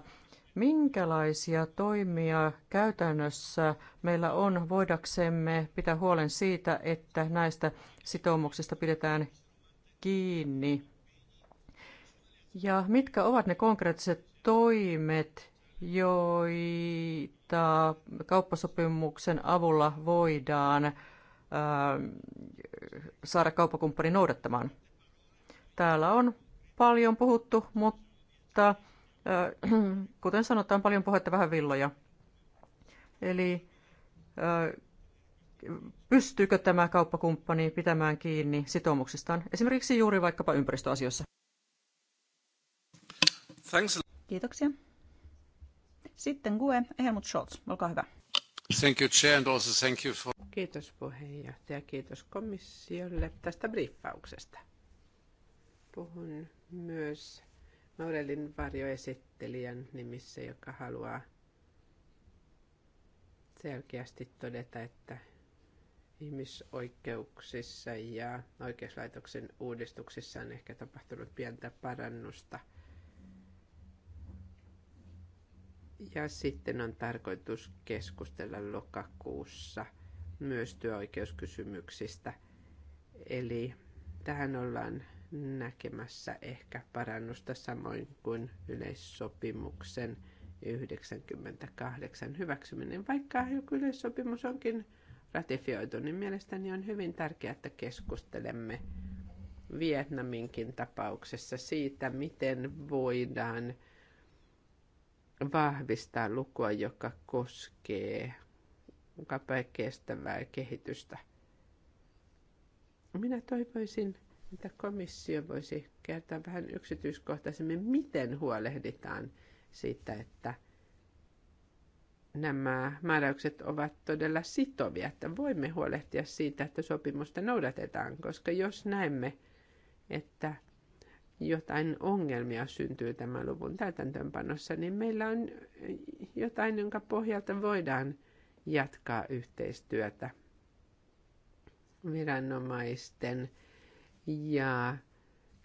minkälaisia toimia käytännössä meillä on voidaksemme pitää huolen siitä, että näistä sitoumuksista pidetään kiinni? Ja mitkä ovat ne konkreettiset toimet, joita kauppasopimuksen avulla voidaan äh, saada kauppakumppani noudattamaan. Täällä on paljon puhuttu, mutta äh, kuten sanotaan, paljon puhetta vähän villoja. Eli äh, pystyykö tämä kauppakumppani pitämään kiinni sitoumuksistaan, esimerkiksi juuri vaikkapa ympäristöasioissa? Thanks. Kiitoksia. Sitten GUE, Helmut Scholz, olkaa hyvä. Thank you, Chair, and also thank you for... Kiitos puheenjohtaja, kiitos komissiolle tästä briefauksesta. Puhun myös Maurelin varjoesittelijän nimissä, joka haluaa selkeästi todeta, että ihmisoikeuksissa ja oikeuslaitoksen uudistuksissa on ehkä tapahtunut pientä parannusta – Ja sitten on tarkoitus keskustella lokakuussa myös työoikeuskysymyksistä. Eli tähän ollaan näkemässä ehkä parannusta samoin kuin yleissopimuksen 98 hyväksyminen. Vaikka joku yleissopimus onkin ratifioitu, niin mielestäni on hyvin tärkeää, että keskustelemme Vietnaminkin tapauksessa siitä, miten voidaan vahvistaa lukua, joka koskee kapea kestävää kehitystä. Minä toivoisin, että komissio voisi kertoa vähän yksityiskohtaisemmin, miten huolehditaan siitä, että nämä määräykset ovat todella sitovia, että voimme huolehtia siitä, että sopimusta noudatetaan, koska jos näemme, että jotain ongelmia syntyy tämän luvun täytäntöönpanossa, niin meillä on jotain, jonka pohjalta voidaan jatkaa yhteistyötä viranomaisten ja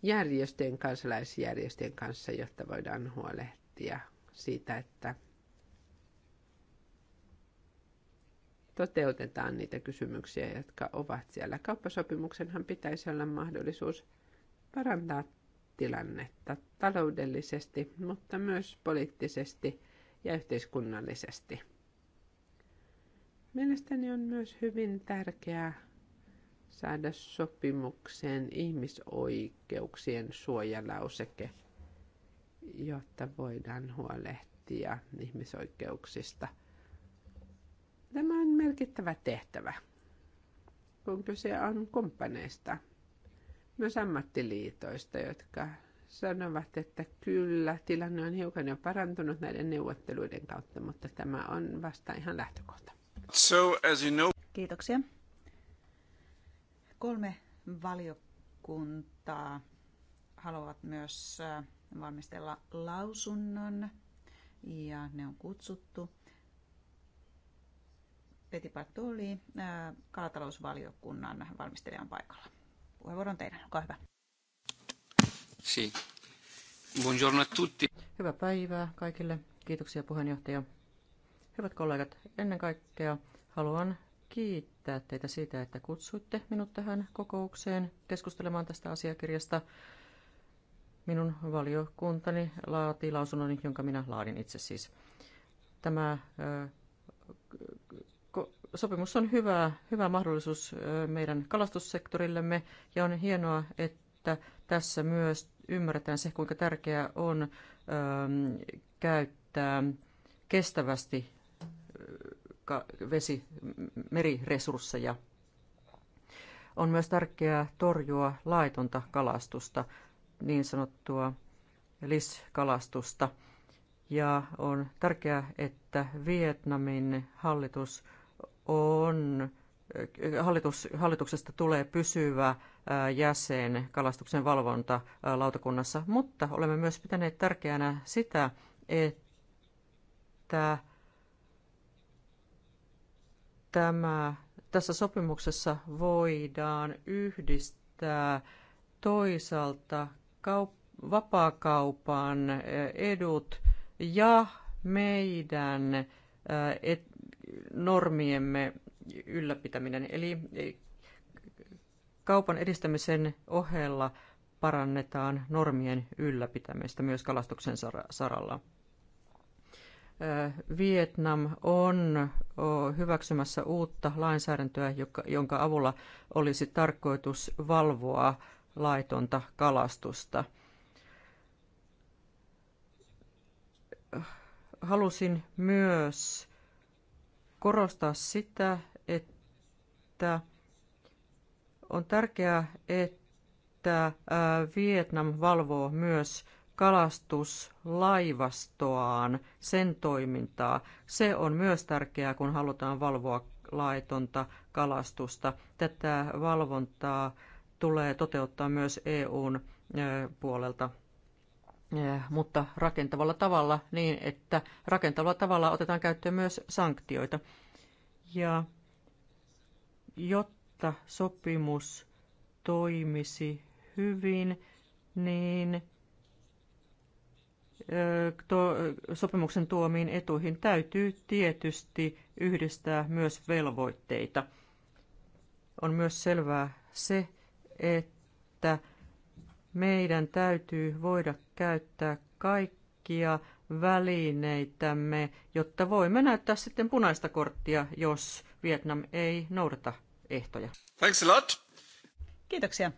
järjestöjen, kansalaisjärjestöjen kanssa, jotta voidaan huolehtia siitä, että toteutetaan niitä kysymyksiä, jotka ovat siellä. Kauppasopimuksenhan pitäisi olla mahdollisuus parantaa tilannetta taloudellisesti, mutta myös poliittisesti ja yhteiskunnallisesti. Mielestäni on myös hyvin tärkeää saada sopimukseen ihmisoikeuksien suojalauseke, jotta voidaan huolehtia ihmisoikeuksista. Tämä on merkittävä tehtävä, kun kyse on kumppaneista – myös ammattiliitoista, jotka sanovat, että kyllä, tilanne on hiukan jo parantunut näiden neuvotteluiden kautta, mutta tämä on vasta ihan lähtökohta. So, as you know... Kiitoksia. Kolme valiokuntaa haluavat myös äh, valmistella lausunnon ja ne on kutsuttu. Peti Bartoli, äh, kalatalousvaliokunnan valmistelijan paikalla. Puheenvuoro on teidän, olkaa hyvä. Si. Buongiorno a tutti. Hyvää päivää kaikille. Kiitoksia puheenjohtaja. Hyvät kollegat, ennen kaikkea haluan kiittää teitä siitä, että kutsuitte minut tähän kokoukseen keskustelemaan tästä asiakirjasta. Minun valiokuntani laati lausunnon, jonka minä laadin itse siis. Tämä sopimus on hyvä, hyvä mahdollisuus meidän kalastussektorillemme ja on hienoa, että tässä myös ymmärretään se, kuinka tärkeää on käyttää kestävästi vesi, meriresursseja. On myös tärkeää torjua laitonta kalastusta, niin sanottua liskalastusta. Ja on tärkeää, että Vietnamin hallitus on, äh, hallitus, hallituksesta tulee pysyvä äh, jäsen kalastuksen valvonta äh, lautakunnassa, mutta olemme myös pitäneet tärkeänä sitä, että tämä, tässä sopimuksessa voidaan yhdistää toisaalta kaup- vapaakaupan edut ja meidän normiemme ylläpitäminen. Eli kaupan edistämisen ohella parannetaan normien ylläpitämistä myös kalastuksen saralla. Vietnam on hyväksymässä uutta lainsäädäntöä, jonka avulla olisi tarkoitus valvoa laitonta kalastusta. Halusin myös korostaa sitä, että on tärkeää, että Vietnam valvoo myös kalastuslaivastoaan, sen toimintaa. Se on myös tärkeää, kun halutaan valvoa laitonta kalastusta. Tätä valvontaa tulee toteuttaa myös EUn puolelta. Eh, mutta rakentavalla tavalla niin, että rakentavalla tavalla otetaan käyttöön myös sanktioita. Ja jotta sopimus toimisi hyvin, niin eh, eh, sopimuksen tuomiin etuihin täytyy tietysti yhdistää myös velvoitteita. On myös selvää se, että meidän täytyy voida käyttää kaikkia välineitämme, jotta voimme näyttää sitten punaista korttia, jos Vietnam ei noudata ehtoja. Thanks a lot. Kiitoksia.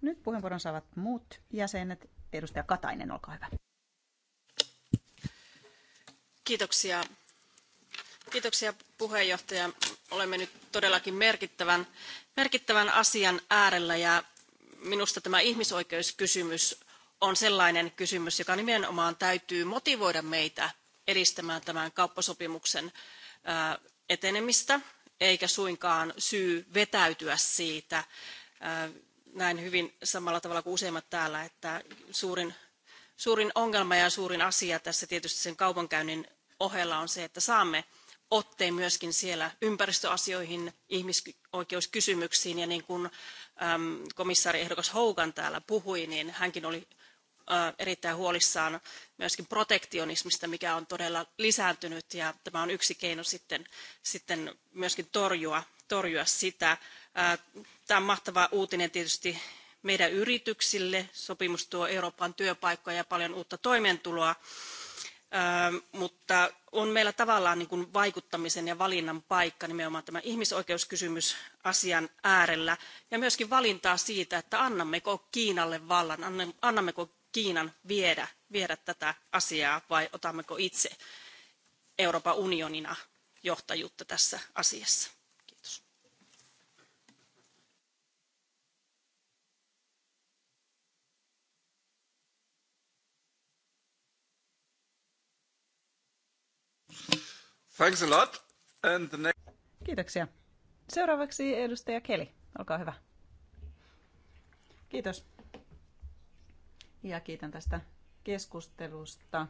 Nyt puheenvuoron saavat muut jäsenet. Edustaja Katainen, olkaa hyvä. Kiitoksia. Kiitoksia puheenjohtaja. Olemme nyt todellakin merkittävän, merkittävän asian äärellä ja minusta tämä ihmisoikeuskysymys on sellainen kysymys, joka nimenomaan täytyy motivoida meitä edistämään tämän kauppasopimuksen etenemistä, eikä suinkaan syy vetäytyä siitä. Näin hyvin samalla tavalla kuin useimmat täällä, että suurin, suurin ongelma ja suurin asia tässä tietysti sen kaupankäynnin ohella on se, että saamme otteen myöskin siellä ympäristöasioihin, ihmisoikeuskysymyksiin ja niin kuin äm, komissaari ehdokas täällä puhui, niin hänkin oli erittäin huolissaan myöskin protektionismista, mikä on todella lisääntynyt ja tämä on yksi keino sitten, sitten myöskin torjua, torjua sitä. Tämä on mahtava uutinen tietysti meidän yrityksille. Sopimus tuo Euroopan työpaikkoja ja paljon uutta toimeentuloa Öö, mutta on meillä tavallaan niin kuin vaikuttamisen ja valinnan paikka nimenomaan tämä ihmisoikeuskysymys asian äärellä ja myöskin valintaa siitä, että annammeko Kiinalle vallan, annammeko Kiinan viedä, viedä tätä asiaa vai otammeko itse Euroopan unionina johtajuutta tässä asiassa. Thanks a lot. And the next... Kiitoksia. Seuraavaksi edustaja Keli, olkaa hyvä. Kiitos. Ja kiitän tästä keskustelusta.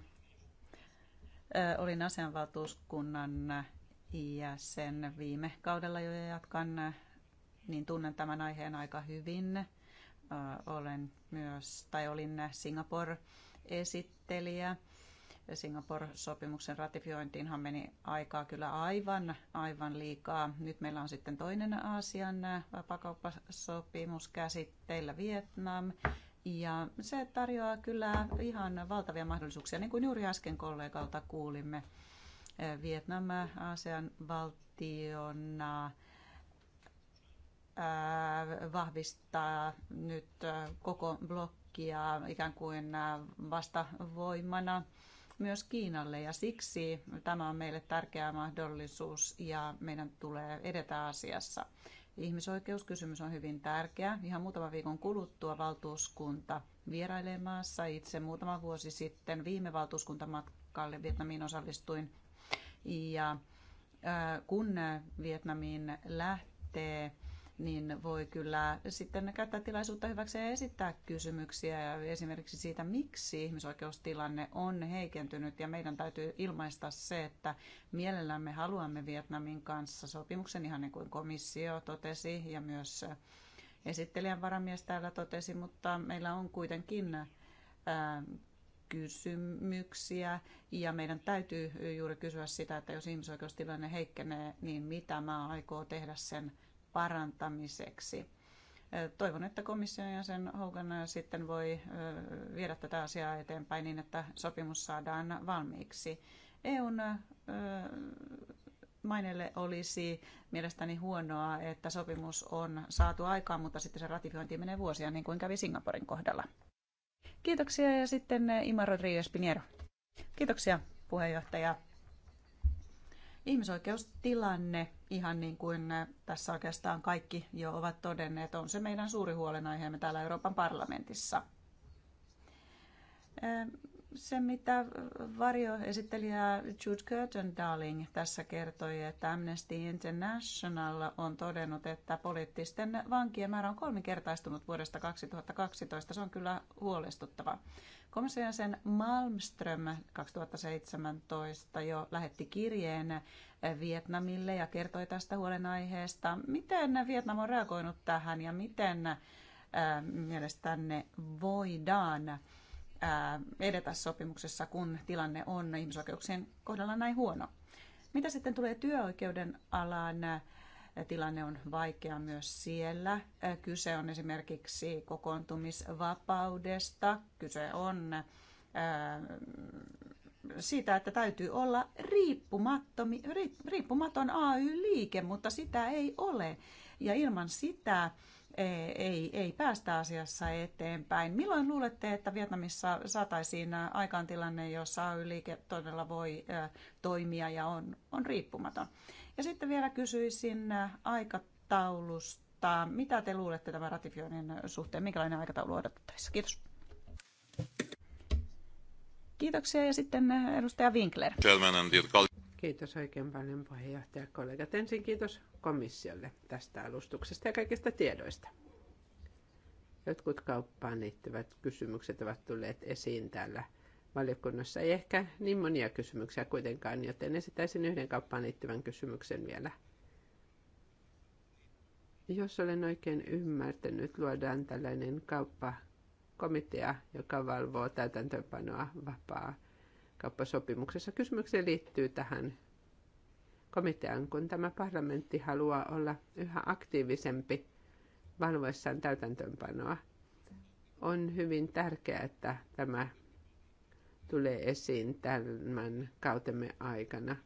Olin asianvaltuuskunnan jäsen viime kaudella jo ja jatkan, niin tunnen tämän aiheen aika hyvin. Olen myös, tai olin Singapore esittelijä Singapore-sopimuksen ratifiointiinhan meni aikaa kyllä aivan, aivan liikaa. Nyt meillä on sitten toinen Aasian vapakauppasopimus käsitteillä Vietnam. Ja se tarjoaa kyllä ihan valtavia mahdollisuuksia, niin kuin juuri äsken kollegalta kuulimme. Vietnam Aasian valtiona vahvistaa nyt koko blokkia ikään kuin vastavoimana myös Kiinalle ja siksi tämä on meille tärkeä mahdollisuus ja meidän tulee edetä asiassa. Ihmisoikeuskysymys on hyvin tärkeä. Ihan muutama viikon kuluttua valtuuskunta vierailee maassa. Itse muutama vuosi sitten viime valtuuskuntamatkalle Vietnamiin osallistuin. Ja kun Vietnamiin lähtee niin voi kyllä sitten käyttää tilaisuutta hyväksi ja esittää kysymyksiä ja esimerkiksi siitä, miksi ihmisoikeustilanne on heikentynyt ja meidän täytyy ilmaista se, että mielellämme haluamme Vietnamin kanssa sopimuksen ihan niin kuin komissio totesi ja myös esittelijän varamies täällä totesi, mutta meillä on kuitenkin kysymyksiä ja meidän täytyy juuri kysyä sitä, että jos ihmisoikeustilanne heikkenee, niin mitä maa aikoo tehdä sen parantamiseksi. Toivon, että komission ja sen Hogan sitten voi viedä tätä asiaa eteenpäin niin, että sopimus saadaan valmiiksi. EUn maineelle olisi mielestäni huonoa, että sopimus on saatu aikaan, mutta sitten se ratifiointi menee vuosia, niin kuin kävi Singaporen kohdalla. Kiitoksia ja sitten Ima Rodriguez Piniero. Kiitoksia puheenjohtaja. Ihmisoikeustilanne, ihan niin kuin äh, tässä oikeastaan kaikki jo ovat todenneet, on se meidän suuri huolenaiheemme täällä Euroopan parlamentissa. Äh, se, mitä varjoesittelijä Jude Curtin Darling tässä kertoi, että Amnesty International on todennut, että poliittisten vankien määrä on kolminkertaistunut vuodesta 2012. Se on kyllä huolestuttava. Komission sen Malmström 2017 jo lähetti kirjeen Vietnamille ja kertoi tästä huolenaiheesta. Miten Vietnam on reagoinut tähän ja miten mielestänne voidaan edetä sopimuksessa, kun tilanne on ihmisoikeuksien kohdalla näin huono. Mitä sitten tulee työoikeuden alaan? Tilanne on vaikea myös siellä. Kyse on esimerkiksi kokoontumisvapaudesta. Kyse on siitä, että täytyy olla riippumaton AY-liike, mutta sitä ei ole. Ja ilman sitä ei, ei päästä asiassa eteenpäin. Milloin luulette, että Vietnamissa saataisiin äh, aikaan tilanne, jossa AY-liike todella voi äh, toimia ja on, on riippumaton? Ja sitten vielä kysyisin äh, aikataulusta. Mitä te luulette tämän ratifioinnin suhteen? Minkälainen aikataulu odotettavissa? Kiitos. Kiitoksia ja sitten edustaja Winkler. Kiitos oikein paljon puheenjohtaja kollegat. Ensin kiitos komissiolle tästä alustuksesta ja kaikista tiedoista. Jotkut kauppaan liittyvät kysymykset ovat tulleet esiin täällä valiokunnassa. Ei ehkä niin monia kysymyksiä kuitenkaan, joten esittäisin yhden kauppaan liittyvän kysymyksen vielä. Jos olen oikein ymmärtänyt, luodaan tällainen kauppakomitea, joka valvoo täytäntöönpanoa vapaa kauppasopimuksessa. Kysymykseen liittyy tähän komiteaan, kun tämä parlamentti haluaa olla yhä aktiivisempi valvoessaan täytäntöönpanoa. On hyvin tärkeää, että tämä tulee esiin tämän kautemme aikana.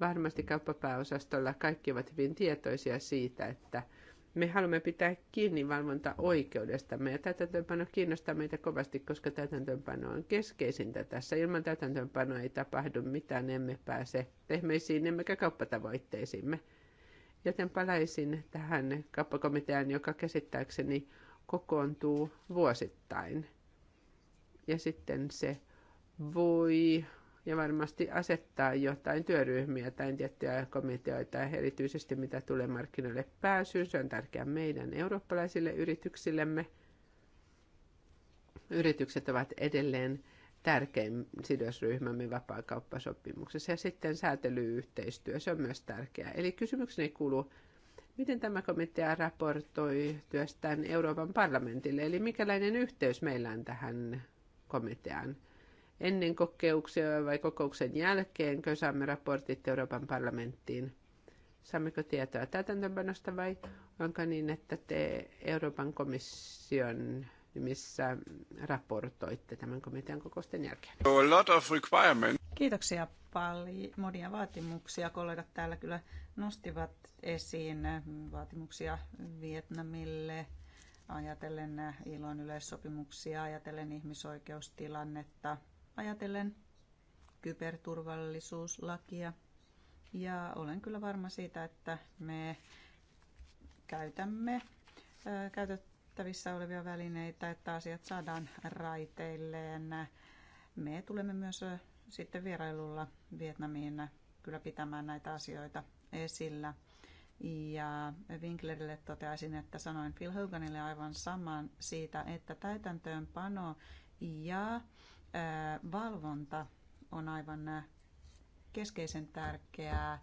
Varmasti kauppapääosastolla kaikki ovat hyvin tietoisia siitä, että – me haluamme pitää kiinni valvontaoikeudestamme ja täytäntöönpano kiinnostaa meitä kovasti, koska täytäntöönpano on keskeisintä tässä. Ilman täytäntöönpanoa ei tapahdu mitään, emme pääse pehmeisiin emmekä kauppatavoitteisiimme. Joten palaisin tähän kauppakomiteaan, joka käsittääkseni kokoontuu vuosittain. Ja sitten se voi ja varmasti asettaa jotain työryhmiä tai tiettyjä komiteoita, erityisesti mitä tulee markkinoille pääsyyn. Se on tärkeää meidän eurooppalaisille yrityksillemme. Yritykset ovat edelleen tärkein sidosryhmämme vapaakauppasopimuksessa ja sitten säätelyyhteistyö, se on myös tärkeää. Eli kysymykseni kuuluu, miten tämä komitea raportoi työstään Euroopan parlamentille, eli mikälainen yhteys meillä on tähän komiteaan? ennen kokouksia vai kokouksen jälkeen, kun saamme raportit Euroopan parlamenttiin. Saammeko tietoa täytäntöönpanosta vai onko niin, että te Euroopan komission nimissä raportoitte tämän komitean kokousten jälkeen? A lot of Kiitoksia paljon. Monia vaatimuksia kollegat täällä kyllä nostivat esiin. Vaatimuksia Vietnamille, ajatellen ilon yleissopimuksia, ajatellen ihmisoikeustilannetta, ajatellen kyberturvallisuuslakia. Ja olen kyllä varma siitä, että me käytämme käytettävissä olevia välineitä, että asiat saadaan raiteilleen. Me tulemme myös sitten vierailulla Vietnamiin kyllä pitämään näitä asioita esillä. Ja Winklerille toteaisin, että sanoin Phil Hoganille aivan saman siitä, että täytäntöönpano ja valvonta on aivan keskeisen tärkeää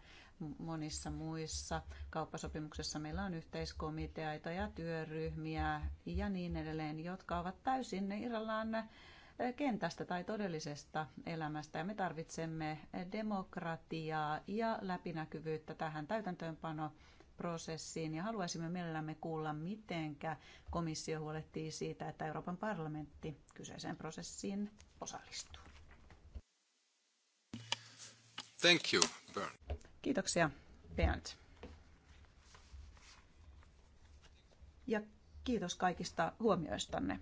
monissa muissa kauppasopimuksissa. Meillä on yhteiskomiteaita ja työryhmiä ja niin edelleen, jotka ovat täysin irrallaan kentästä tai todellisesta elämästä. Ja me tarvitsemme demokratiaa ja läpinäkyvyyttä tähän täytäntöönpano prosessiin ja haluaisimme mielellämme kuulla, mitenkä komissio huolehtii siitä, että Euroopan parlamentti kyseiseen prosessiin osallistuu. Thank you, Bernd. Kiitoksia, Bernd. Ja kiitos kaikista huomioistanne.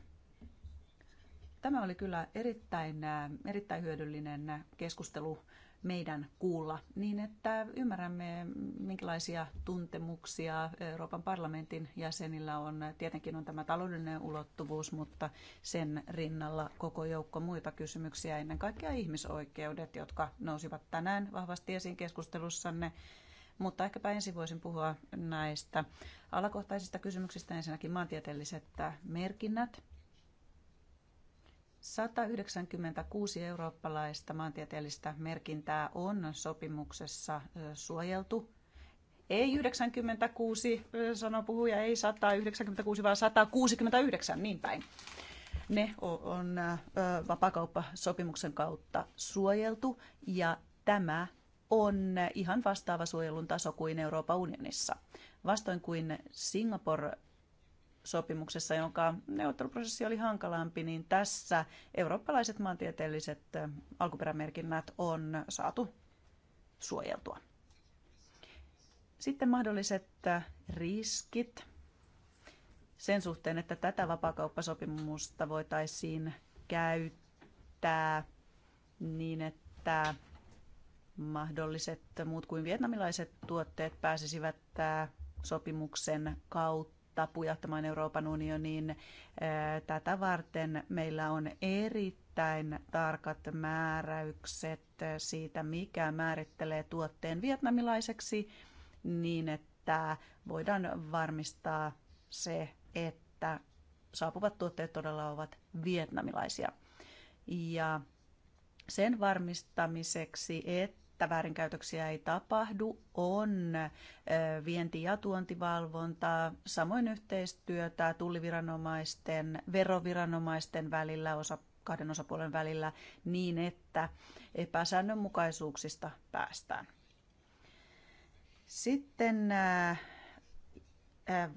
Tämä oli kyllä erittäin, äh, erittäin hyödyllinen keskustelu meidän kuulla niin, että ymmärrämme, minkälaisia tuntemuksia Euroopan parlamentin jäsenillä on. Tietenkin on tämä taloudellinen ulottuvuus, mutta sen rinnalla koko joukko muita kysymyksiä, ennen kaikkea ihmisoikeudet, jotka nousivat tänään vahvasti esiin keskustelussanne. Mutta ehkäpä ensin voisin puhua näistä alakohtaisista kysymyksistä. Ensinnäkin maantieteelliset merkinnät 196 eurooppalaista maantieteellistä merkintää on sopimuksessa suojeltu. Ei 96, sanoo puhuja, ei 196, vaan 169, niin päin. Ne on vapakauppasopimuksen kautta suojeltu ja tämä on ihan vastaava suojelun taso kuin Euroopan unionissa. Vastoin kuin Singapore sopimuksessa, jonka neuvotteluprosessi oli hankalampi, niin tässä eurooppalaiset maantieteelliset alkuperämerkinnät on saatu suojeltua. Sitten mahdolliset riskit sen suhteen, että tätä vapakauppasopimusta voitaisiin käyttää niin, että mahdolliset muut kuin vietnamilaiset tuotteet pääsisivät sopimuksen kautta auttaa pujahtamaan Euroopan unioniin Tätä varten meillä on erittäin tarkat määräykset siitä, mikä määrittelee tuotteen vietnamilaiseksi niin, että voidaan varmistaa se, että saapuvat tuotteet todella ovat vietnamilaisia. Ja sen varmistamiseksi, että että väärinkäytöksiä ei tapahdu, on vienti- ja tuontivalvontaa, samoin yhteistyötä tulliviranomaisten, veroviranomaisten välillä, osa, kahden osapuolen välillä niin, että epäsäännönmukaisuuksista päästään. Sitten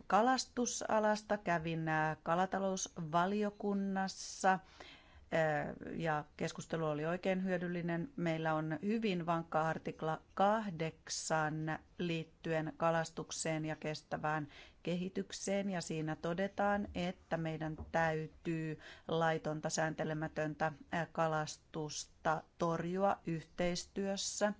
kalastusalasta kävin kalatalousvaliokunnassa ja keskustelu oli oikein hyödyllinen. Meillä on hyvin vankka artikla kahdeksan liittyen kalastukseen ja kestävään kehitykseen ja siinä todetaan, että meidän täytyy laitonta sääntelemätöntä kalastusta torjua yhteistyössä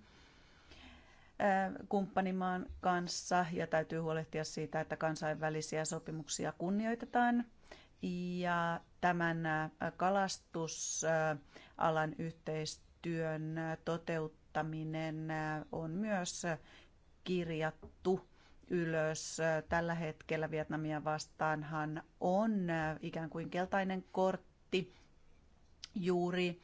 kumppanimaan kanssa ja täytyy huolehtia siitä, että kansainvälisiä sopimuksia kunnioitetaan ja tämän kalastusalan yhteistyön toteuttaminen on myös kirjattu ylös. Tällä hetkellä Vietnamia vastaanhan on ikään kuin keltainen kortti juuri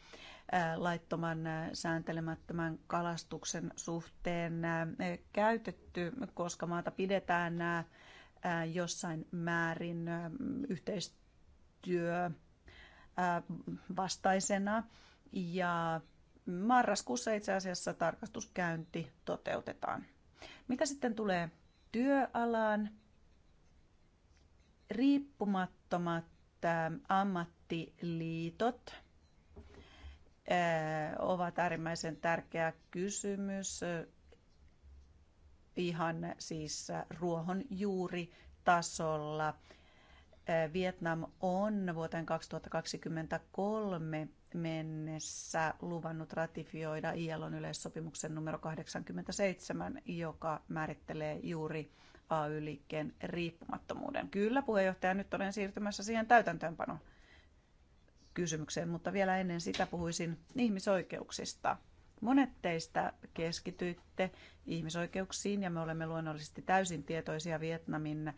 laittoman sääntelemättömän kalastuksen suhteen käytetty, koska maata pidetään jossain määrin yhteistyössä työ vastaisena ja marraskuussa itse asiassa tarkastuskäynti toteutetaan. Mitä sitten tulee työalaan? Riippumattomat ammattiliitot ovat äärimmäisen tärkeä kysymys ihan siis ruohonjuuritasolla Vietnam on vuoteen 2023 mennessä luvannut ratifioida ILOn yleissopimuksen numero 87, joka määrittelee juuri AY-liikkeen riippumattomuuden. Kyllä, puheenjohtaja, nyt olen siirtymässä siihen täytäntöönpanon kysymykseen, mutta vielä ennen sitä puhuisin ihmisoikeuksista. Monet teistä keskityitte ihmisoikeuksiin ja me olemme luonnollisesti täysin tietoisia Vietnamin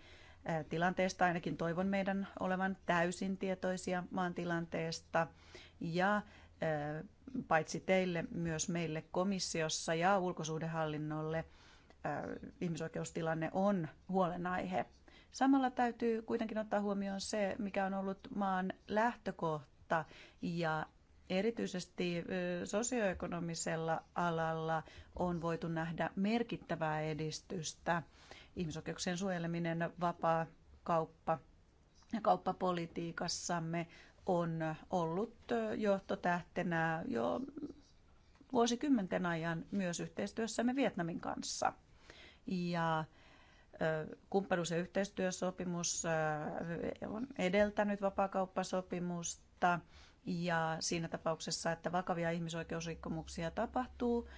tilanteesta. Ainakin toivon meidän olevan täysin tietoisia maan tilanteesta ja paitsi teille, myös meille komissiossa ja ulkosuhdehallinnolle ihmisoikeustilanne on huolenaihe. Samalla täytyy kuitenkin ottaa huomioon se, mikä on ollut maan lähtökohta ja erityisesti sosioekonomisella alalla on voitu nähdä merkittävää edistystä ihmisoikeuksien suojeleminen, vapaa kauppa ja kauppapolitiikassamme on ollut johtotähtenä jo vuosikymmenten ajan myös yhteistyössämme Vietnamin kanssa. Ja kumppanuus- ja yhteistyösopimus on edeltänyt vapaakauppasopimusta ja siinä tapauksessa, että vakavia ihmisoikeusrikkomuksia tapahtuu,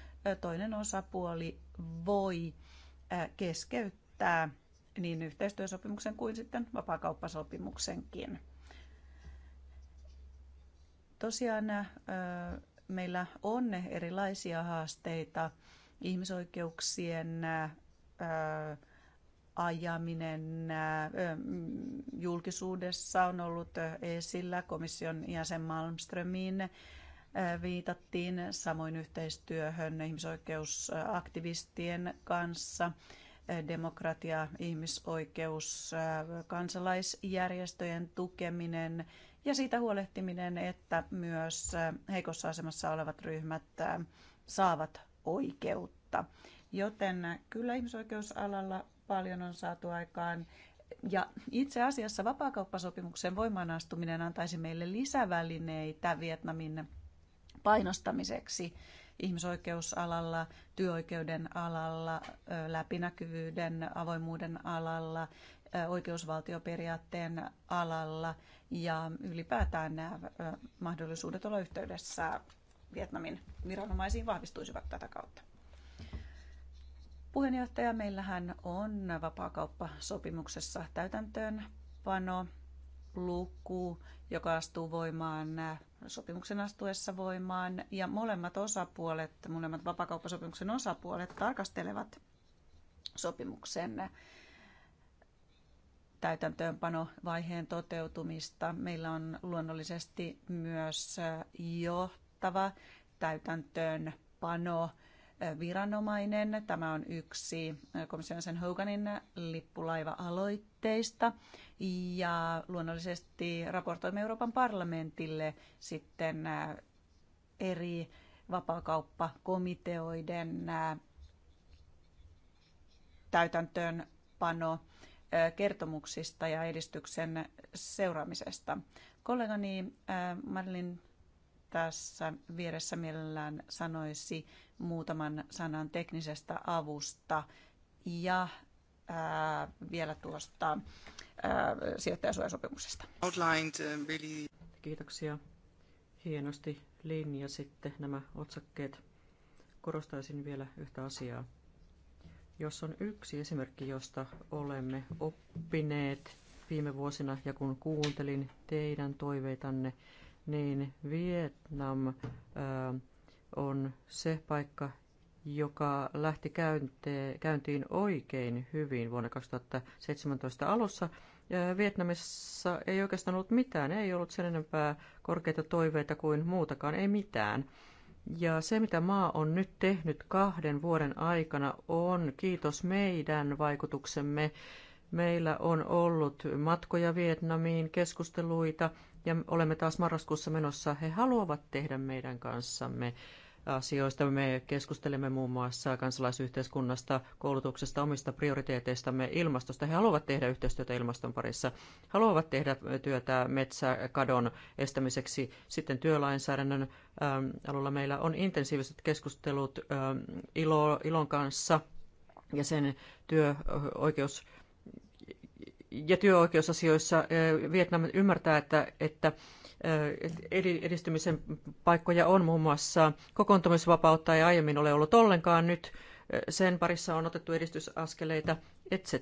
toinen osapuoli voi keskeyttää käyttää niin yhteistyösopimuksen kuin sitten vapaakauppasopimuksenkin. Tosiaan meillä on erilaisia haasteita. Ihmisoikeuksien ajaminen julkisuudessa on ollut esillä. Komission jäsen Malmströmin viitattiin samoin yhteistyöhön ihmisoikeusaktivistien kanssa – demokratia, ihmisoikeus, kansalaisjärjestöjen tukeminen ja siitä huolehtiminen, että myös heikossa asemassa olevat ryhmät saavat oikeutta. Joten kyllä ihmisoikeusalalla paljon on saatu aikaan. Ja itse asiassa vapaakauppasopimuksen voimaanastuminen antaisi meille lisävälineitä Vietnamin painostamiseksi ihmisoikeusalalla, työoikeuden alalla, läpinäkyvyyden, avoimuuden alalla, oikeusvaltioperiaatteen alalla ja ylipäätään nämä mahdollisuudet olla yhteydessä Vietnamin viranomaisiin vahvistuisivat tätä kautta. Puheenjohtaja, meillähän on vapaakauppasopimuksessa täytäntöönpano luku, joka astuu voimaan sopimuksen astuessa voimaan ja molemmat osapuolet, molemmat vapakauppasopimuksen osapuolet tarkastelevat sopimuksen täytäntöönpanovaiheen toteutumista. Meillä on luonnollisesti myös johtava täytäntöönpano viranomainen. Tämä on yksi komission sen Hoganin lippulaiva-aloitteista. Ja luonnollisesti raportoimme Euroopan parlamentille sitten äh, eri vapaakauppakomiteoiden äh, täytäntöönpano äh, kertomuksista ja edistyksen seuraamisesta. Kollegani Marlin tässä vieressä mielellään sanoisi muutaman sanan teknisestä avusta ja ää, vielä tuosta ää, sijoittajasuojasopimuksesta. Outlined, really. Kiitoksia. Hienosti sitten nämä otsakkeet. Korostaisin vielä yhtä asiaa. Jos on yksi esimerkki, josta olemme oppineet viime vuosina ja kun kuuntelin teidän toiveitanne, niin Vietnam ää, on se paikka, joka lähti käyntiin oikein hyvin vuonna 2017 alussa. Vietnamissa ei oikeastaan ollut mitään, ei ollut sen enempää korkeita toiveita kuin muutakaan, ei mitään. Ja se, mitä maa on nyt tehnyt kahden vuoden aikana, on kiitos meidän vaikutuksemme. Meillä on ollut matkoja Vietnamiin, keskusteluita, ja olemme taas marraskuussa menossa. He haluavat tehdä meidän kanssamme asioista. Me keskustelemme muun muassa kansalaisyhteiskunnasta, koulutuksesta, omista prioriteeteistamme, ilmastosta. He haluavat tehdä yhteistyötä ilmaston parissa, haluavat tehdä työtä metsäkadon estämiseksi. Sitten työlainsäädännön ähm, alulla meillä on intensiiviset keskustelut ähm, ILO, ILON kanssa ja sen työoikeus ja työoikeusasioissa Vietnam ymmärtää, että, että edistymisen paikkoja on muun muassa kokoontumisvapautta ei aiemmin ole ollut ollenkaan nyt. Sen parissa on otettu edistysaskeleita, etc.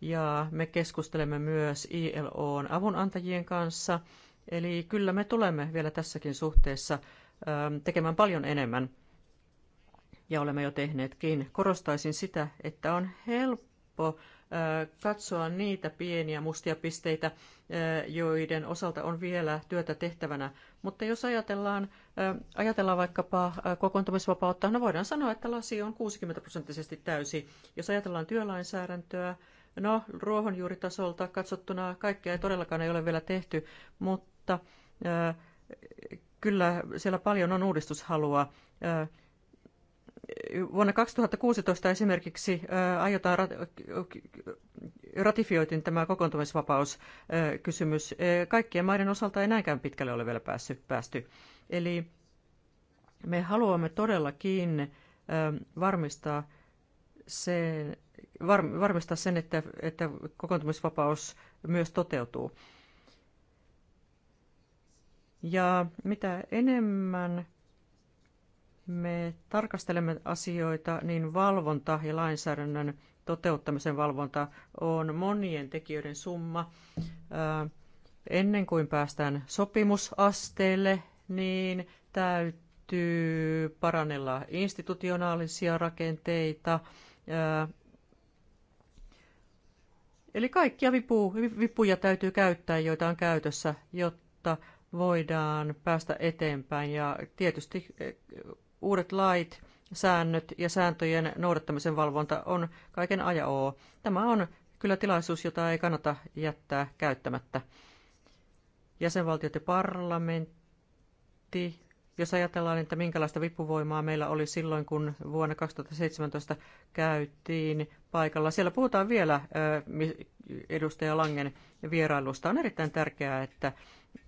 Ja me keskustelemme myös ILOn avunantajien kanssa. Eli kyllä me tulemme vielä tässäkin suhteessa tekemään paljon enemmän. Ja olemme jo tehneetkin. Korostaisin sitä, että on helppo katsoa niitä pieniä mustia pisteitä, joiden osalta on vielä työtä tehtävänä. Mutta jos ajatellaan, ajatellaan vaikkapa kokoontumisvapautta, no voidaan sanoa, että lasi on 60 prosenttisesti täysi. Jos ajatellaan työlainsäädäntöä, no ruohonjuuritasolta katsottuna kaikkea ei todellakaan ei ole vielä tehty, mutta kyllä siellä paljon on uudistushalua Vuonna 2016 esimerkiksi aiotaan ratifioitiin tämä kokoontumisvapauskysymys. Kaikkien maiden osalta ei näinkään pitkälle ole vielä päässyt, päästy. Eli me haluamme todellakin varmistaa sen, var, varmistaa sen että, että kokoontumisvapaus myös toteutuu. Ja mitä enemmän me tarkastelemme asioita, niin valvonta ja lainsäädännön toteuttamisen valvonta on monien tekijöiden summa. Ennen kuin päästään sopimusasteelle, niin täytyy parannella institutionaalisia rakenteita. Eli kaikkia vipuja täytyy käyttää, joita on käytössä, jotta voidaan päästä eteenpäin. Ja tietysti Uudet lait, säännöt ja sääntöjen noudattamisen valvonta on kaiken aja oo. Tämä on kyllä tilaisuus, jota ei kannata jättää käyttämättä. Jäsenvaltiot ja parlamentti, jos ajatellaan, että minkälaista vipuvoimaa meillä oli silloin, kun vuonna 2017 käytiin paikalla. Siellä puhutaan vielä edustaja Langen vierailusta. On erittäin tärkeää, että,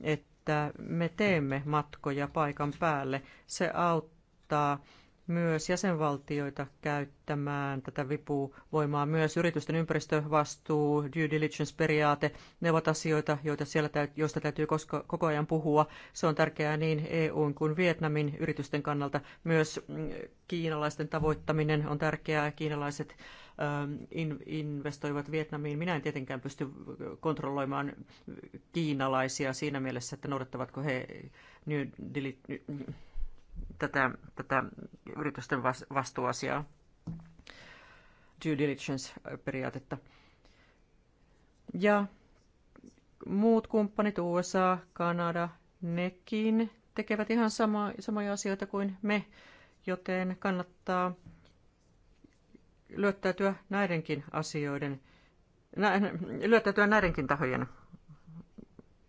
että me teemme matkoja paikan päälle. Se auttaa kannustaa myös jäsenvaltioita käyttämään tätä vipuvoimaa. Myös yritysten ympäristövastuu, due diligence-periaate, ne ovat asioita, joita siellä täyt, joista täytyy koska, koko ajan puhua. Se on tärkeää niin EUn kuin Vietnamin yritysten kannalta. Myös mm, kiinalaisten tavoittaminen on tärkeää. Kiinalaiset ähm, in, investoivat Vietnamiin. Minä en tietenkään pysty kontrolloimaan kiinalaisia siinä mielessä, että noudattavatko he New tätä, tätä yritysten vastuuasiaa, due diligence-periaatetta. Ja muut kumppanit, USA, Kanada, nekin tekevät ihan sama, samoja asioita kuin me, joten kannattaa lyöttäytyä näidenkin asioiden, nä, lyöttäytyä näidenkin tahojen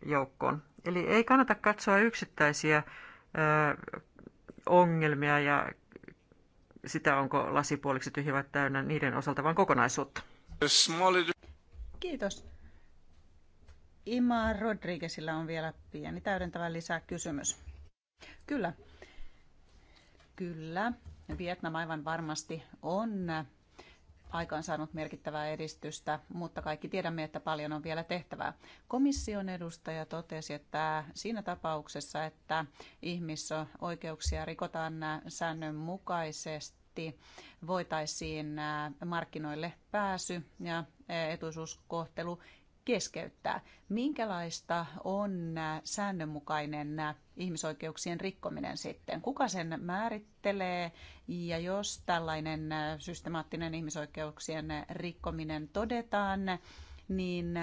joukkoon. Eli ei kannata katsoa yksittäisiä ö, ongelmia ja sitä, onko lasipuoliksi tyhjä vai täynnä niiden osalta, vaan kokonaisuutta. Kiitos. Ima Rodriguezilla on vielä pieni täydentävä lisäkysymys. Kyllä. Kyllä. Vietnam aivan varmasti on aikaansaanut merkittävää edistystä, mutta kaikki tiedämme, että paljon on vielä tehtävää. Komission edustaja totesi, että siinä tapauksessa, että ihmisoikeuksia rikotaan säännönmukaisesti, voitaisiin markkinoille pääsy ja etuisuuskohtelu keskeyttää. Minkälaista on äh, säännönmukainen äh, ihmisoikeuksien rikkominen sitten? Kuka sen määrittelee ja jos tällainen äh, systemaattinen ihmisoikeuksien rikkominen todetaan, niin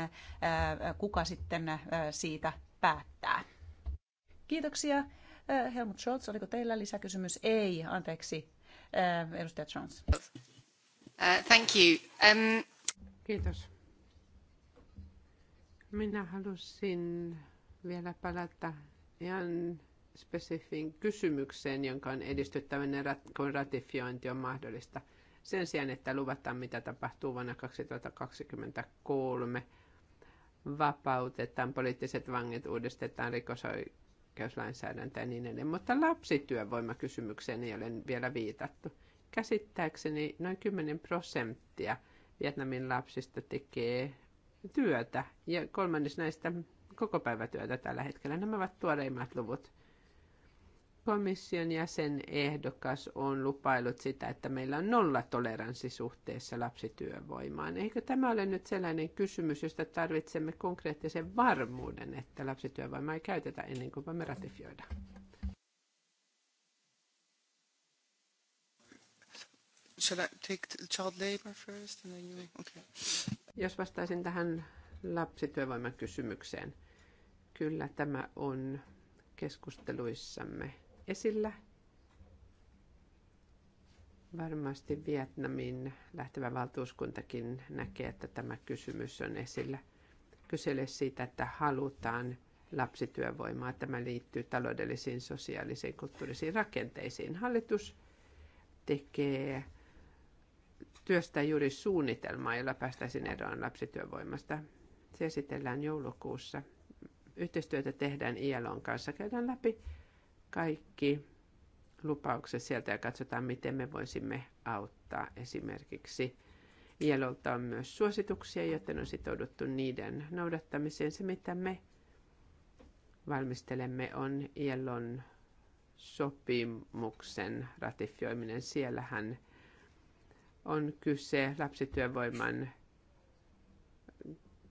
kuka sitten siitä päättää? Kiitoksia. Helmut Scholz, oliko teillä lisäkysymys? Ei, anteeksi. Edustaja Jones. Uh, thank you. Um... Kiitos. Minä halusin vielä palata ihan spesifiin kysymykseen, jonka on edistyttäminen, kun ratifiointi on mahdollista. Sen sijaan, että luvataan, mitä tapahtuu vuonna 2023, vapautetaan, poliittiset vangit uudistetaan, rikosoikeuslainsäädäntö ja niin edelleen. Mutta lapsityövoimakysymykseen ei ole vielä viitattu. Käsittääkseni noin 10 prosenttia Vietnamin lapsista tekee työtä ja kolmannes näistä koko päivätyötä tällä hetkellä. Nämä ovat tuoreimmat luvut. Komission jäsen ehdokas on lupailut sitä, että meillä on nolla toleranssi suhteessa lapsityövoimaan. Eikö tämä ole nyt sellainen kysymys, josta tarvitsemme konkreettisen varmuuden, että lapsityövoimaa ei käytetä ennen kuin me ratifioidaan? Should I take child labor first and then you? Okay. Jos vastaisin tähän lapsityövoiman kysymykseen, kyllä tämä on keskusteluissamme esillä. Varmasti Vietnamin lähtevä valtuuskuntakin näkee, että tämä kysymys on esillä. Kysele siitä, että halutaan lapsityövoimaa. Tämä liittyy taloudellisiin, sosiaalisiin, kulttuurisiin rakenteisiin. Hallitus tekee työstää juuri suunnitelmaa, jolla päästäisiin eroon lapsityövoimasta. Se esitellään joulukuussa. Yhteistyötä tehdään ILOn kanssa. Käydään läpi kaikki lupaukset sieltä ja katsotaan, miten me voisimme auttaa esimerkiksi ILOlta on myös suosituksia, joten on sitouduttu niiden noudattamiseen. Se, mitä me valmistelemme, on ILOn sopimuksen ratifioiminen. Siellähän on kyse lapsityövoiman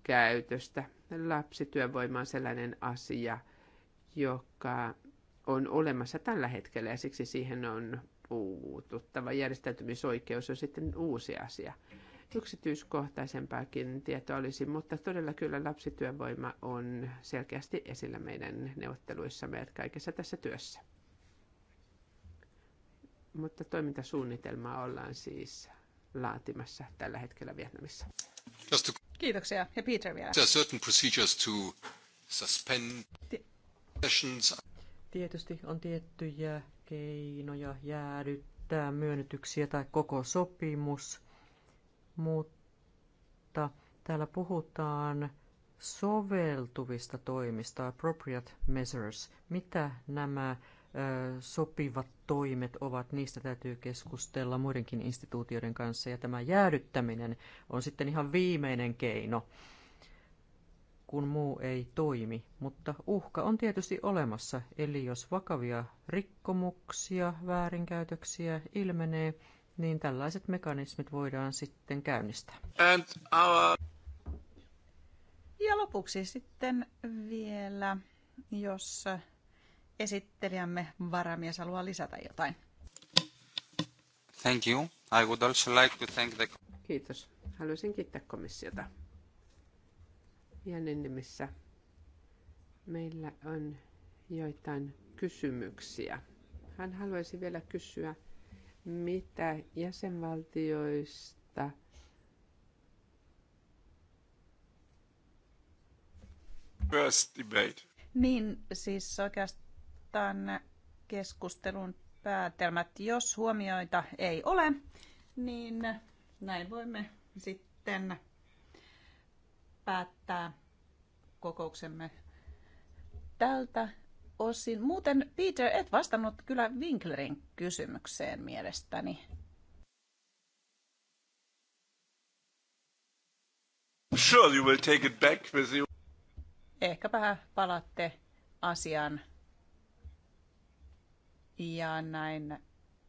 käytöstä. Lapsityövoima on sellainen asia, joka on olemassa tällä hetkellä ja siksi siihen on puututtava. Järjestäytymisoikeus on sitten uusi asia. Yksityiskohtaisempaakin tietoa olisi, mutta todella kyllä lapsityövoima on selkeästi esillä meidän neuvotteluissamme ja kaikessa tässä työssä. Mutta toimintasuunnitelmaa ollaan siis laatimassa tällä hetkellä Vietnamissa. Kiitoksia. Ja Peter vielä. There are certain procedures to suspend sessions. Tietysti on tiettyjä keinoja jäädyttää myönnytyksiä tai koko sopimus, mutta täällä puhutaan soveltuvista toimista, appropriate measures. Mitä nämä sopivat toimet ovat, niistä täytyy keskustella muidenkin instituutioiden kanssa. Ja tämä jäädyttäminen on sitten ihan viimeinen keino, kun muu ei toimi. Mutta uhka on tietysti olemassa, eli jos vakavia rikkomuksia, väärinkäytöksiä ilmenee, niin tällaiset mekanismit voidaan sitten käynnistää. And our... Ja lopuksi sitten vielä, jos esittelijämme varamies haluaa lisätä jotain. Thank you. I would also like to thank the... Kiitos. Haluaisin kiittää komissiota. Jännen nimissä meillä on joitain kysymyksiä. Hän haluaisi vielä kysyä, mitä jäsenvaltioista First debate. Niin, siis oikeastaan tämän keskustelun päätelmät. Jos huomioita ei ole, niin näin voimme sitten päättää kokouksemme tältä osin. Muuten Peter, et vastannut kyllä Winklerin kysymykseen mielestäni. Sure, you will take it back with you. Ehkäpä palaatte asian ja näin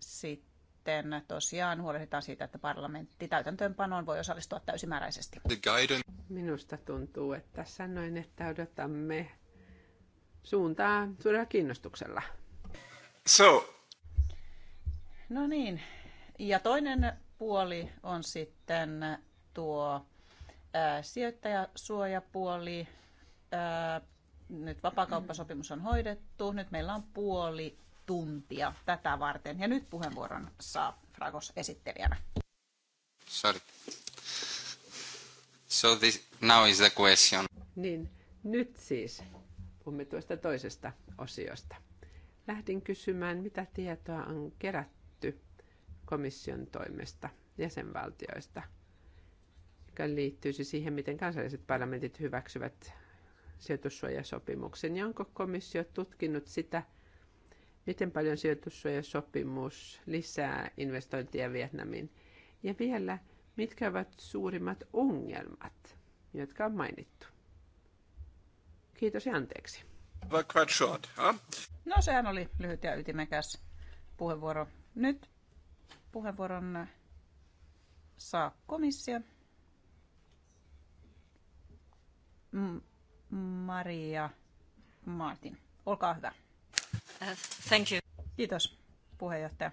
sitten tosiaan huolehditaan siitä, että parlamentti täytäntöönpanoon voi osallistua täysimääräisesti. Minusta tuntuu, että sanoin, että odotamme suuntaa suurella kiinnostuksella. So. No niin. Ja toinen puoli on sitten tuo ää, sijoittajasuojapuoli. Ää, nyt vapaakauppasopimus on hoidettu. Nyt meillä on puoli tuntia tätä varten. Ja nyt puheenvuoron saa Fragos esittelijänä. Sorry. So this, now is the question. Niin, nyt siis puhumme tuosta toisesta osiosta. Lähdin kysymään, mitä tietoa on kerätty komission toimesta jäsenvaltioista, joka liittyisi siihen, miten kansalliset parlamentit hyväksyvät sijoitussuojasopimuksen, ja onko komissio tutkinut sitä, miten paljon sijoitussuojasopimus lisää investointia Vietnamiin. Ja vielä, mitkä ovat suurimmat ongelmat, jotka on mainittu. Kiitos ja anteeksi. Quite short, huh? No sehän oli lyhyt ja ytimekäs puheenvuoro. Nyt puheenvuoron saa komissio. Maria Martin, olkaa hyvä. Thank you. Kiitos, puheenjohtaja.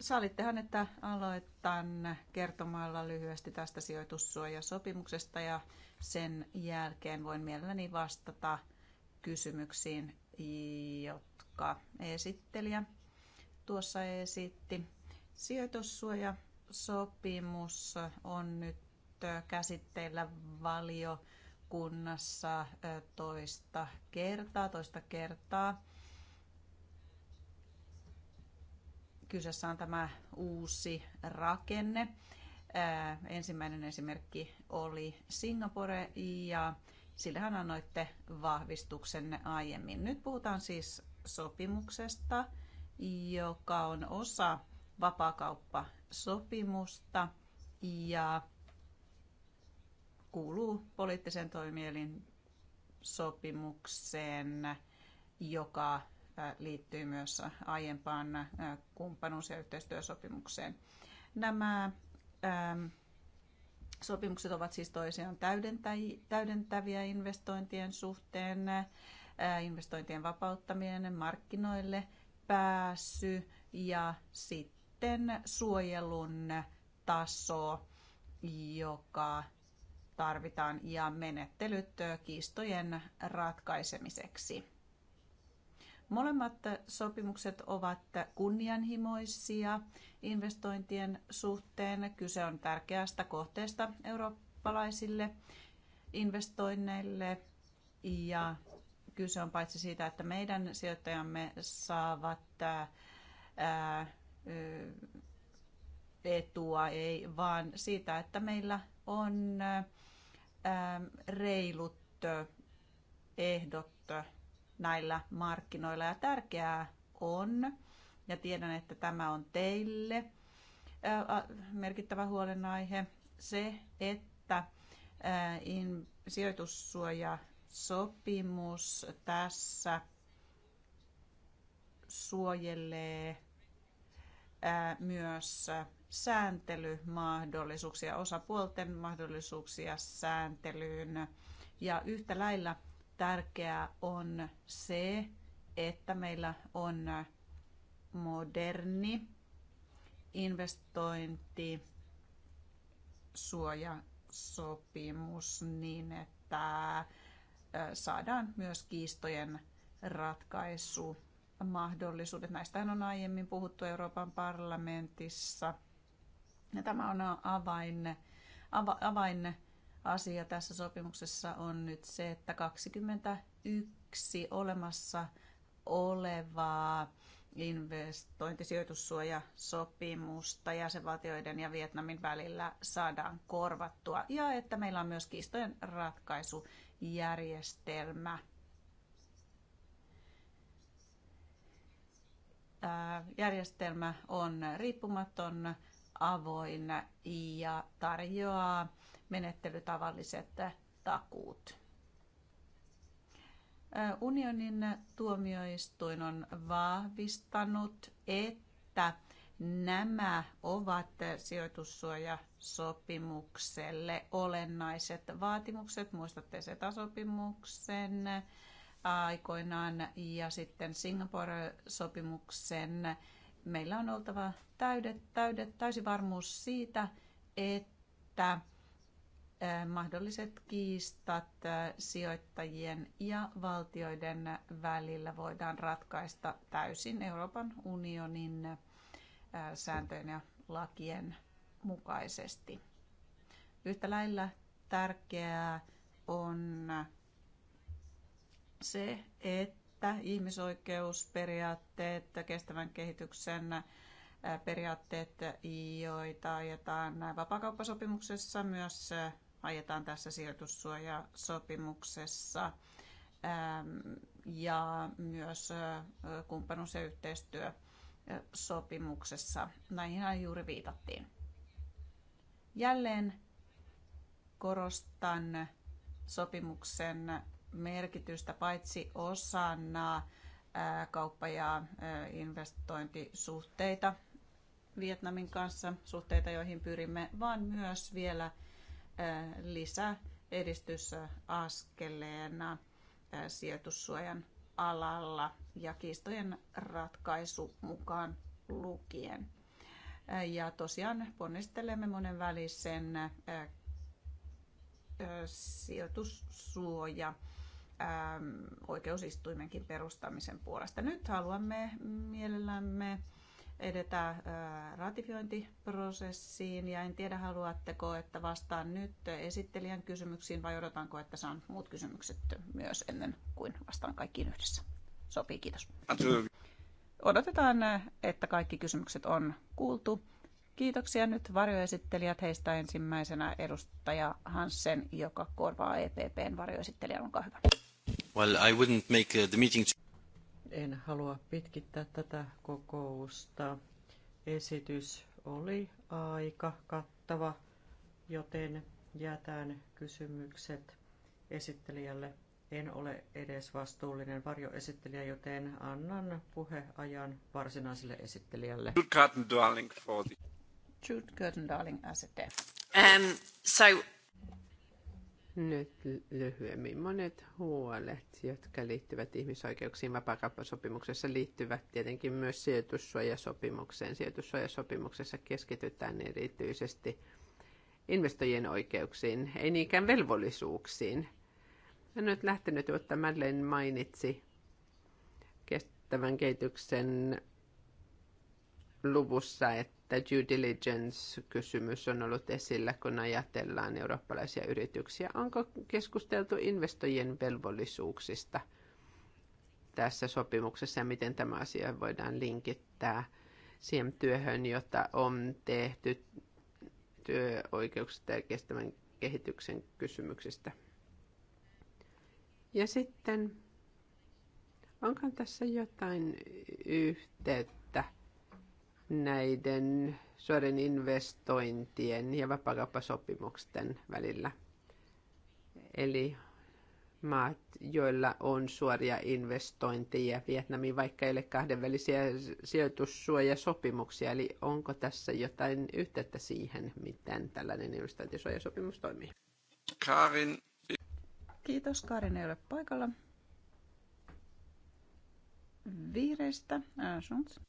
Sallittehan, että aloitan kertomalla lyhyesti tästä sijoitussuojasopimuksesta ja sen jälkeen voin mielelläni vastata kysymyksiin, jotka esittelijä tuossa esitti. Sijoitussuojasopimus on nyt käsitteillä valio Kunnassa toista kertaa, toista kertaa. Kyseessä on tämä uusi rakenne. Ensimmäinen esimerkki oli Singapore ja sillehän annoitte vahvistuksenne aiemmin. Nyt puhutaan siis sopimuksesta, joka on osa vapaakauppasopimusta ja kuuluu poliittisen toimielin sopimukseen, joka liittyy myös aiempaan kumppanuus- ja yhteistyösopimukseen. Nämä sopimukset ovat siis toisiaan täydentäviä investointien suhteen, investointien vapauttaminen markkinoille, pääsy ja sitten suojelun taso, joka tarvitaan ja menettelyt kiistojen ratkaisemiseksi. Molemmat sopimukset ovat kunnianhimoisia investointien suhteen. Kyse on tärkeästä kohteesta eurooppalaisille investoinneille ja kyse on paitsi siitä, että meidän sijoittajamme saavat ää, etua, ei, vaan siitä, että meillä on Ähm, reilut äh, ehdot äh, näillä markkinoilla. Ja tärkeää on, ja tiedän, että tämä on teille äh, merkittävä huolenaihe, se, että sijoitussuojasopimus tässä suojelee myös sääntelymahdollisuuksia, osapuolten mahdollisuuksia sääntelyyn. Ja yhtä lailla tärkeää on se, että meillä on moderni investointi suojasopimus niin, että saadaan myös kiistojen ratkaisu mahdollisuudet. Näistä on aiemmin puhuttu Euroopan parlamentissa – ja tämä on avain, ava, avain asia tässä sopimuksessa on nyt se, että 21 olemassa olevaa investointisijoitussuojasopimusta jäsenvaltioiden ja Vietnamin välillä saadaan korvattua ja että meillä on myös kiistojen ratkaisujärjestelmä. Järjestelmä on riippumaton avoin ja tarjoaa menettelytavalliset takuut. Unionin tuomioistuin on vahvistanut, että nämä ovat sijoitussuojasopimukselle olennaiset vaatimukset. Muistatte SETA-sopimuksen aikoinaan ja sitten Singapore-sopimuksen meillä on oltava täydet, täydet, täysi varmuus siitä, että mahdolliset kiistat sijoittajien ja valtioiden välillä voidaan ratkaista täysin Euroopan unionin sääntöjen ja lakien mukaisesti. Yhtä lailla tärkeää on se, että että ihmisoikeusperiaatteet, kestävän kehityksen periaatteet, joita ajetaan vapakauppasopimuksessa, myös ajetaan tässä sijoitussuojasopimuksessa ja myös kumppanuus- ja yhteistyösopimuksessa. Näihin juuri viitattiin. Jälleen korostan sopimuksen merkitystä paitsi osana kauppa- ja investointisuhteita Vietnamin kanssa, suhteita joihin pyrimme, vaan myös vielä lisäedistysaskeleena sijoitussuojan alalla ja kiistojen ratkaisu mukaan lukien. Ja tosiaan ponnistelemme monenvälisen sijoitussuoja Ähm, oikeusistuimenkin perustamisen puolesta. Nyt haluamme mielellämme edetä äh, ratifiointiprosessiin ja en tiedä haluatteko, että vastaan nyt esittelijän kysymyksiin vai odotanko, että saan muut kysymykset myös ennen kuin vastaan kaikkiin yhdessä. Sopii, kiitos. Odotetaan, että kaikki kysymykset on kuultu. Kiitoksia nyt varjoesittelijät. Heistä ensimmäisenä edustaja Hansen, joka korvaa EPPn varjoesittelijän. Olkaa hyvä. Well, I wouldn't make uh, the meeting... En halua pitkittää tätä kokousta. Esitys oli aika kattava, joten jätän kysymykset esittelijälle. En ole edes vastuullinen varjoesittelijä, joten annan puheajan varsinaiselle esittelijälle. Jude Garden Darling for the... Jude Garden Darling, deaf. Um, so nyt lyhyemmin. Monet huolet, jotka liittyvät ihmisoikeuksiin vapaakauppasopimuksessa, liittyvät tietenkin myös sijoitussuojasopimukseen. Sijoitussuojasopimuksessa keskitytään erityisesti investoijien oikeuksiin, ei niinkään velvollisuuksiin. Ja nyt lähtenyt, jotta Madeleine mainitsi kestävän kehityksen luvussa, että tämä due diligence-kysymys on ollut esillä, kun ajatellaan eurooppalaisia yrityksiä. Onko keskusteltu investoijien velvollisuuksista tässä sopimuksessa ja miten tämä asia voidaan linkittää siihen työhön, jota on tehty työoikeuksista ja kestävän kehityksen kysymyksistä? Ja sitten, onko tässä jotain yhteyttä? näiden suorien investointien ja vapakauppasopimusten välillä. Eli maat, joilla on suoria investointeja Vietnamiin, vaikka ei ole kahdenvälisiä sijoitussuojasopimuksia. Eli onko tässä jotain yhteyttä siihen, miten tällainen investointisuojasopimus toimii? Karin. Kiitos, Karin ei ole paikalla. Vihreistä, äh, Sunds.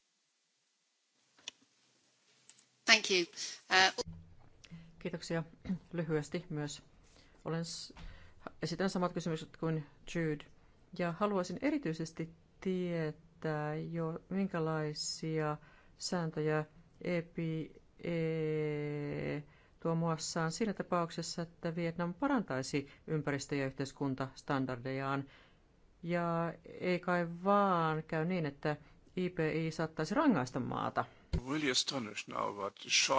Thank you. Uh, Kiitoksia. Lyhyesti myös. Olen, esitän samat kysymykset kuin Jude. Ja haluaisin erityisesti tietää, jo, minkälaisia sääntöjä EPI e tuo muassaan siinä tapauksessa, että Vietnam parantaisi ympäristö- ja yhteiskuntastandardejaan. Ja ei kai vaan käy niin, että IPI saattaisi rangaista maata – really astonished now about the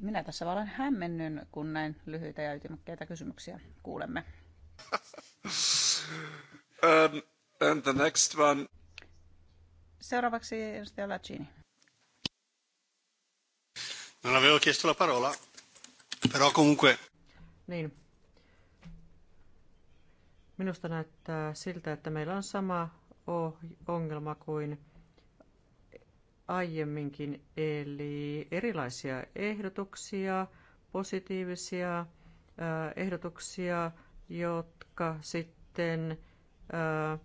Minä tässä vaan olen hämmennyn, kun näin lyhyitä ja ytimekkeitä kysymyksiä kuulemme. um, and the next one. Seuraavaksi edustaja Lacini. Non avevo chiesto la parola, però comunque... Niin. Minusta näyttää siltä, että meillä on sama ongelma kuin aiemminkin, eli erilaisia ehdotuksia, positiivisia äh, ehdotuksia, jotka sitten äh,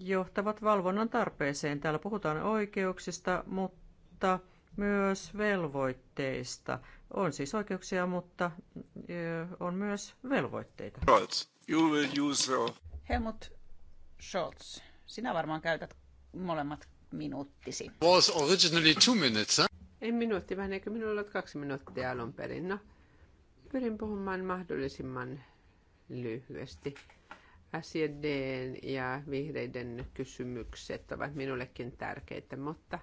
johtavat valvonnan tarpeeseen. Täällä puhutaan oikeuksista, mutta myös velvoitteista. On siis oikeuksia, mutta äh, on myös velvoitteita. Scholz, you will use... Helmut Scholz, sinä varmaan käytät molemmat minuuttisi. Was originally two minutes, huh? En minuutti, vaan eikö minulla ollut kaksi minuuttia alun perin? No, pyrin puhumaan mahdollisimman lyhyesti. SJDn ja vihreiden kysymykset ovat minullekin tärkeitä, mutta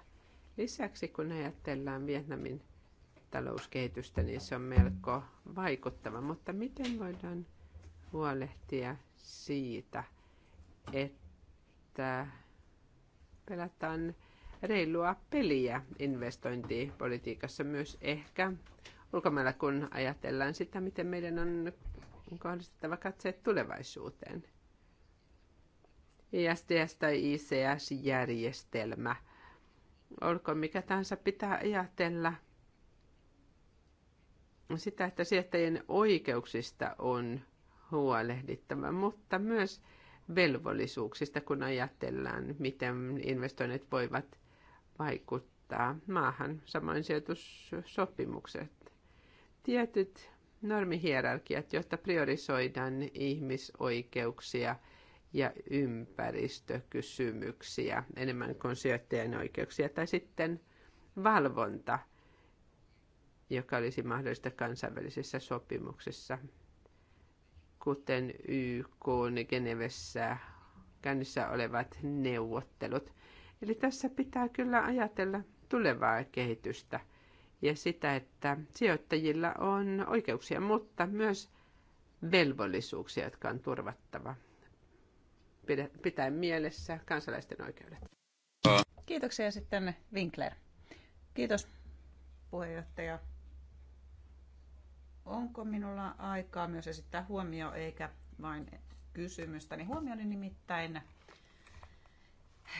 lisäksi kun ajatellaan Vietnamin talouskehitystä, niin se on melko vaikuttava. Mutta miten voidaan huolehtia siitä, että pelataan reilua peliä investointipolitiikassa myös ehkä ulkomailla, kun ajatellaan sitä, miten meidän on kohdistettava katseet tulevaisuuteen. ISDS tai ICS-järjestelmä. Olkoon mikä tahansa pitää ajatella sitä, että sijoittajien oikeuksista on huolehdittava, mutta myös velvollisuuksista, kun ajatellaan, miten investoinnit voivat vaikuttaa maahan, samoin sijoitussopimukset. Tietyt normihierarkiat, jotta priorisoidaan ihmisoikeuksia ja ympäristökysymyksiä enemmän kuin sijoittajien oikeuksia, tai sitten valvonta, joka olisi mahdollista kansainvälisissä sopimuksissa kuten YK Genevessä käynnissä olevat neuvottelut. Eli tässä pitää kyllä ajatella tulevaa kehitystä ja sitä, että sijoittajilla on oikeuksia, mutta myös velvollisuuksia, jotka on turvattava. Pitää mielessä kansalaisten oikeudet. Kiitoksia sitten Winkler. Kiitos puheenjohtaja onko minulla aikaa myös esittää huomio eikä vain kysymystä. Niin huomioni nimittäin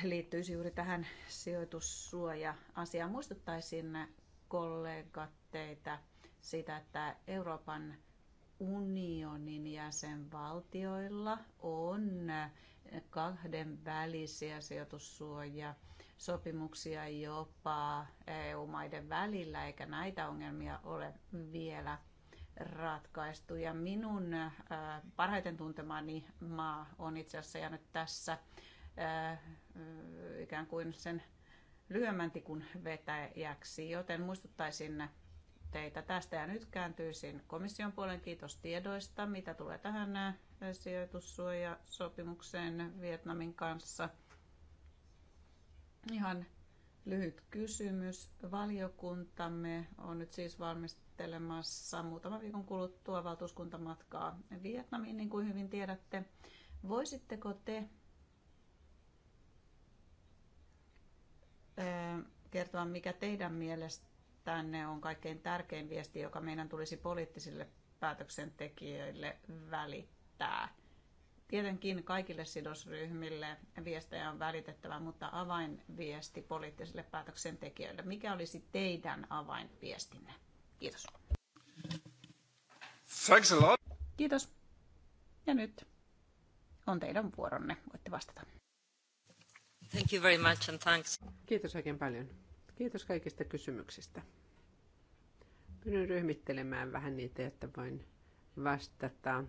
liittyisi juuri tähän sijoitussuoja-asiaan. Muistuttaisin kollegat teitä siitä, että Euroopan unionin jäsenvaltioilla on kahden välisiä sijoitussuoja sopimuksia jopa EU-maiden välillä, eikä näitä ongelmia ole vielä ratkaistu. Ja minun äh, parhaiten tuntemani maa on itse asiassa jäänyt tässä äh, ikään kuin sen lyhyemmän tikun vetäjäksi, joten muistuttaisin teitä tästä ja nyt kääntyisin komission puolen kiitos tiedoista, mitä tulee tähän äh, sijoitussuojasopimukseen Vietnamin kanssa. Ihan lyhyt kysymys. Valiokuntamme on nyt siis valmis suunnittelemassa muutaman viikon kuluttua valtuuskuntamatkaa Vietnamiin, niin kuin hyvin tiedätte. Voisitteko te eh, kertoa, mikä teidän mielestänne on kaikkein tärkein viesti, joka meidän tulisi poliittisille päätöksentekijöille välittää? Tietenkin kaikille sidosryhmille viestejä on välitettävä, mutta avainviesti poliittisille päätöksentekijöille. Mikä olisi teidän avainviestinne? Kiitos. Thanks a lot. Kiitos. Ja nyt on teidän vuoronne. Voitte vastata. Thank you very much and thanks. Kiitos oikein paljon. Kiitos kaikista kysymyksistä. Pyydän ryhmittelemään vähän niitä, että voin vastata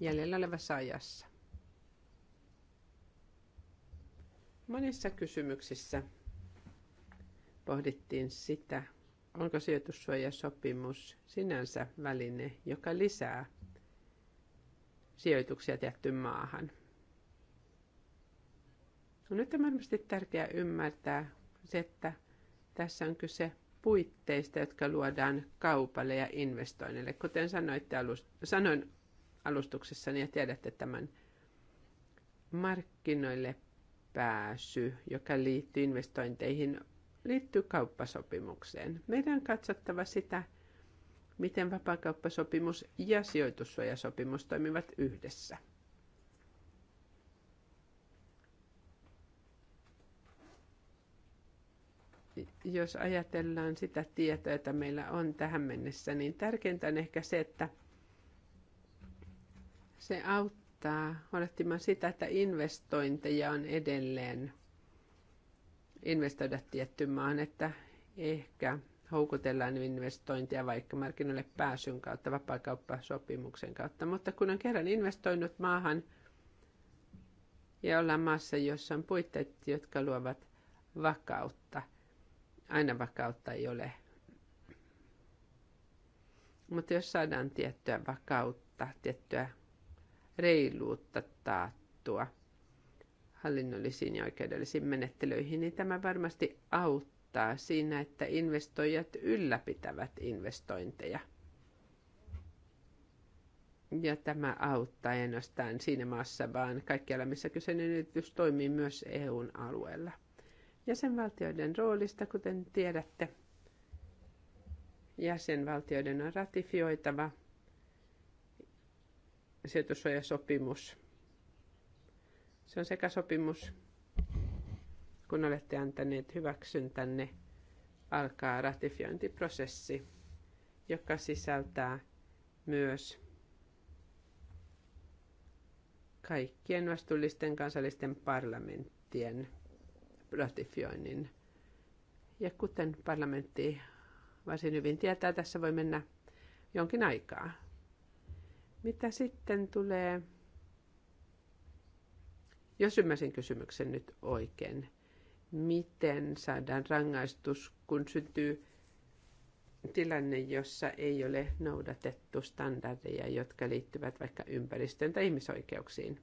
jäljellä olevassa ajassa. Monissa kysymyksissä pohdittiin sitä, onko sijoitussuojasopimus sinänsä väline, joka lisää sijoituksia tietty maahan. No nyt on varmasti tärkeää ymmärtää se, että tässä on kyse puitteista, jotka luodaan kaupalle ja investoinnille. Kuten sanoitte alust- sanoin alustuksessa, niin tiedätte tämän markkinoille pääsy, joka liittyy investointeihin, liittyy kauppasopimukseen. Meidän on katsottava sitä, miten vapaakauppasopimus ja sijoitussuojasopimus toimivat yhdessä. Jos ajatellaan sitä tietoa, jota meillä on tähän mennessä, niin tärkeintä on ehkä se, että se auttaa huolehtimaan sitä, että investointeja on edelleen – investoida tiettyyn maahan, että ehkä houkutellaan investointia vaikka markkinoille pääsyn kautta, vapaakauppasopimuksen kautta. Mutta kun on kerran investoinut maahan ja ollaan maassa, jossa on puitteet, jotka luovat vakautta, aina vakautta ei ole. Mutta jos saadaan tiettyä vakautta, tiettyä reiluutta taattua – hallinnollisiin ja oikeudellisiin menettelyihin, niin tämä varmasti auttaa siinä, että investoijat ylläpitävät investointeja. Ja tämä auttaa ei ainoastaan siinä maassa, vaan kaikkialla, missä kyseinen yritys toimii myös EUn alueella. Jäsenvaltioiden roolista, kuten tiedätte, jäsenvaltioiden on ratifioitava sijoitussuojasopimus se on sekä sopimus, kun olette antaneet hyväksyntänne, alkaa ratifiointiprosessi, joka sisältää myös kaikkien vastuullisten kansallisten parlamenttien ratifioinnin. Ja kuten parlamentti varsin hyvin tietää, tässä voi mennä jonkin aikaa. Mitä sitten tulee jos ymmärsin kysymyksen nyt oikein, miten saadaan rangaistus, kun syntyy tilanne, jossa ei ole noudatettu standardeja, jotka liittyvät vaikka ympäristöön tai ihmisoikeuksiin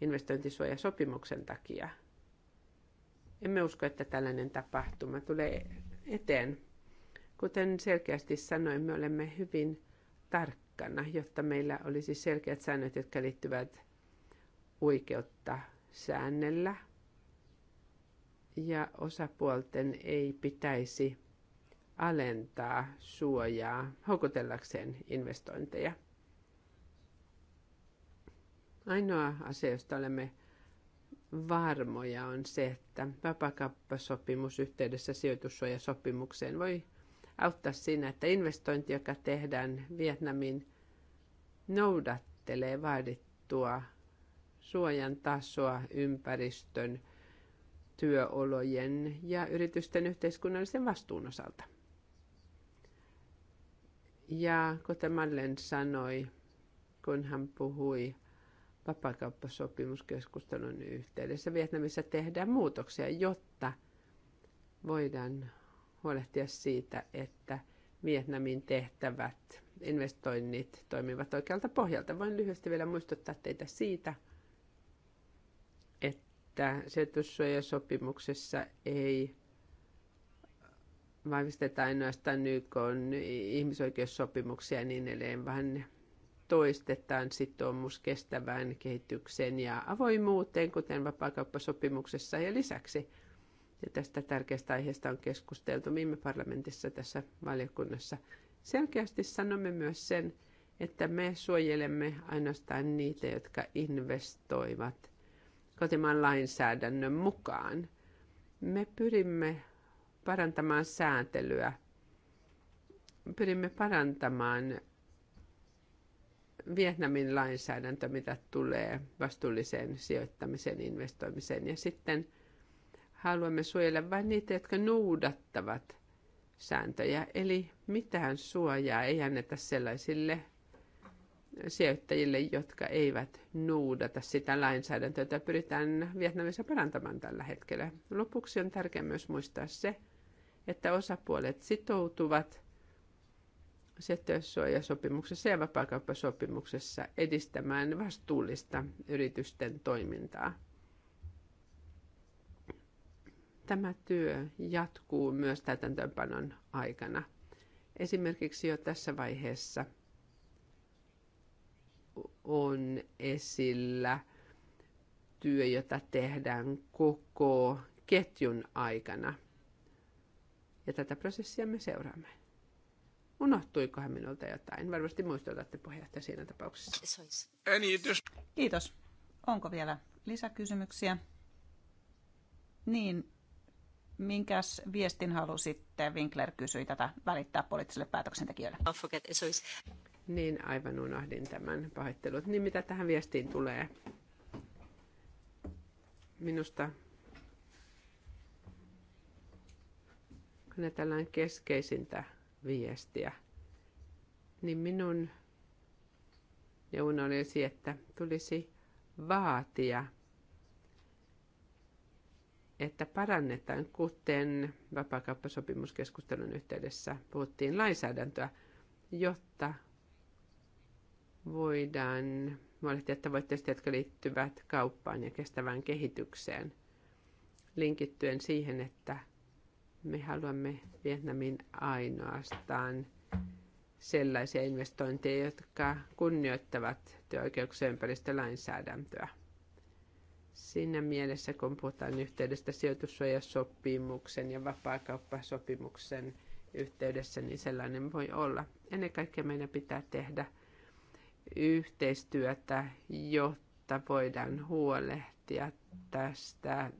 investointisuojasopimuksen takia. Emme usko, että tällainen tapahtuma tulee eteen. Kuten selkeästi sanoin, me olemme hyvin tarkkana, jotta meillä olisi selkeät säännöt, jotka liittyvät oikeutta säännellä ja osapuolten ei pitäisi alentaa suojaa houkutellakseen investointeja. Ainoa asia, josta olemme varmoja, on se, että vapakauppasopimus yhteydessä sijoitussuojasopimukseen voi auttaa siinä, että investointi, joka tehdään Vietnamin, noudattelee vaadittua suojan tasoa ympäristön, työolojen ja yritysten yhteiskunnallisen vastuun osalta. Ja kuten Mallen sanoi, kun hän puhui vapaakauppasopimuskeskustelun yhteydessä, Vietnamissa tehdään muutoksia, jotta voidaan huolehtia siitä, että Vietnamin tehtävät investoinnit toimivat oikealta pohjalta. Voin lyhyesti vielä muistuttaa teitä siitä, että sopimuksessa ei vahvisteta ainoastaan YK ihmisoikeussopimuksia ja niin edelleen, vaan toistetaan sitoumus kestävään kehitykseen ja avoimuuteen, kuten vapaakauppasopimuksessa. Ja lisäksi ja tästä tärkeästä aiheesta on keskusteltu viime parlamentissa tässä valiokunnassa. Selkeästi sanomme myös sen, että me suojelemme ainoastaan niitä, jotka investoivat kotimaan lainsäädännön mukaan. Me pyrimme parantamaan sääntelyä, pyrimme parantamaan Vietnamin lainsäädäntö, mitä tulee vastuulliseen sijoittamiseen, investoimiseen. Ja sitten haluamme suojella vain niitä, jotka noudattavat sääntöjä. Eli mitään suojaa ei anneta sellaisille sijoittajille, jotka eivät noudata sitä lainsäädäntöä, jota pyritään Vietnamissa parantamaan tällä hetkellä. Lopuksi on tärkeää myös muistaa se, että osapuolet sitoutuvat sopimuksessa ja vapaakauppasopimuksessa edistämään vastuullista yritysten toimintaa. Tämä työ jatkuu myös täytäntöönpanon aikana. Esimerkiksi jo tässä vaiheessa – on esillä työ, jota tehdään koko ketjun aikana. Ja tätä prosessia me seuraamme. Unohtuikohan minulta jotain? Varmasti muistutatte puheenjohtaja siinä tapauksessa. Kiitos. Onko vielä lisäkysymyksiä? Niin, minkäs viestin halusitte, Winkler kysyi tätä, välittää poliittisille päätöksentekijöille? Niin aivan unohdin tämän pahoittelut. Niin mitä tähän viestiin tulee? Minusta kun keskeisintä viestiä, niin minun neuvon olisi, että tulisi vaatia, että parannetaan, kuten vapaakauppasopimuskeskustelun yhteydessä puhuttiin lainsäädäntöä, jotta voidaan huolehtia tavoitteista, jotka liittyvät kauppaan ja kestävään kehitykseen, linkittyen siihen, että me haluamme Vietnamin ainoastaan sellaisia investointeja, jotka kunnioittavat työoikeuksien ympäristölainsäädäntöä. Siinä mielessä, kun puhutaan yhteydestä sijoitussuojasopimuksen ja vapaakauppasopimuksen yhteydessä, niin sellainen voi olla. Ennen kaikkea meidän pitää tehdä – yhteistyötä, jotta voidaan huolehtia tästä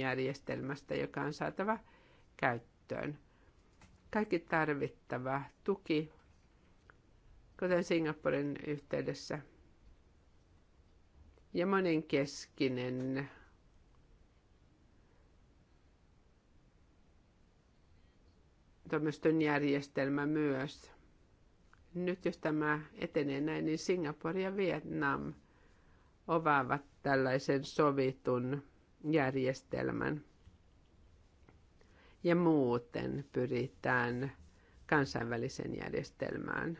järjestelmästä, joka on saatava käyttöön. Kaikki tarvittava tuki, kuten Singaporen yhteydessä, ja monenkeskinen järjestelmä myös – nyt jos tämä etenee näin, niin Singapore ja Vietnam ovaavat tällaisen sovitun järjestelmän. Ja muuten pyritään kansainväliseen järjestelmään.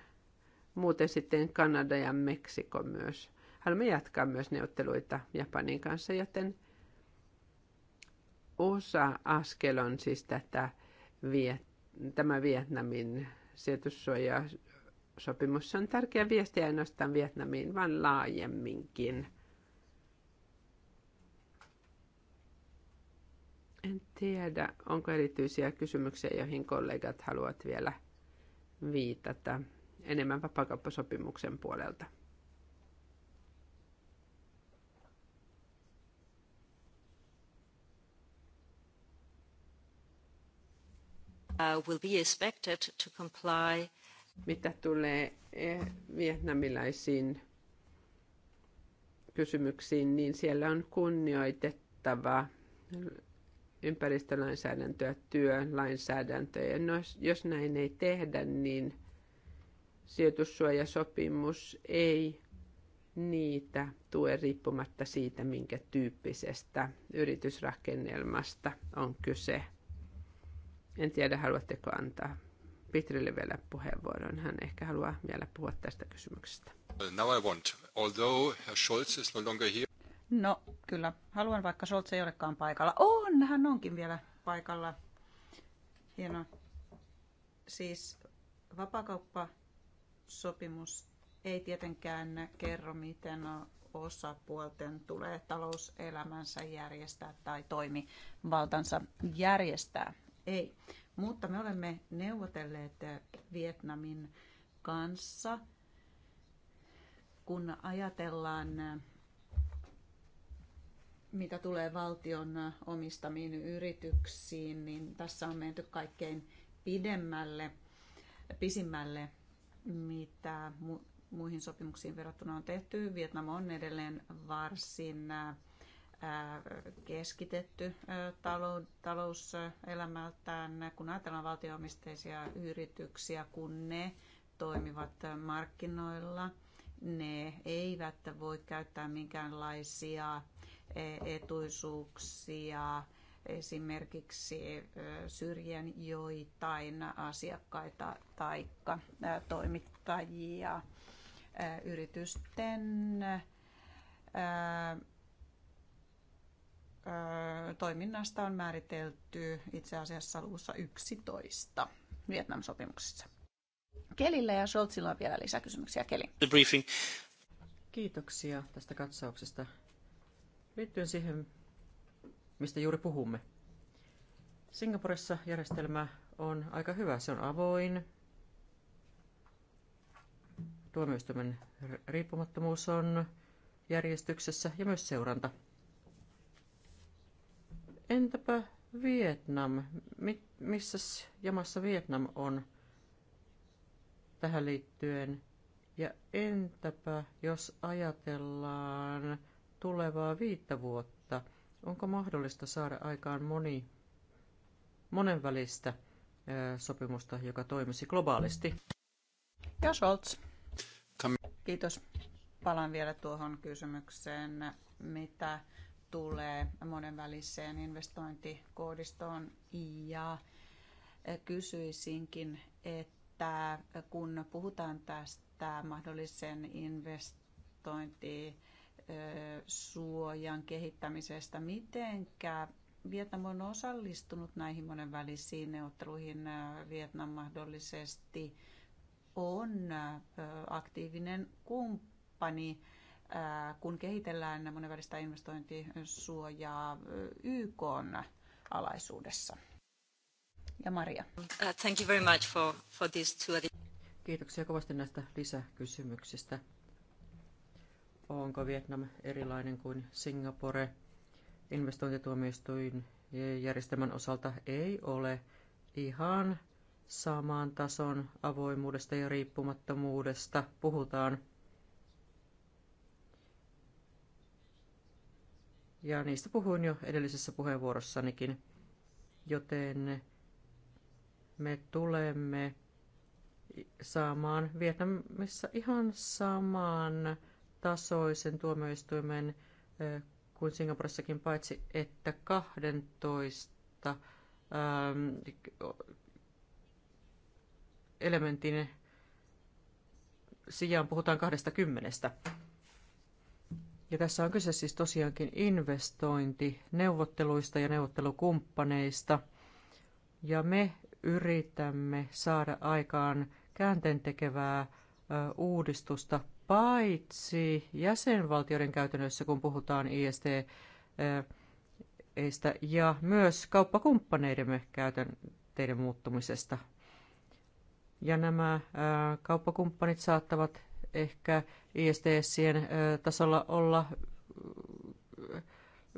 Muuten sitten Kanada ja Meksiko myös. Haluamme jatkaa myös neuvotteluita Japanin kanssa, joten osa askel on siis tätä, tämä Vietnamin sijoitussuoja sopimus on tärkeä viesti ainoastaan Vietnamiin, vaan laajemminkin. En tiedä, onko erityisiä kysymyksiä, joihin kollegat haluavat vielä viitata enemmän vapakauppasopimuksen puolelta. Uh, will be expected to comply mitä tulee eh, vietnamilaisiin kysymyksiin, niin siellä on kunnioitettava ympäristölainsäädäntöä, työlainsäädäntöä. Ja no, jos näin ei tehdä, niin sijoitussuojasopimus ei niitä tue riippumatta siitä, minkä tyyppisestä yritysrakennelmasta on kyse. En tiedä, haluatteko antaa Petrille vielä puheenvuoron. Hän ehkä haluaa vielä puhua tästä kysymyksestä. Now I want, although Scholz is no longer here. No kyllä, haluan vaikka Scholz ei olekaan paikalla. On, hän onkin vielä paikalla. Hienoa. Siis vapakauppasopimus ei tietenkään kerro, miten osapuolten tulee talouselämänsä järjestää tai toimivaltansa järjestää. Ei. Mutta me olemme neuvotelleet Vietnamin kanssa, kun ajatellaan, mitä tulee valtion omistamiin yrityksiin, niin tässä on menty kaikkein pidemmälle, pisimmälle, mitä muihin sopimuksiin verrattuna on tehty. Vietnam on edelleen varsin äh, keskitetty talouselämältään, kun ajatellaan valtioomisteisia yrityksiä, kun ne toimivat markkinoilla, ne eivät voi käyttää minkäänlaisia etuisuuksia, esimerkiksi syrjän joitain asiakkaita tai toimittajia. Yritysten toiminnasta on määritelty itse asiassa luvussa 11 Vietnam-sopimuksessa. Kelillä ja Scholzilla on vielä lisäkysymyksiä. Keli. The briefing. Kiitoksia tästä katsauksesta. Liittyen siihen, mistä juuri puhumme. Singaporessa järjestelmä on aika hyvä. Se on avoin. Tuomioistuimen riippumattomuus on järjestyksessä ja myös seuranta Entäpä Vietnam? Mit, missä jamassa Vietnam on tähän liittyen? Ja entäpä, jos ajatellaan tulevaa viittä vuotta, onko mahdollista saada aikaan moni, monenvälistä sopimusta, joka toimisi globaalisti? Ja Scholz. Kiitos. Palaan vielä tuohon kysymykseen, mitä tulee monenväliseen investointikoodistoon ja kysyisinkin, että kun puhutaan tästä mahdollisen investointisuojan kehittämisestä. Mitenkä Vietnam on osallistunut näihin monenvälisiin neuvotteluihin? Vietnam mahdollisesti on aktiivinen kumppani Äh, kun kehitellään monenvälistä investointisuojaa äh, YK alaisuudessa. Ja Maria. Uh, thank you very much for, for these two. Kiitoksia kovasti näistä lisäkysymyksistä. Onko Vietnam erilainen kuin Singapore? Investointituomioistuin järjestelmän osalta ei ole ihan samaan tason avoimuudesta ja riippumattomuudesta puhutaan – ja niistä puhuin jo edellisessä puheenvuorossanikin, joten me tulemme saamaan Vietnamissa ihan saman tasoisen tuomioistuimen kuin Singaporessakin, paitsi että 12 ähm, elementin sijaan puhutaan 20. Ja tässä on kyse siis tosiaankin investointineuvotteluista ja neuvottelukumppaneista. Ja me yritämme saada aikaan käänteentekevää uudistusta paitsi jäsenvaltioiden käytännössä, kun puhutaan IST, ja myös kauppakumppaneidemme käytänteiden muuttumisesta. Ja nämä kauppakumppanit saattavat ehkä ISTSien tasolla olla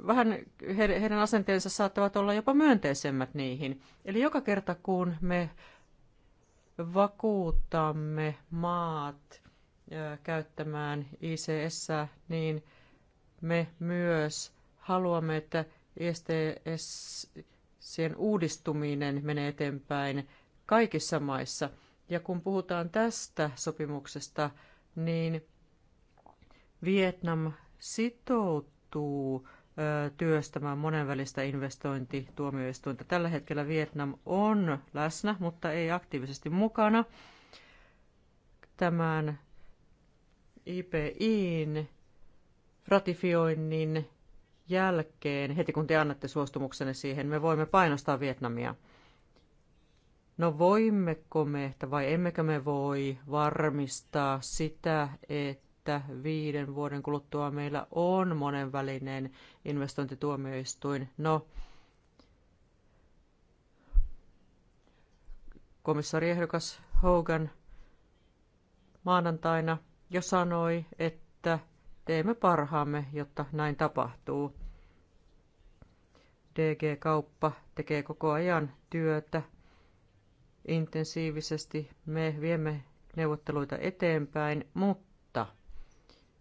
vähän heidän asenteensa saattavat olla jopa myönteisemmät niihin. Eli joka kerta kun me vakuutamme maat käyttämään ICS, niin me myös haluamme, että ISTSien uudistuminen menee eteenpäin kaikissa maissa. Ja kun puhutaan tästä sopimuksesta, niin Vietnam sitoutuu työstämään monenvälistä investointituomioistuinta. Tällä hetkellä Vietnam on läsnä, mutta ei aktiivisesti mukana tämän IPIin ratifioinnin jälkeen, heti kun te annatte suostumuksenne siihen, me voimme painostaa Vietnamia – No voimmeko me, vai emmekö me voi varmistaa sitä, että viiden vuoden kuluttua meillä on monenvälinen investointituomioistuin? No, komissariehdokas Hogan maanantaina jo sanoi, että teemme parhaamme, jotta näin tapahtuu. DG-kauppa tekee koko ajan työtä intensiivisesti. Me viemme neuvotteluita eteenpäin, mutta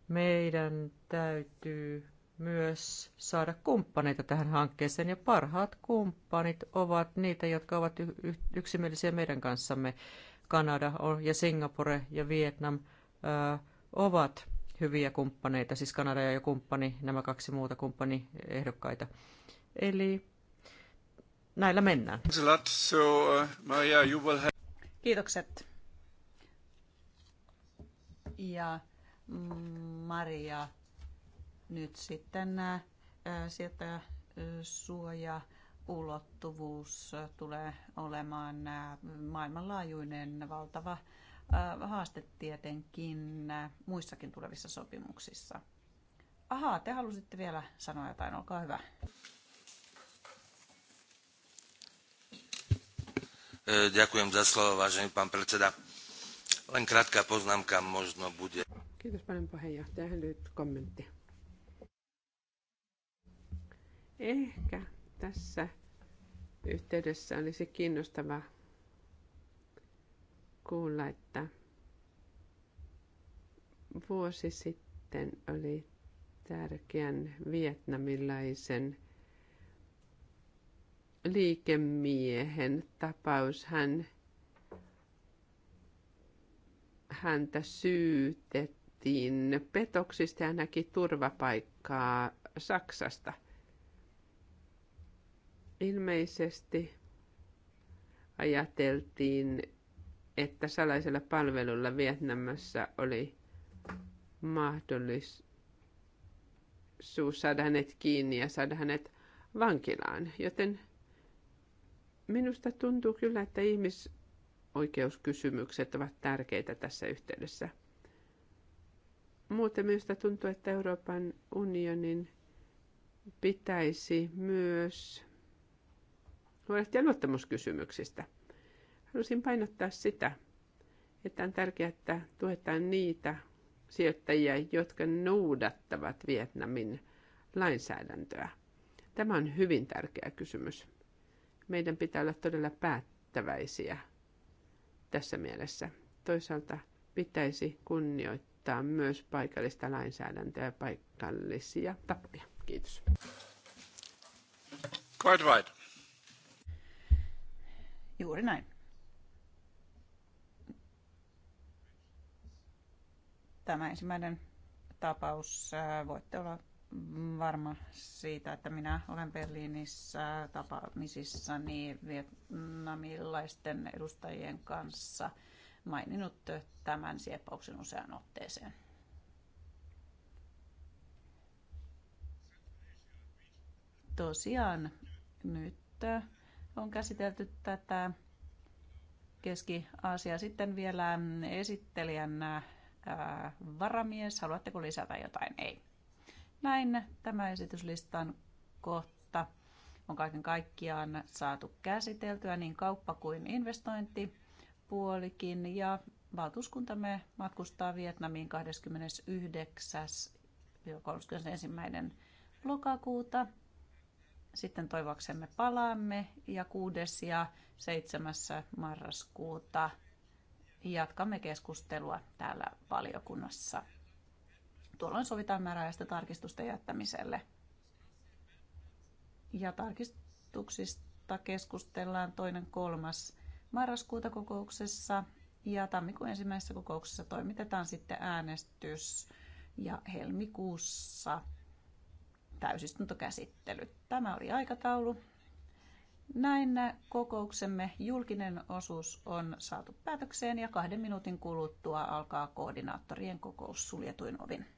meidän täytyy myös saada kumppaneita tähän hankkeeseen, ja parhaat kumppanit ovat niitä, jotka ovat yksimielisiä meidän kanssamme. Kanada ja Singapore ja Vietnam ovat hyviä kumppaneita, siis Kanada ja kumppani, nämä kaksi muuta kumppaniehdokkaita. Eli näillä mennään. Uh, Kiitokset. Ja mm, Maria, nyt sitten äh, sieltä uh, suoja ulottuvuus tulee olemaan maailmanlaajuinen valtava haaste tietenkin muissakin tulevissa sopimuksissa. Ahaa, te halusitte vielä sanoa jotain, olkaa hyvä. E, ďakujem za slovo, vážený pán predseda. Len krátka poznámka možno bude. Kiitos paljon puheenjohtaja. Lyhyt kommentti. Ehkä tässä yhteydessä olisi kiinnostava kuulla, että vuosi sitten oli tärkeän vietnamilaisen liikemiehen tapaus. Hän, häntä syytettiin petoksista ja näki turvapaikkaa Saksasta. Ilmeisesti ajateltiin, että salaisella palvelulla Vietnamissa oli mahdollisuus saada hänet kiinni ja saada hänet vankilaan, joten Minusta tuntuu kyllä, että ihmisoikeuskysymykset ovat tärkeitä tässä yhteydessä. Muuten minusta tuntuu, että Euroopan unionin pitäisi myös huolehtia luottamuskysymyksistä. Halusin painottaa sitä, että on tärkeää, että tuetaan niitä sijoittajia, jotka noudattavat Vietnamin lainsäädäntöä. Tämä on hyvin tärkeä kysymys meidän pitää olla todella päättäväisiä tässä mielessä. Toisaalta pitäisi kunnioittaa myös paikallista lainsäädäntöä ja paikallisia tappia. Kiitos. Quite right. Juuri näin. Tämä ensimmäinen tapaus, äh, voitte olla varma siitä, että minä olen Berliinissä tapaamisissa niin vietnamilaisten edustajien kanssa maininnut tämän sieppauksen useaan otteeseen. Tosiaan nyt on käsitelty tätä keski aasia Sitten vielä esittelijän varamies. Haluatteko lisätä jotain? Ei. Näin tämä esityslistan kohta on kaiken kaikkiaan saatu käsiteltyä niin kauppa- kuin investointipuolikin ja valtuuskuntamme matkustaa Vietnamiin 29. 31. lokakuuta. Sitten toivoksemme palaamme ja 6. ja 7. marraskuuta jatkamme keskustelua täällä valiokunnassa. Tuolloin sovitaan määräajasta tarkistusten jättämiselle. Ja tarkistuksista keskustellaan toinen kolmas marraskuuta kokouksessa ja tammikuun ensimmäisessä kokouksessa toimitetaan sitten äänestys ja helmikuussa täysistuntokäsittely. Tämä oli aikataulu. Näin kokouksemme julkinen osuus on saatu päätökseen ja kahden minuutin kuluttua alkaa koordinaattorien kokous suljetuin ovin.